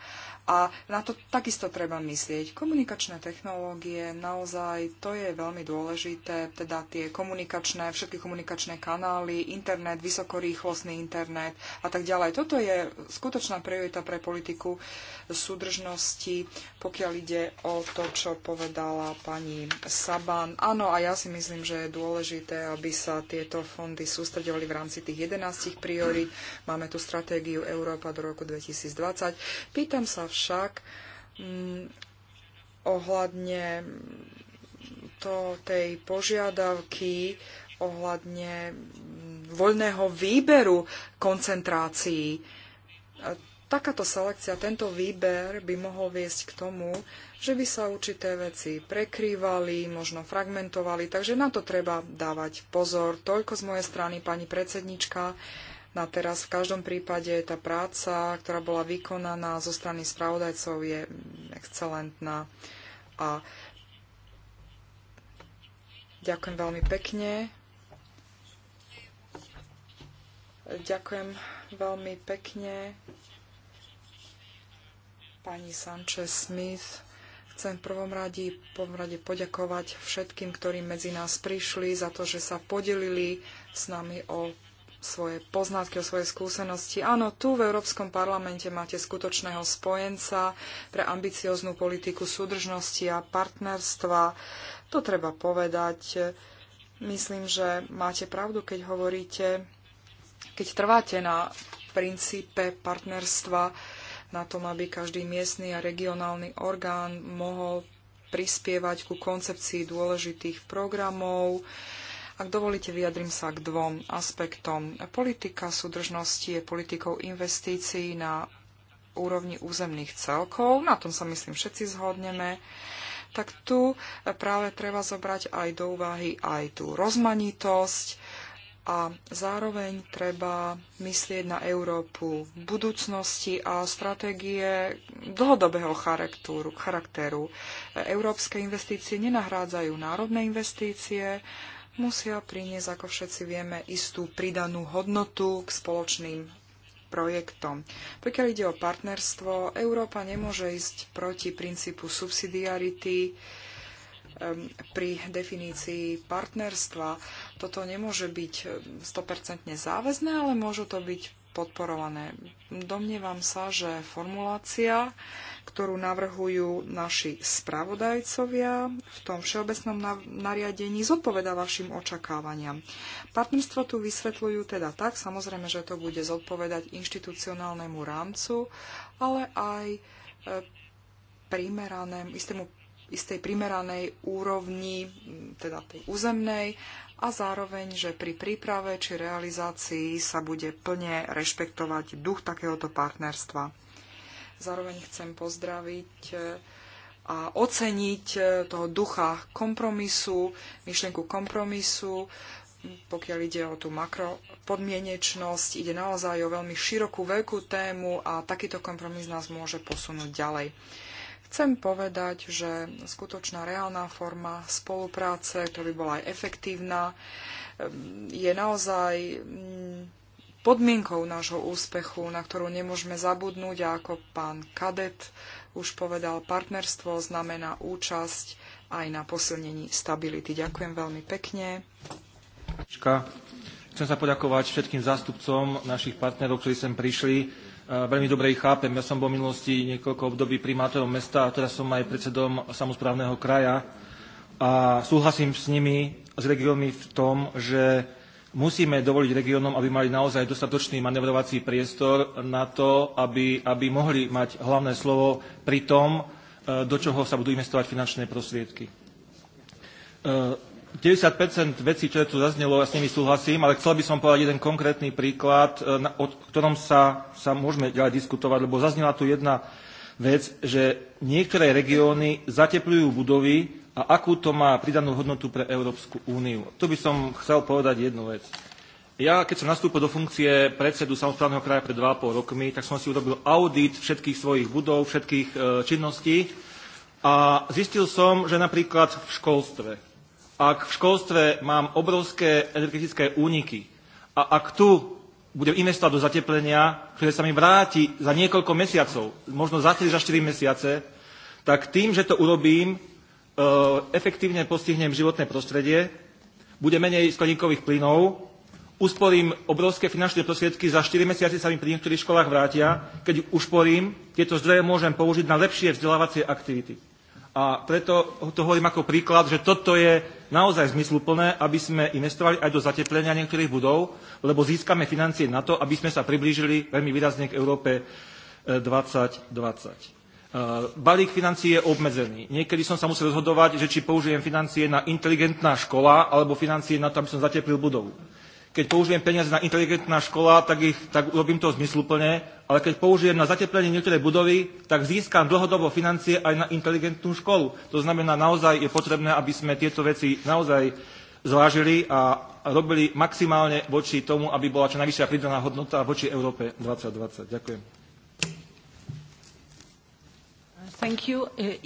[SPEAKER 3] A na to takisto treba myslieť. Komunikačné technológie, naozaj to je veľmi dôležité, teda tie komunikačné, všetky komunikačné kanály, internet, vysokorýchlostný internet a tak ďalej. Toto je skutočná priorita pre politiku súdržnosti, pokiaľ ide o to, čo povedala pani Saban. Áno, a ja si myslím, že je dôležité, aby sa tieto fondy sústredovali v rámci tých 11 priorít. Máme tu stratégiu Európa do roku 2020. Pýtam sa však, však mm, ohľadne to, tej požiadavky ohľadne mm, voľného výberu koncentrácií. Takáto selekcia, tento výber by mohol viesť k tomu, že by sa určité veci prekrývali, možno fragmentovali, takže na to treba dávať pozor. Toľko z mojej strany, pani predsednička. No a teraz v každom prípade tá práca, ktorá bola vykonaná zo strany spravodajcov, je excelentná. A ďakujem veľmi pekne. Ďakujem veľmi pekne pani Sanchez Smith. Chcem v prvom rade, prvom rade poďakovať všetkým, ktorí medzi nás prišli za to, že sa podelili s nami o svoje poznatky, o svoje skúsenosti. Áno, tu v Európskom parlamente máte skutočného spojenca pre ambicioznú politiku súdržnosti a partnerstva. To treba povedať. Myslím, že máte pravdu, keď hovoríte, keď trváte na princípe partnerstva, na tom, aby každý miestny a regionálny orgán mohol prispievať ku koncepcii dôležitých programov, ak dovolíte, vyjadrim sa k dvom aspektom. Politika súdržnosti je politikou investícií na úrovni územných celkov, na tom sa myslím všetci zhodneme, tak tu práve treba zobrať aj do úvahy aj tú rozmanitosť a zároveň treba myslieť na Európu v budúcnosti a stratégie dlhodobého charakteru. Európske investície nenahrádzajú národné investície, musia priniesť, ako všetci vieme, istú pridanú hodnotu k spoločným projektom. Pokiaľ ide o partnerstvo, Európa nemôže ísť proti princípu subsidiarity pri definícii partnerstva. Toto nemôže byť 100% záväzné, ale môže to byť podporované. Domnievam sa, že formulácia, ktorú navrhujú naši spravodajcovia v tom všeobecnom nariadení, zodpoveda vašim očakávaniam. Partnerstvo tu vysvetľujú teda tak, samozrejme, že to bude zodpovedať inštitucionálnemu rámcu, ale aj e, primeranému, istému istej primeranej úrovni, teda tej územnej, a zároveň, že pri príprave či realizácii sa bude plne rešpektovať duch takéhoto partnerstva. Zároveň chcem pozdraviť e, a oceniť e, toho ducha kompromisu, myšlienku kompromisu, pokiaľ ide o tú makropodmienečnosť, ide naozaj o veľmi širokú, veľkú tému a takýto kompromis nás môže posunúť ďalej. Chcem povedať, že skutočná reálna forma spolupráce, ktorá by bola aj efektívna, e, je naozaj mm, podmienkou nášho úspechu, na ktorú nemôžeme zabudnúť a ako pán Kadet už povedal, partnerstvo znamená účasť aj na posilnení stability. Ďakujem veľmi pekne.
[SPEAKER 4] Chcem sa poďakovať všetkým zástupcom našich partnerov, ktorí sem prišli. E, veľmi dobre ich chápem. Ja som bol v minulosti niekoľko období primátorom mesta a teraz som aj predsedom samozprávneho kraja. A súhlasím s nimi, s regiónmi v tom, že musíme dovoliť regiónom, aby mali naozaj dostatočný manevrovací priestor na to, aby, aby mohli mať hlavné slovo pri tom, e, do čoho sa budú investovať finančné prostriedky. 90 e, vecí, čo tu zaznelo, ja s nimi súhlasím, ale chcel by som povedať jeden konkrétny príklad, e, o ktorom sa, sa môžeme ďalej diskutovať, lebo zaznela tu jedna vec, že niektoré regióny zateplujú budovy, a akú to má pridanú hodnotu pre Európsku úniu. Tu by som chcel povedať jednu vec. Ja, keď som nastúpil do funkcie predsedu samozprávneho kraja pred 2,5 rokmi, tak som si urobil audit všetkých svojich budov, všetkých e, činností a zistil som, že napríklad v školstve, ak v školstve mám obrovské energetické úniky a ak tu budem investovať do zateplenia, ktoré sa mi vráti za niekoľko mesiacov, možno za 3 až 4 mesiace, tak tým, že to urobím, Eh, efektívne postihnem životné prostredie, bude menej skleníkových plynov, usporím obrovské finančné prostriedky, za 4 mesiace sa mi pri niektorých školách vrátia, keď ušporím, tieto zdroje môžem použiť na lepšie vzdelávacie aktivity. A preto to hovorím ako príklad, že toto je naozaj zmysluplné, aby sme investovali aj do zateplenia niektorých budov, lebo získame financie na to, aby sme sa priblížili veľmi výrazne k Európe 2020. Eh, Eh, balík financií je obmedzený. Niekedy som sa musel rozhodovať, že či použijem financie na inteligentná škola alebo financie na to, aby som zateplil budovu. Keď použijem peniaze na inteligentná škola, tak, ich, tak robím to zmysluplne, ale keď použijem na zateplenie niektorej budovy, tak získam dlhodobo financie aj na inteligentnú školu. To znamená, naozaj je potrebné, aby sme tieto veci naozaj zvážili a robili maximálne voči tomu, aby bola čo najvyššia pridaná hodnota voči Európe 2020. Ďakujem.
[SPEAKER 2] Thank you. Uh,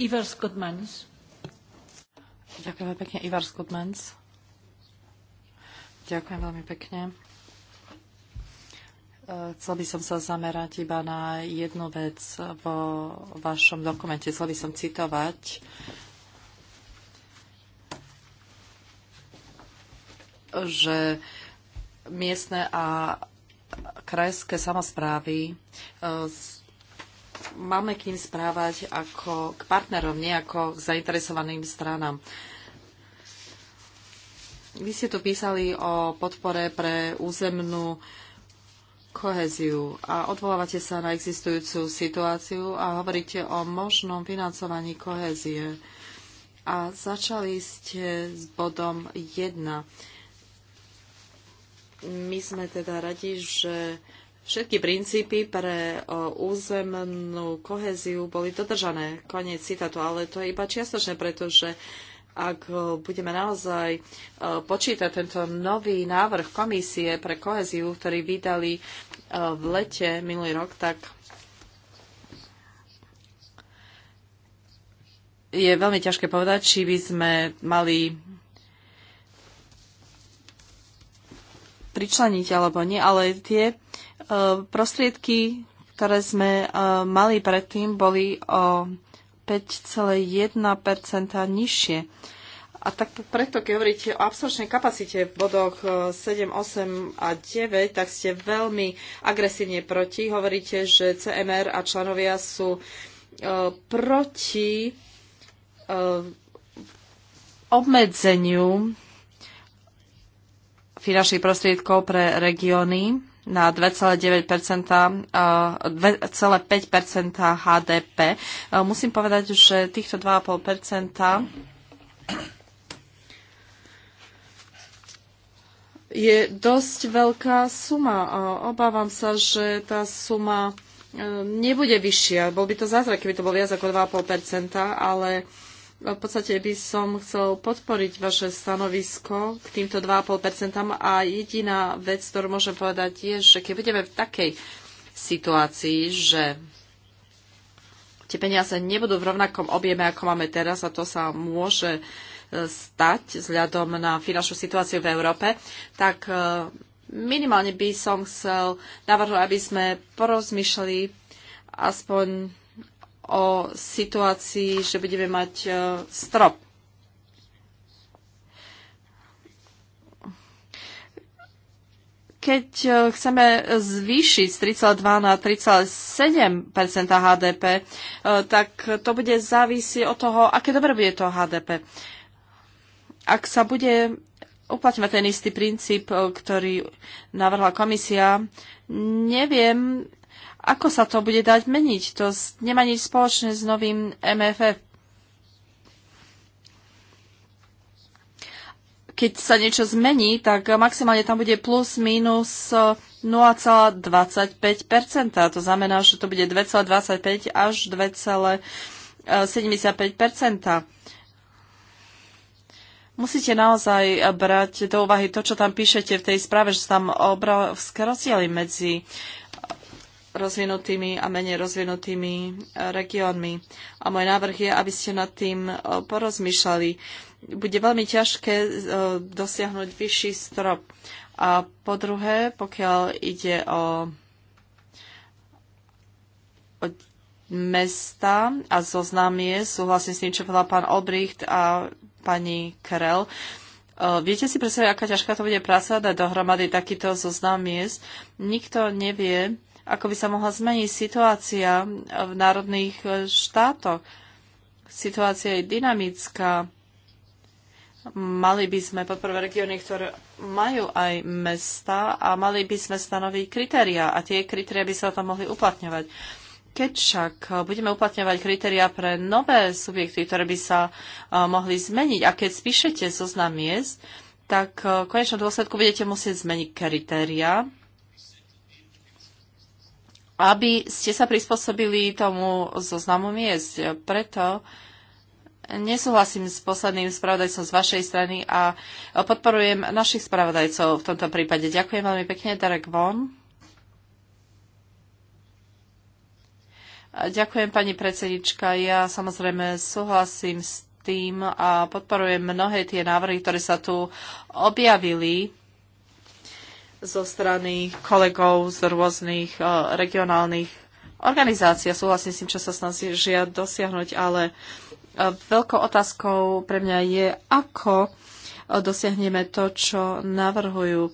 [SPEAKER 2] Ďakujem pekne, Ivars Goodmans. Ďakujem veľmi pekne. Uh, chcel by som sa zamerať iba na jednu vec vo vašom dokumente. Chcel by som citovať, že miestne a krajské samozprávy uh, máme kým správať ako k partnerom, nie ako k zainteresovaným stranám. Vy ste tu písali o podpore pre územnú koheziu a odvolávate sa na existujúcu situáciu a hovoríte o možnom financovaní kohezie. A začali ste s bodom 1. My sme teda radi, že Všetky princípy pre územnú koheziu boli dodržané. Koniec citátu, ale to je iba čiastočné, pretože ak budeme naozaj počítať tento nový návrh komisie pre koheziu, ktorý vydali v lete minulý rok, tak je veľmi ťažké povedať, či by sme mali pričleniť alebo nie, ale tie Ehm, prostriedky, ktoré sme ehm, mali predtým, boli o 5,1 nižšie. A tak preto, keď hovoríte o absorčnej kapacite v bodoch 7, ehm, 8 a 9, tak ste veľmi agresívne proti. Hovoríte, že CMR a členovia sú proti obmedzeniu finančných prostriedkov pre regióny na 2,9%, 2,5% HDP. Musím povedať, že týchto 2,5% je dosť veľká suma. Obávam sa, že tá suma eh, nebude vyššia. Bol by to zázrak, keby to bol viac ako 2,5%, ale v podstate by som chcel podporiť vaše stanovisko k týmto 2,5% a jediná vec, ktorú môžem povedať, je, že keď budeme v takej situácii, že tie peniaze nebudú v rovnakom objeme, ako máme teraz a to sa môže e, stať vzhľadom na finančnú situáciu v Európe, tak e, minimálne by som chcel navrhnúť, aby sme porozmýšľali aspoň o situácii, že budeme mať e, strop. Keď e, chceme zvýšiť z 3,2 na 3,7 HDP, e, tak to bude závisieť od toho, aké dobre bude to HDP. Ak sa bude uplatňovať ten istý princíp, ktorý navrhla komisia, neviem, ako sa to bude dať meniť? To nemá nič spoločné s novým MFF. Keď sa niečo zmení, tak maximálne tam bude plus minus 0,25%. Eh, to znamená, že to bude 2,25 až 2,75%. Musíte naozaj brať do úvahy to, čo tam píšete v tej správe, že sa tam obrovské rozdiely medzi uh, rozvinutými a menej rozvinutými e, regiónmi. A môj návrh je, aby ste nad tým e, porozmýšľali. Bude veľmi ťažké e, dosiahnuť vyšší strop. A po druhé, pokiaľ ide o, o mesta a zoznamie, súhlasím s tým, čo povedal pán Obricht a pani Krell, Viete si predstaviť, aká ťažká to bude práca dať dohromady takýto zoznam miest? Nikto nevie, ako by sa mohla zmeniť situácia v národných e, štátoch. Situácia je dynamická. Mali by sme poprvé regióny, ktoré majú aj mesta a mali by sme stanoviť kritériá a tie kritéria by sa tam mohli uplatňovať. Keď však e, budeme uplatňovať kritéria pre nové subjekty, ktoré by sa e, mohli zmeniť a keď spíšete zoznam miest, tak v konečnom dôsledku budete musieť zmeniť kritériá aby ste sa prispôsobili tomu zoznamu miest. Preto nesúhlasím s posledným spravodajcom z vašej strany a podporujem našich spravodajcov v tomto prípade. Ďakujem veľmi pekne, Derek Von. Ďakujem, pani predsednička. Ja samozrejme súhlasím s tým a podporujem mnohé tie návrhy, ktoré sa tu objavili zo strany kolegov z rôznych e, regionálnych organizácií. Ja súhlasím s tým, čo sa snažia dosiahnuť, ale e, veľkou otázkou pre mňa je, ako e, dosiahneme to, čo navrhujú.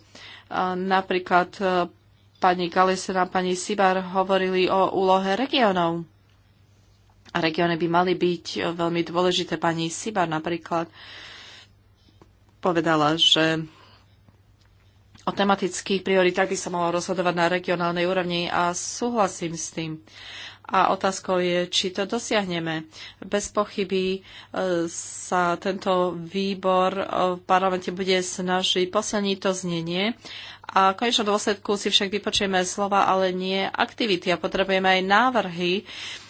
[SPEAKER 2] Napríklad pani Galesen a pani Sibar hovorili o úlohe regionov. A regióny by mali byť veľmi dôležité. Pani Sibar napríklad povedala, že o tematických prioritách by sa malo rozhodovať na regionálnej úrovni a súhlasím s tým. A otázkou je, či to dosiahneme. Bez pochyby e, sa tento výbor e, v parlamente bude snažiť posilniť to znenie. A v konečnom dôsledku si však vypočujeme slova, ale nie aktivity. A potrebujeme aj návrhy,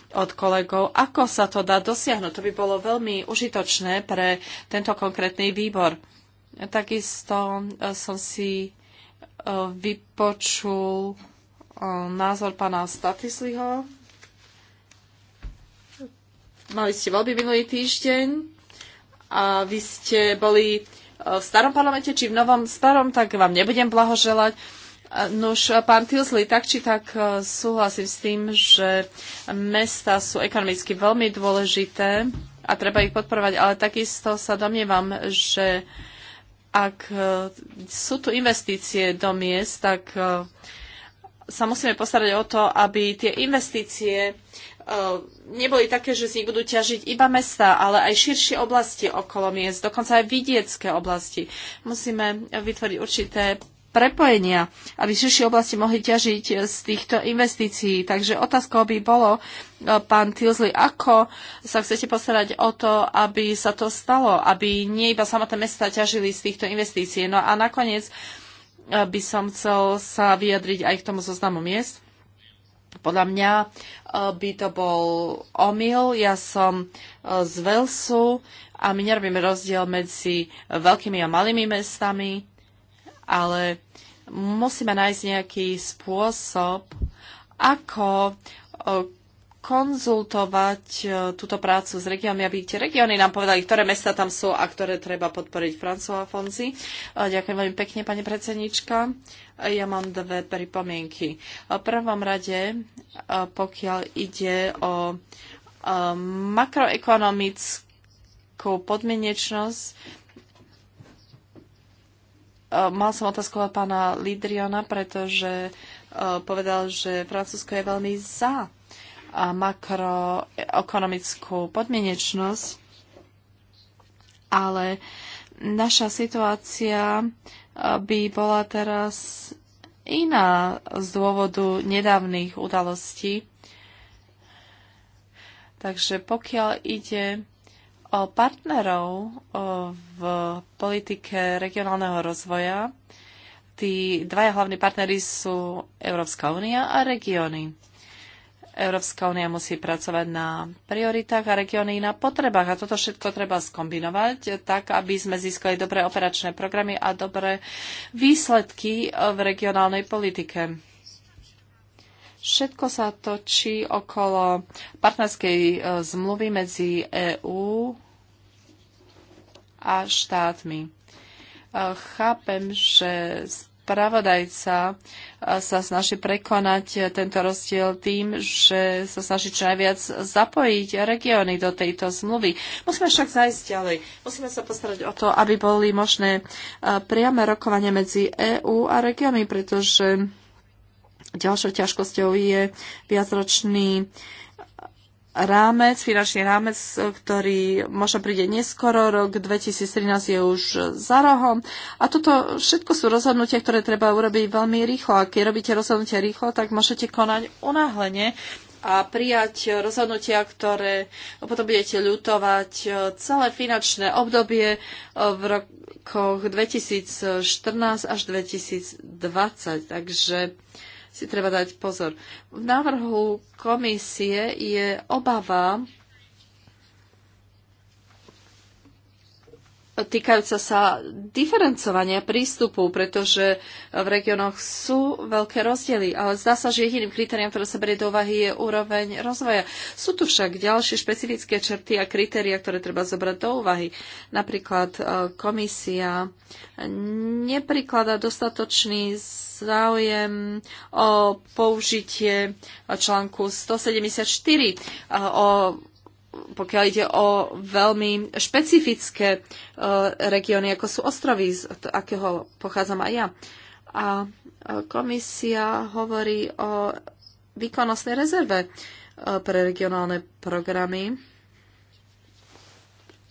[SPEAKER 2] od kolegov, ako sa to dá dosiahnuť. To by bolo veľmi užitočné pre tento konkrétny výbor. Takisto e, som si E, vypočul e, názor pána Statisliho. Mali ste voľby minulý týždeň a vy ste boli e, v starom parlamente či v novom starom, tak vám nebudem blahoželať. Nož, pán Tilsley, tak či tak súhlasím s tým, že mesta sú ekonomicky veľmi dôležité a treba ich podporovať, ale takisto sa domnievam, že ak e, sú tu investície do miest, tak e, sa musíme postarať o to, aby tie investície e, neboli také, že z nich budú ťažiť iba mesta, ale aj širšie oblasti okolo miest, dokonca aj vidiecké oblasti. Musíme vytvoriť určité prepojenia, aby širšie oblasti mohli ťažiť z týchto investícií. Takže otázkou by bolo, e, pán Tilsley, ako sa chcete postarať o to, aby sa to stalo, aby nie iba samotné mesta ťažili z týchto investícií. No a nakoniec e, by som chcel sa vyjadriť aj k tomu zoznamu miest. Podľa mňa e, by to bol omyl. Ja som z Velsu a my nerobíme rozdiel medzi veľkými a malými mestami ale musíme nájsť nejaký spôsob, ako e, konzultovať e, túto prácu s regiónmi, aby tie regióny nám povedali, ktoré mesta tam sú a ktoré treba podporiť. François Fonzi. E, ďakujem veľmi pekne, pani predsednička. Ja mám dve pripomienky. V prvom rade, pokiaľ ide o makroekonomickú podmienečnosť, Eh, mal som otázku od pána Lidriona, pretože eh, povedal, že Francúzsko je veľmi za makroekonomickú podmienečnosť, ale naša situácia eh, by bola teraz iná z dôvodu nedávnych udalostí. Takže pokiaľ ide partnerov v politike regionálneho rozvoja. Tí dvaja hlavní partnery sú Európska únia a regióny. Európska únia musí pracovať na prioritách a regióny na potrebách. A toto všetko treba skombinovať tak, aby sme získali dobré operačné programy a dobré výsledky v regionálnej politike. Všetko sa točí okolo partnerskej e, zmluvy medzi EÚ a štátmi. E, chápem, že spravodajca e, sa snaží prekonať tento rozdiel tým, že sa snaží čo najviac zapojiť regióny do tejto zmluvy. Musíme však zajsť ďalej. Musíme sa postarať o to, aby boli možné priame rokovanie medzi EÚ a regiónmi, pretože Ďalšou ťažkosťou je viacročný rámec, finančný rámec, ktorý možno príde neskoro, rok 2013 je už za rohom. A toto všetko sú rozhodnutia, ktoré treba urobiť veľmi rýchlo. A keď robíte rozhodnutia rýchlo, tak môžete konať unáhlenie a prijať rozhodnutia, ktoré potom budete ľutovať celé finančné obdobie v rokoch 2014 až 2020. Takže si treba dať pozor. V návrhu komisie je obava týkajúca sa diferencovania prístupu, pretože v regiónoch sú veľké rozdiely, ale zdá sa, že jediným kritériom, ktoré sa berie do úvahy, je úroveň rozvoja. Sú tu však ďalšie špecifické črty a kritéria, ktoré treba zobrať do úvahy. Napríklad e, komisia neprikladá dostatočný záujem o použitie článku 174 o pokiaľ ide o veľmi špecifické e, regióny, ako sú ostrovy, z akého pochádzam aj ja. A e, komisia hovorí o výkonnostnej rezerve e, pre regionálne programy,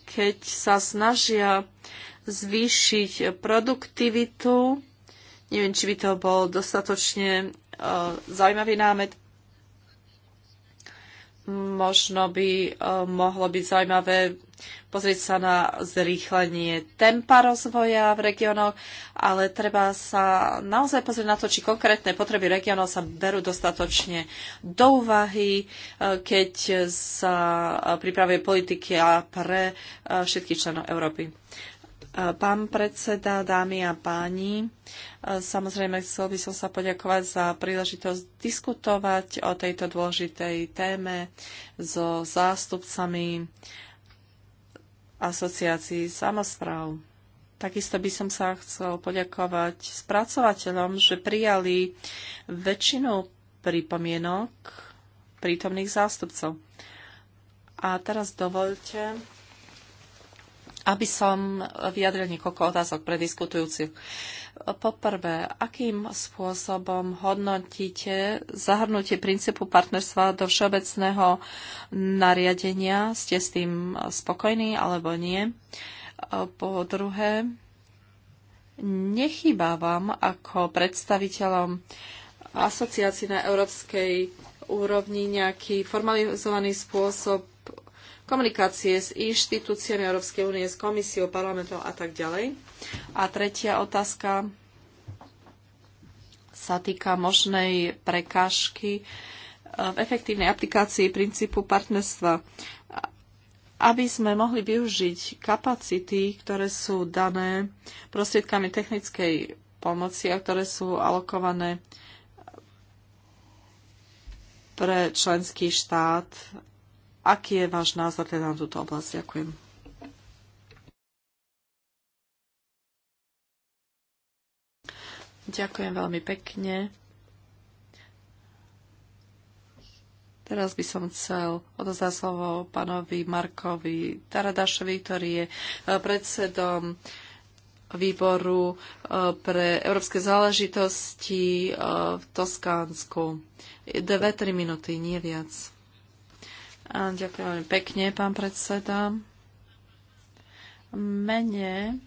[SPEAKER 2] keď sa snažia zvýšiť produktivitu Neviem, či by to bol dostatočne e, zaujímavý námet. Možno by e, mohlo byť zaujímavé pozrieť sa na zrýchlenie tempa rozvoja v regiónoch, ale treba sa naozaj pozrieť na to, či konkrétne potreby regiónov sa berú dostatočne do úvahy, e, keď sa pripravuje politika pre všetkých členov Európy. Pán predseda, dámy a páni, samozrejme chcel by som sa poďakovať za príležitosť diskutovať o tejto dôležitej téme so zástupcami asociácií samozpráv. Takisto by som sa chcel poďakovať spracovateľom, že prijali väčšinu pripomienok prítomných zástupcov. A teraz dovolte, aby som vyjadril niekoľko otázok pre diskutujúcich. Poprvé, akým spôsobom hodnotíte zahrnutie princípu partnerstva do všeobecného nariadenia? Ste s tým spokojní alebo nie? Po druhé, nechýba vám ako predstaviteľom asociácií na európskej úrovni nejaký formalizovaný spôsob komunikácie s inštitúciami Európskej únie, s komisiou, parlamentom a tak ďalej. A tretia otázka sa týka možnej prekážky eh, v efektívnej aplikácii princípu partnerstva. Aby sme mohli využiť kapacity, ktoré sú dané prostriedkami technickej pomoci a ktoré sú alokované pre členský štát Aký je váš názor teda na túto oblasť? Ďakujem. Ďakujem veľmi pekne. Teraz by som chcel odozdať slovo pánovi Markovi Taradašovi, ktorý je e, predsedom výboru e, pre európske záležitosti e, v Toskánsku. Dve, tri minúty, nie viac. A ďakujem veľmi pekne, pán predseda. Mene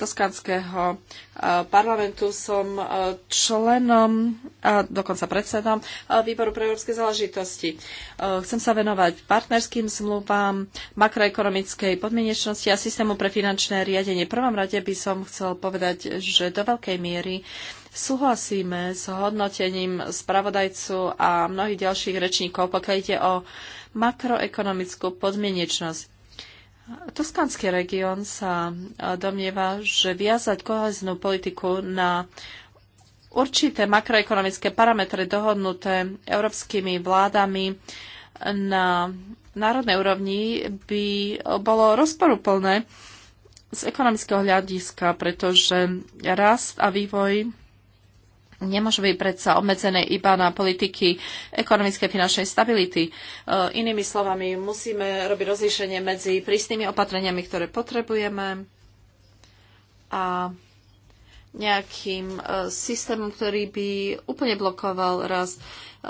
[SPEAKER 2] toskanského e, parlamentu som e, členom, a dokonca predsedom e, výboru pre európske záležitosti. Chcem sa venovať partnerským zmluvám, makroekonomickej podmienečnosti a systému pre finančné riadenie. V prvom rade by som chcel povedať, že do veľkej miery Súhlasíme s hodnotením spravodajcu a mnohých ďalších rečníkov, pokiaľ ide o makroekonomickú podmienečnosť. Toskanský región sa e, domnieva, že viazať koheznú politiku na určité makroekonomické parametre dohodnuté európskymi vládami na národnej úrovni by bolo rozporuplné z ekonomického hľadiska, pretože rast a vývoj nemôže byť predsa obmedzené iba na politiky ekonomickej finančnej stability. E, inými slovami, musíme robiť rozlíšenie medzi prísnymi opatreniami, ktoré potrebujeme a nejakým e, systémom, ktorý by úplne blokoval raz. E,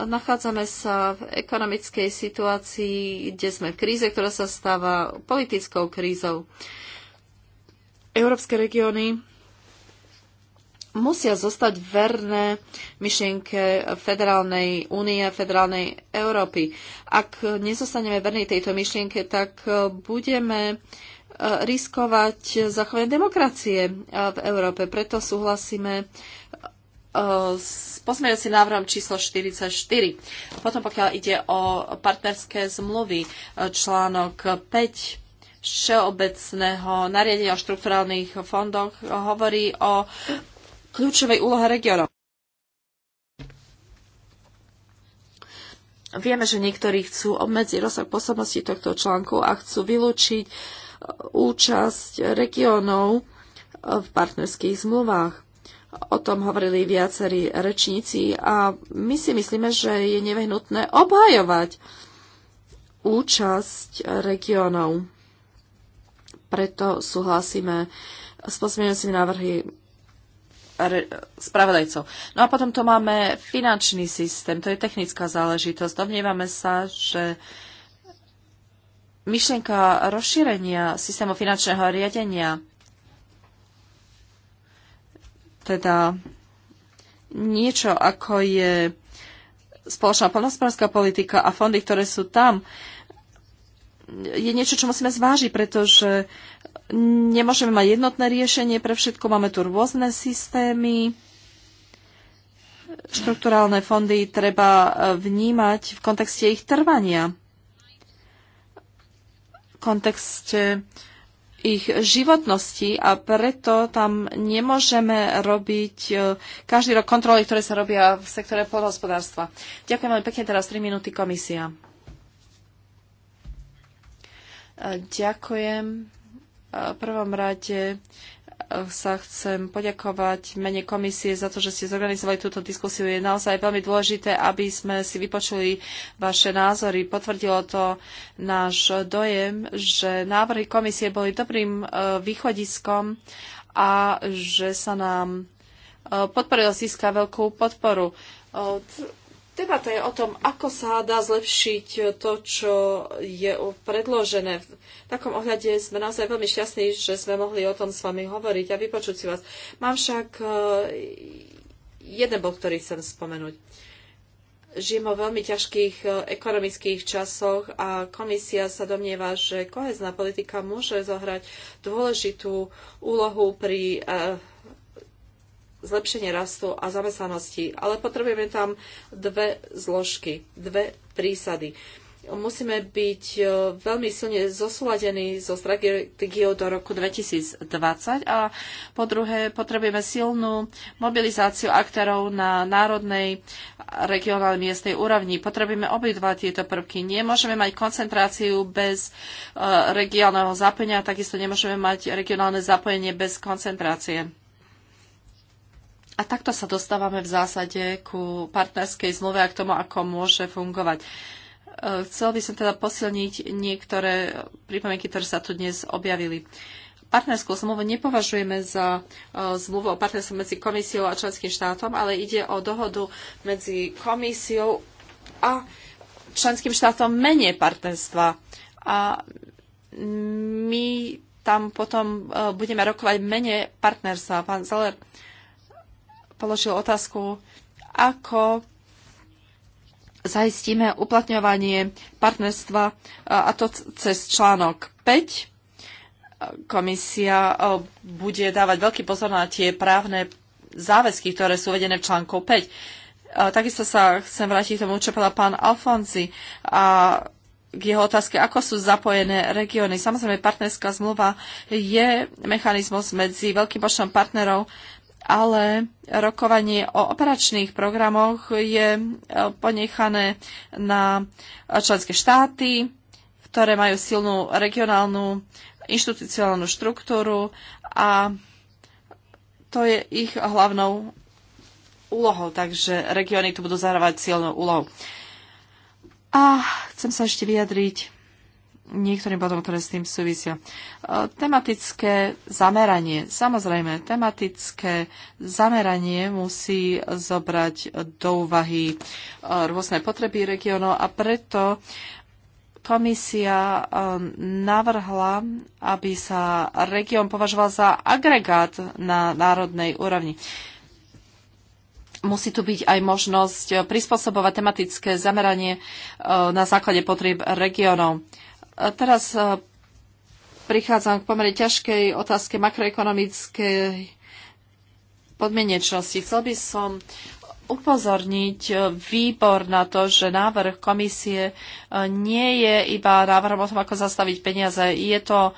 [SPEAKER 2] nachádzame sa v ekonomickej situácii, kde sme v kríze, ktorá sa stáva politickou krízou. Európske regióny musia zostať verné myšlienke Federálnej únie, Federálnej Európy. Ak nezostaneme verní tejto myšlienke, tak e, budeme e, riskovať zachovanie demokracie e, v Európe. Preto súhlasíme s pozmeňujúcim návrhom číslo 44. Potom pokiaľ ide o partnerské zmluvy, článok 5 všeobecného nariadenia o štrukturálnych fondoch hovorí o kľúčovej úlohe regionov. Vieme, že niektorí chcú obmedziť rozsah pôsobnosti tohto článku a chcú vylúčiť e, účasť regiónov e, v partnerských zmluvách. O tom hovorili viacerí rečníci a my si myslíme, že je nevyhnutné obhajovať účasť regiónov. Preto súhlasíme s pozmeňujúcimi návrhy spravodajcov. No a potom tu máme finančný systém, to je technická záležitosť. Domnievame sa, že myšlienka rozšírenia systému finančného riadenia, teda niečo ako je spoločná polnospodárska politika a fondy, ktoré sú tam, je niečo, čo musíme zvážiť, pretože nemôžeme mať jednotné riešenie pre všetko. Máme tu rôzne systémy. Štrukturálne fondy treba e, vnímať v kontexte ich trvania, v kontexte ich životnosti a preto tam nemôžeme robiť e, každý rok kontroly, ktoré sa robia v sektore podhospodárstva. Ďakujem veľmi pekne, teraz 3 minúty komisia. Ďakujem. V prvom rade eh, sa chcem poďakovať mene komisie za to, že ste zorganizovali túto diskusiu. Je naozaj veľmi dôležité, aby sme si vypočuli vaše názory. Potvrdilo to náš dojem, že návrhy komisie boli dobrým eh, východiskom a že sa nám eh, podporilo získa veľkú podporu. Debata je o tom, ako sa dá zlepšiť to, čo je predložené. V takom ohľade sme naozaj veľmi šťastní, že sme mohli o tom s vami hovoriť a vypočuť si vás. Mám však e, jeden bod, ktorý chcem spomenúť. Žijeme o veľmi ťažkých e, ekonomických časoch a komisia sa domnieva, že kohezná politika môže zohrať dôležitú úlohu pri e, zlepšenie rastu a zamestnanosti. Ale potrebujeme tam dve zložky, dve prísady. Musíme byť e, veľmi silne zosúladení so stratégiou do roku 2020 a po druhé potrebujeme silnú mobilizáciu aktérov na národnej, regionálnej, miestnej úrovni. Potrebujeme obidva tieto prvky. Nemôžeme mať koncentráciu bez e, regionálneho zapojenia, takisto nemôžeme mať regionálne zapojenie bez koncentrácie a takto sa dostávame v zásade ku partnerskej zmluve a k tomu, ako môže fungovať. E, chcel by som teda posilniť niektoré pripomienky, ktoré sa tu dnes objavili. Partnerskú zmluvu nepovažujeme za e, zmluvu o partnerstve medzi komisiou a členským štátom, ale ide o dohodu medzi komisiou a členským štátom menej partnerstva. A my tam potom e, budeme rokovať menej partnerstva. Pán Zeller, položil otázku, ako zaistíme uplatňovanie partnerstva, a to cez článok 5. Komisia bude dávať veľký pozor na tie právne záväzky, ktoré sú vedené v článku 5. Takisto sa chcem vrátiť k tomu, čo povedal pán Alfonzi a k jeho otázke, ako sú zapojené regióny. Samozrejme, partnerská zmluva je mechanizmus medzi veľkým počtom partnerov ale rokovanie o operačných programoch je e, ponechané na členské štáty, ktoré majú silnú regionálnu inštitucionálnu štruktúru a to je ich hlavnou úlohou, takže regióny tu budú zahrávať silnou úlohou. A chcem sa ešte vyjadriť niektorým bodom, ktoré s tým súvisia. E, tematické zameranie. Samozrejme, tematické zameranie musí zobrať do úvahy e, rôzne potreby regiónov a preto komisia e, navrhla, aby sa región považoval za agregát na národnej úrovni musí tu byť aj možnosť prispôsobovať tematické zameranie na základe potrieb regiónov. Teraz e, prichádzam k pomerne ťažkej otázke makroekonomickej podmienečnosti. Chcel by som upozorniť e, výbor na to, že návrh komisie e, nie je iba návrhom o tom, ako zastaviť peniaze. Je to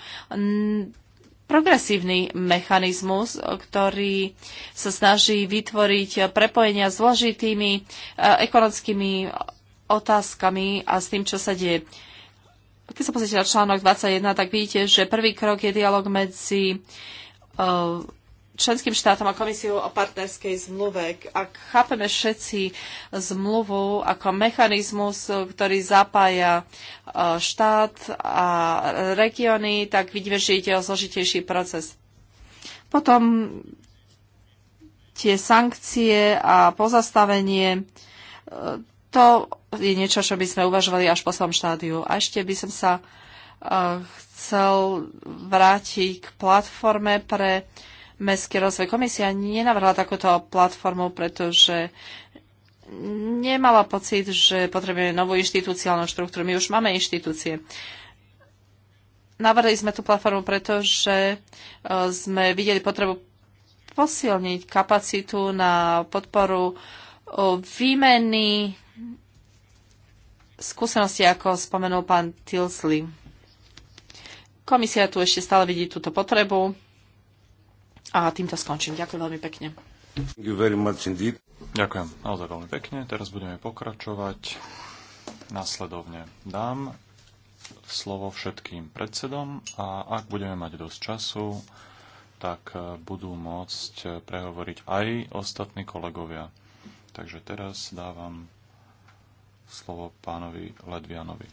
[SPEAKER 2] progresívny mechanizmus, ktorý sa snaží vytvoriť prepojenia s dôležitými ekonomickými otázkami a s tým, čo sa deje keď sa pozrite na článok 21, tak vidíte, že prvý krok je dialog medzi eh, členským štátom a komisiou o partnerskej zmluve. Ak chápeme všetci zmluvu ako mechanizmus, ktorý zapája eh, štát a regióny, tak vidíme, že ide o zložitejší proces. Potom tie sankcie a pozastavenie eh, to je niečo, čo by sme uvažovali až po svojom štádiu. A ešte by som sa uh, chcel vrátiť k platforme pre mestský rozvoj. Komisia nenavrhla takúto platformu, pretože nemala pocit, že potrebujeme novú inštitúciálnu štruktúru. My už máme inštitúcie. Navrhli sme tú platformu, pretože uh, sme videli potrebu posilniť kapacitu na podporu eh, výmeny skúsenosti, ako spomenul pán Tilsley. Komisia tu ešte stále vidí túto potrebu a týmto skončím. Ďakujem veľmi pekne.
[SPEAKER 1] Ďakujem naozaj veľmi pekne. Teraz budeme pokračovať. Nasledovne dám slovo všetkým predsedom a ak budeme mať dosť času, tak eh, budú môcť eh, prehovoriť aj ostatní kolegovia. Takže teraz dávam slovo pánovi Ledvianovi.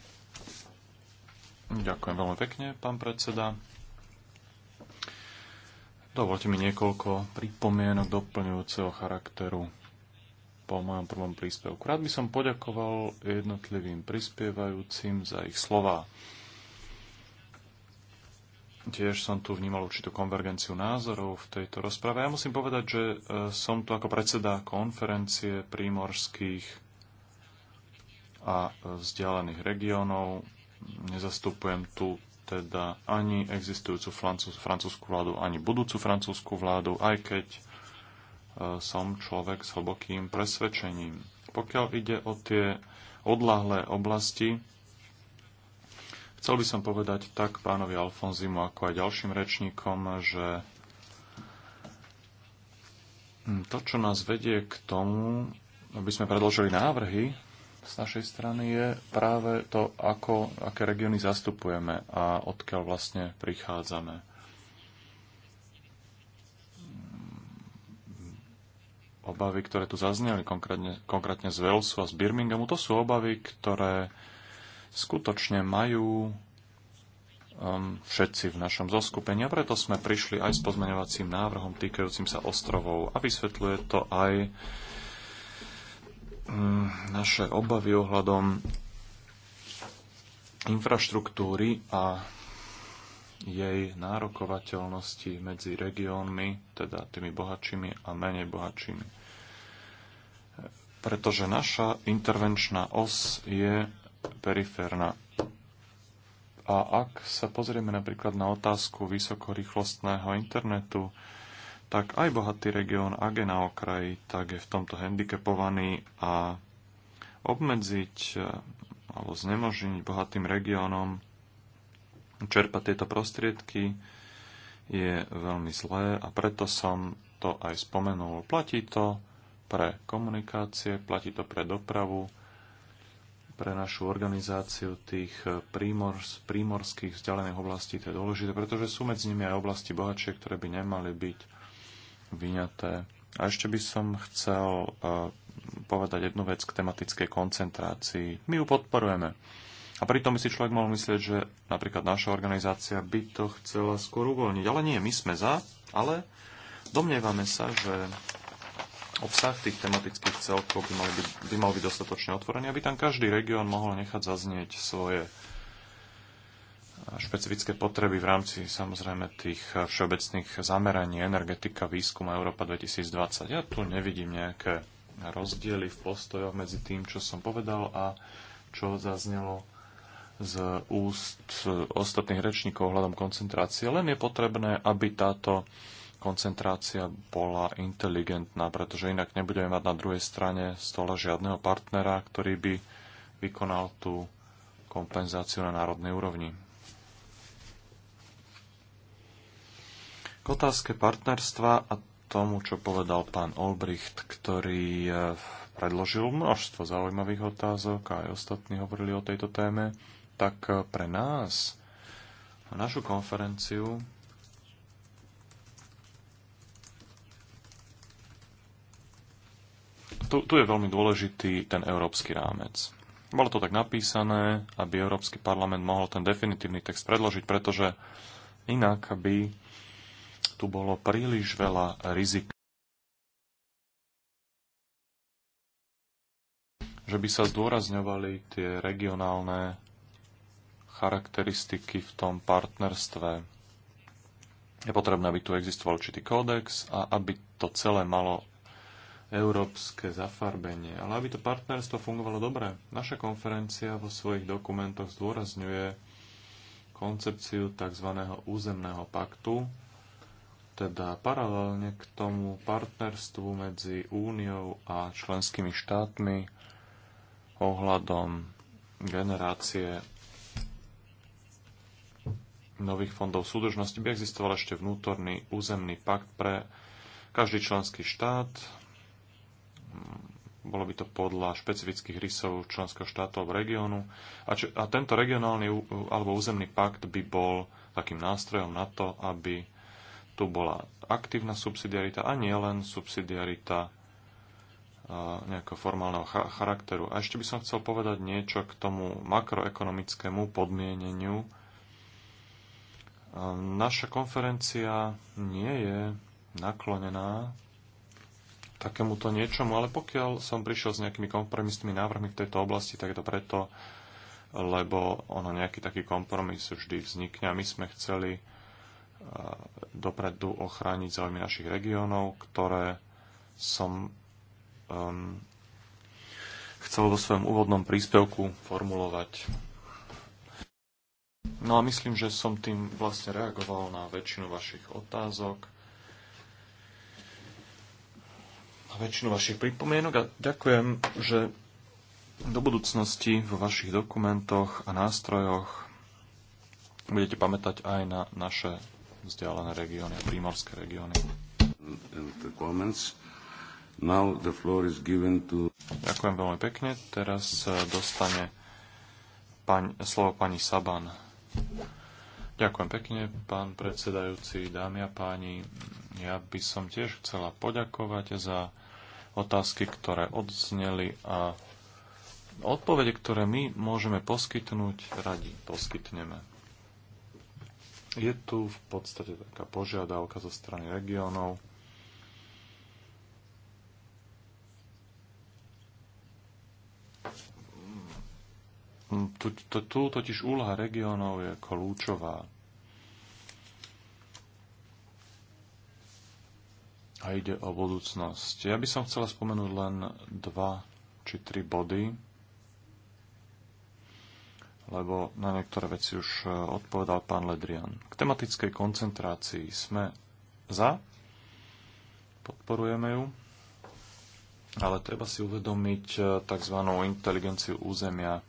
[SPEAKER 1] Ďakujem veľmi pekne, pán predseda. Dovolte mi niekoľko pripomienok doplňujúceho charakteru po mojom prvom príspevku. Rád by som poďakoval jednotlivým prispievajúcim za ich slova. Tiež som tu vnímal určitú konvergenciu názorov v tejto rozprave. Ja musím povedať, že e, som tu ako predseda konferencie prímorských a vzdialených regiónov. Nezastupujem tu teda ani existujúcu francúz, francúzskú vládu, ani budúcu francúzskú vládu, aj keď e, som človek s hlbokým presvedčením. Pokiaľ ide o tie odlahlé oblasti, chcel by som povedať tak pánovi Alfonzimu, ako aj ďalším rečníkom, že to, čo nás vedie k tomu, aby sme predložili návrhy z našej strany je práve to, ako, aké regióny zastupujeme a odkiaľ vlastne prichádzame. Obavy, ktoré tu zazneli, konkrétne, konkrétne z Walesu a z Birminghamu, to sú obavy, ktoré skutočne majú um, všetci v našom zoskupení. A preto sme prišli aj s pozmeňovacím návrhom týkajúcim sa ostrovov. A vysvetľuje to aj uh, Mm, naše obavy ohľadom infraštruktúry a jej nárokovateľnosti medzi regiónmi, teda tými bohatšími a menej bohatšími. Pretože naša intervenčná os je periférna. A ak sa pozrieme napríklad na otázku vysokorýchlostného internetu, tak aj bohatý región, ak je na okraji, tak je v tomto handicapovaný a obmedziť e, alebo znemožniť bohatým regiónom čerpať tieto prostriedky je veľmi zlé a preto som to aj spomenul. Platí to pre komunikácie, platí to pre dopravu, pre našu organizáciu tých e, prímors, prímorských vzdialených oblastí to je dôležité, pretože sú medzi nimi aj oblasti bohatšie, ktoré by nemali byť vyňaté. A ešte by som chcel e, povedať jednu vec k tematickej koncentrácii. My ju podporujeme. A pritom by si človek mohol myslieť, že napríklad naša organizácia by to chcela skôr uvoľniť. Ale nie, my sme za, ale domnievame sa, že obsah tých tematických celkov by, mal byť, by mal byť dostatočne otvorený, aby tam každý región mohol nechať zaznieť svoje špecifické potreby v rámci samozrejme tých všeobecných zameraní energetika, výskum a Európa 2020. Ja tu nevidím nejaké rozdiely v postojoch medzi tým, čo som povedal a čo zaznelo z úst ostatných rečníkov ohľadom koncentrácie. Len je potrebné, aby táto koncentrácia bola inteligentná, pretože inak nebudeme mať na druhej strane stola žiadneho partnera, ktorý by vykonal tú kompenzáciu na národnej úrovni. K otázke partnerstva a tomu, čo povedal pán Olbricht, ktorý eh, predložil množstvo zaujímavých otázok a aj ostatní hovorili o tejto téme, tak eh, pre nás, našu konferenciu, tu, tu je veľmi dôležitý ten európsky rámec. Bolo to tak napísané, aby Európsky parlament mohol ten definitívny text predložiť, pretože inak by tu bolo príliš veľa rizik, že by sa zdôrazňovali tie regionálne charakteristiky v tom partnerstve. Je potrebné, aby tu existoval určitý kódex a aby to celé malo európske zafarbenie, ale aby to partnerstvo fungovalo dobre. Naša konferencia vo svojich dokumentoch zdôrazňuje koncepciu tzv. územného paktu, teda paralelne k tomu partnerstvu medzi Úniou a členskými štátmi ohľadom generácie nových fondov súdržnosti by existoval ešte vnútorný územný pakt pre každý členský štát. Bolo by to podľa špecifických rysov členského štátu alebo regiónu. A, a tento regionálny alebo územný pakt by bol takým nástrojom na to, aby tu bola aktívna subsidiarita a nie len subsidiarita e, nejakého formálneho charakteru. A ešte by som chcel povedať niečo k tomu makroekonomickému podmieneniu. E, naša konferencia nie je naklonená takémuto niečomu, ale pokiaľ som prišiel s nejakými kompromisnými návrhmi v tejto oblasti, tak je to preto, lebo ono nejaký taký kompromis vždy vznikne a my sme chceli dopredu ochrániť záujmy našich regiónov, ktoré som um, chcel vo svojom úvodnom príspevku formulovať. No a myslím, že som tým vlastne reagoval na väčšinu vašich otázok a väčšinu vašich pripomienok a ďakujem, že do budúcnosti vo vašich dokumentoch a nástrojoch budete pamätať aj na naše vzdialené regióny a prímorské regióny. To... Ďakujem veľmi pekne. Teraz eh, dostane paň, slovo pani Saban. Ďakujem pekne, pán predsedajúci, dámy a páni. Ja by som tiež chcela poďakovať za otázky, ktoré odzneli a odpovede, ktoré my môžeme poskytnúť, radi poskytneme. Je tu v podstate taká požiadavka zo strany regiónov, Tu, tu, tu totiž úloha regiónov je kľúčová. A ide o budúcnosť. Ja by som chcela spomenúť len dva či tri body, lebo na niektoré veci už e, odpovedal pán Ledrian. K tematickej koncentrácii sme za, podporujeme ju, ale treba si uvedomiť e, tzv. inteligenciu územia.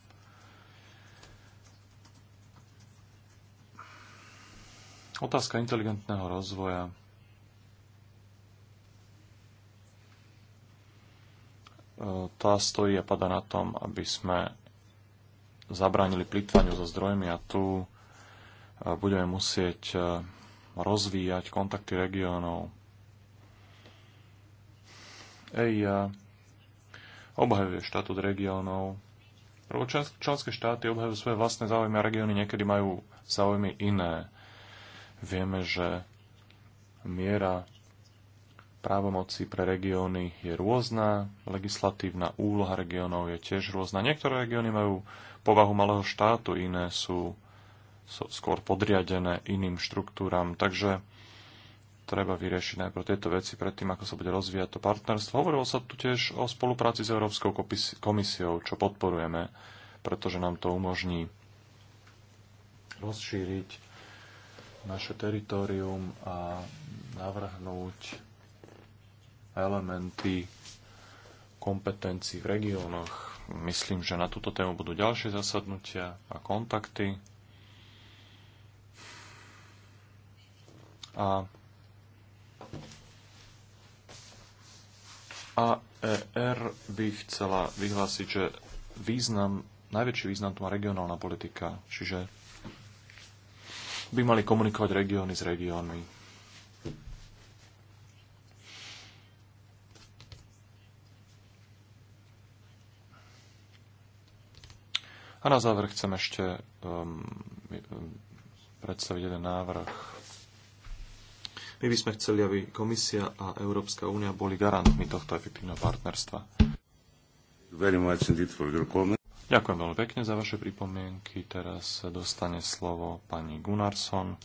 [SPEAKER 1] Otázka inteligentného rozvoja e, tá stojí a pada na tom, aby sme zabránili plýtvaniu so zdrojmi a tu e, budeme musieť e, rozvíjať kontakty regiónov. EIA e, obhajuje štatút regiónov, lebo členské štáty obhajujú svoje vlastné záujmy a regióny niekedy majú záujmy iné. Vieme, že miera právomoci pre regióny je rôzna, legislatívna úloha regiónov je tiež rôzna. Niektoré regióny majú povahu malého štátu, iné sú skôr podriadené iným štruktúram. Takže treba vyriešiť najprv tieto veci predtým, ako sa bude rozvíjať to partnerstvo. Hovorilo sa tu tiež o spolupráci s Európskou komisiou, čo podporujeme, pretože nám to umožní rozšíriť naše teritorium a navrhnúť elementy kompetencií v regiónoch myslím, že na túto tému budú ďalšie zasadnutia a kontakty. A AER by chcela vyhlásiť, že význam, najväčší význam to má regionálna politika, čiže by mali komunikovať regióny s regiónmi. A na záver chcem ešte um, predstaviť jeden návrh. My by sme chceli, aby Komisia a Európska únia boli garantmi tohto efektívneho partnerstva. Ďakujem veľmi pekne za vaše pripomienky. Teraz dostane slovo pani Gunnarsson.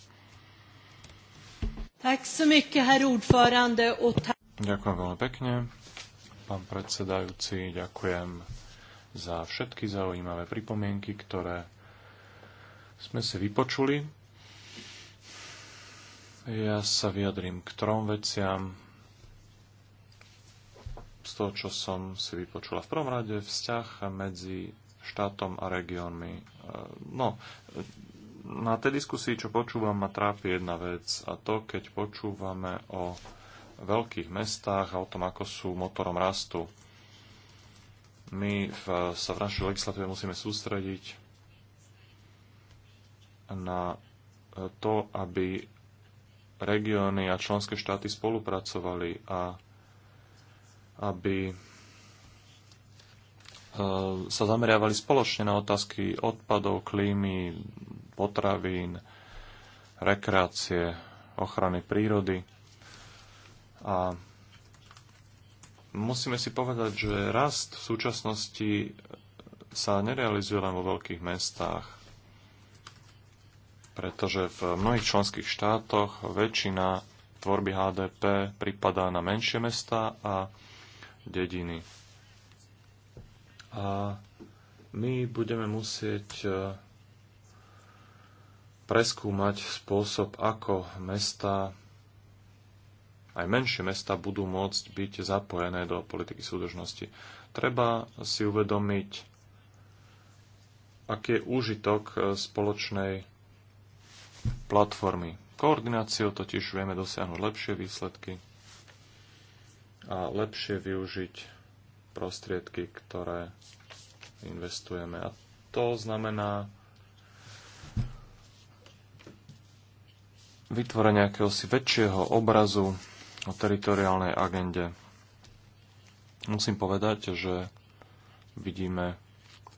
[SPEAKER 1] Ďakujem veľmi pekne, pán predsedajúci. Ďakujem za všetky zaujímavé pripomienky, ktoré sme si vypočuli. Ja sa vyjadrím k trom veciam z toho, čo som si vypočula. V prvom rade vzťah medzi štátom a regiónmi. No, na tej diskusii, čo počúvam, ma trápi jedna vec a to, keď počúvame o veľkých mestách a o tom, ako sú motorom rastu. My v, sa v našej legislatíve musíme sústrediť na e, to, aby regióny a členské štáty spolupracovali a aby e, sa zameriavali spoločne na otázky odpadov, klímy, potravín, rekreácie, ochrany prírody. A musíme si povedať, že rast v súčasnosti sa nerealizuje len vo veľkých mestách, pretože v mnohých členských štátoch väčšina tvorby HDP pripadá na menšie mesta a dediny. A my budeme musieť e, preskúmať spôsob, ako mesta aj menšie mesta budú môcť byť zapojené do politiky súdržnosti. Treba si uvedomiť, aký je úžitok e, spoločnej platformy. Koordináciou totiž vieme dosiahnuť lepšie výsledky a lepšie využiť prostriedky, ktoré investujeme. A to znamená vytvorenie akéhosi väčšieho obrazu o teritoriálnej agende. Musím povedať, že vidíme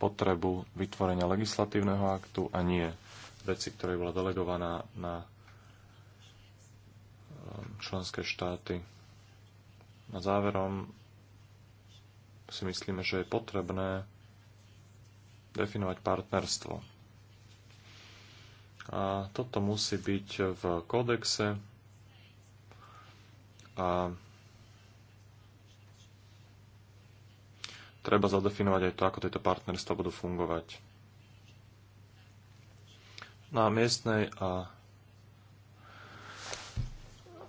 [SPEAKER 1] potrebu vytvorenia legislatívneho aktu a nie veci, ktorá bola delegovaná na um, členské štáty. Na záverom si myslíme, že je potrebné definovať partnerstvo. A toto musí byť v kódexe a treba zadefinovať aj to, ako tieto partnerstva budú fungovať. Na miestnej a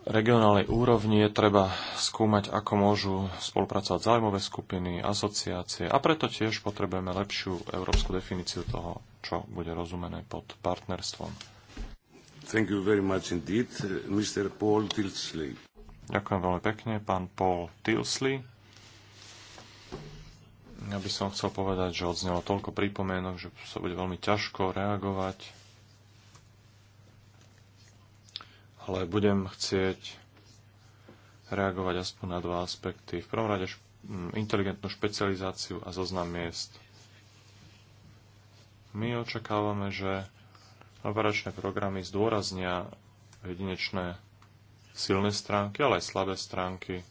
[SPEAKER 1] regionálnej úrovni je treba skúmať, ako môžu spolupracovať zájmové skupiny, asociácie a preto tiež potrebujeme lepšiu európsku definíciu toho, čo bude rozumené pod partnerstvom. Thank you very much indeed, Mr. Paul Tilsley. Ďakujem veľmi pekne, pán Paul Tilsley. Ja by som chcel povedať, že odznelo toľko pripomienok, že sa bude veľmi ťažko reagovať. Ale budem chcieť reagovať aspoň na dva aspekty. V prvom rade inteligentnú špecializáciu a zoznam miest. My očakávame, že operačné programy zdôraznia jedinečné silné stránky, ale aj slabé stránky.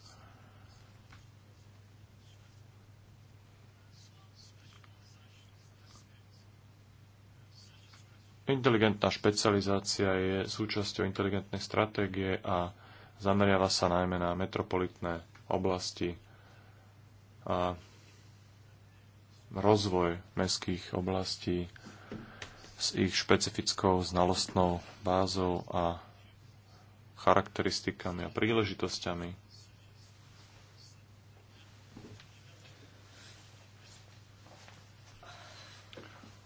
[SPEAKER 1] Inteligentná špecializácia je súčasťou inteligentnej stratégie a zameriava sa najmä na metropolitné oblasti a rozvoj mestských oblastí s ich špecifickou znalostnou bázou a charakteristikami a príležitosťami.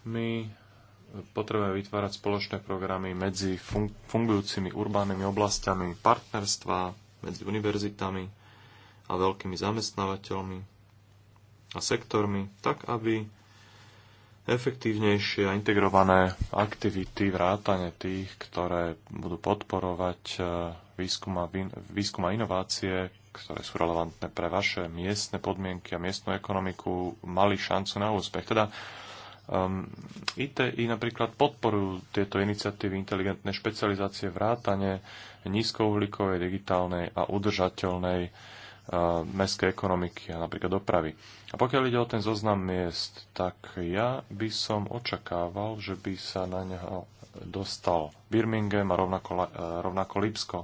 [SPEAKER 1] My potrebujeme vytvárať spoločné programy medzi fungujúcimi urbánnymi oblastiami partnerstva, medzi univerzitami a veľkými zamestnávateľmi a sektormi, tak aby efektívnejšie a integrované aktivity, vrátane tých, ktoré budú podporovať eh, výskum a, výskum a inovácie, ktoré sú relevantné pre vaše miestne podmienky a miestnu ekonomiku, mali šancu na úspech. Teda um, ehm, ITI napríklad podporujú tieto iniciatívy inteligentné špecializácie, vrátane nízkouhlíkovej, digitálnej a udržateľnej mestskej ekonomiky a napríklad dopravy. A pokiaľ ide o ten zoznam miest, tak ja by som očakával, že by sa na neho dostal Birmingham a rovnako, rovnako Lipsko.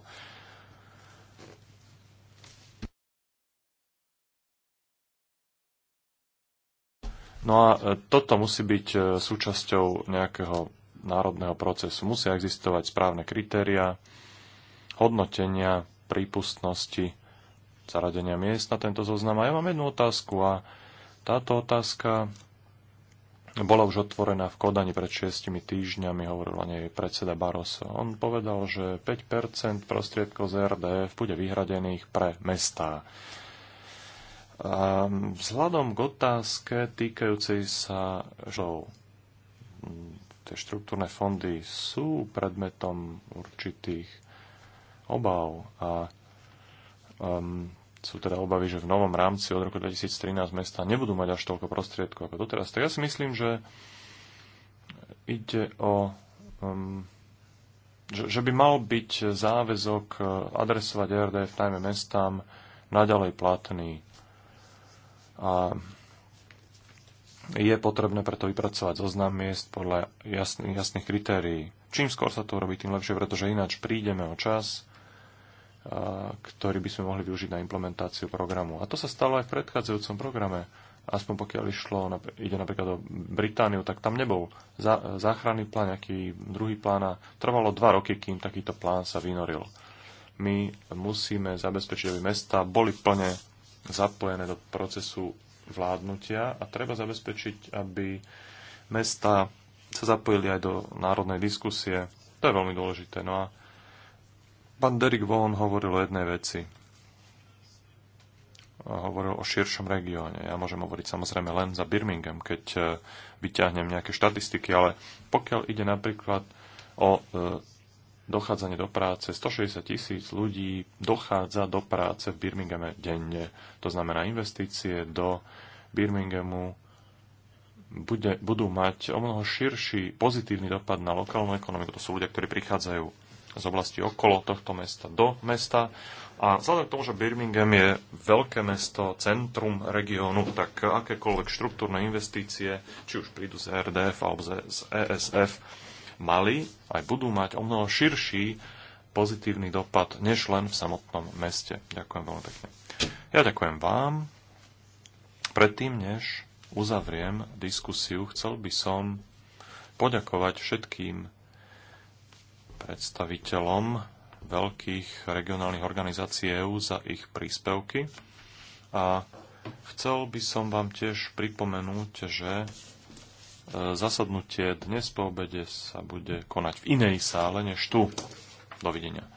[SPEAKER 1] No a e, toto musí byť e, súčasťou nejakého národného procesu. Musia existovať správne kritéria, hodnotenia prípustnosti zaradenia miest na tento zoznam. A ja mám jednu otázku a táto otázka bola už otvorená v Kodani pred šiestimi týždňami, hovoril o nej predseda Baroso. On povedal, že 5% prostriedkov z RDF bude vyhradených pre mestá. A vzhľadom k otázke týkajúcej sa, že tie štruktúrne fondy sú predmetom určitých obav a um, sú teda obavy, že v novom rámci od roku 2013 mesta nebudú mať až toľko prostriedkov ako doteraz. Tak ja si myslím, že ide o... Um, že, že by mal byť záväzok uh, adresovať RDF najmä mestám naďalej platný. A je potrebné preto vypracovať zoznam miest podľa jasných, jasných kritérií. Čím skôr sa to urobí, tým lepšie, pretože ináč prídeme o čas ktorý by sme mohli využiť na implementáciu programu. A to sa stalo aj v predchádzajúcom programe. Aspoň pokiaľ išlo, ide napríklad o Britániu, tak tam nebol záchranný plán, nejaký druhý plán a trvalo dva roky, kým takýto plán sa vynoril. My musíme zabezpečiť, aby mesta boli plne zapojené do procesu vládnutia a treba zabezpečiť, aby mesta sa zapojili aj do národnej diskusie. To je veľmi dôležité. No a Pán Derek Vaughan hovoril o jednej veci. Hovoril o širšom regióne. Ja môžem hovoriť samozrejme len za Birmingham, keď e, vyťahnem nejaké štatistiky, ale pokiaľ ide napríklad o e, dochádzanie do práce. 160 tisíc ľudí dochádza do práce v Birminghame denne. To znamená, investície do Birminghamu bude, budú mať o mnoho širší pozitívny dopad na lokálnu ekonomiku. To sú ľudia, ktorí prichádzajú z oblasti okolo tohto mesta do mesta. A vzhľadom k tomu, že Birmingham je veľké mesto, centrum regiónu, tak akékoľvek štruktúrne investície, či už prídu z RDF alebo z ESF, mali aj budú mať o mnoho širší pozitívny dopad, než len v samotnom meste. Ďakujem veľmi pekne. Ja ďakujem vám. Predtým, než uzavriem diskusiu, chcel by som poďakovať všetkým predstaviteľom veľkých regionálnych organizácií EÚ za ich príspevky. A chcel by som vám tiež pripomenúť, že e, zasadnutie dnes po obede sa bude konať v inej sále než tu. Dovidenia.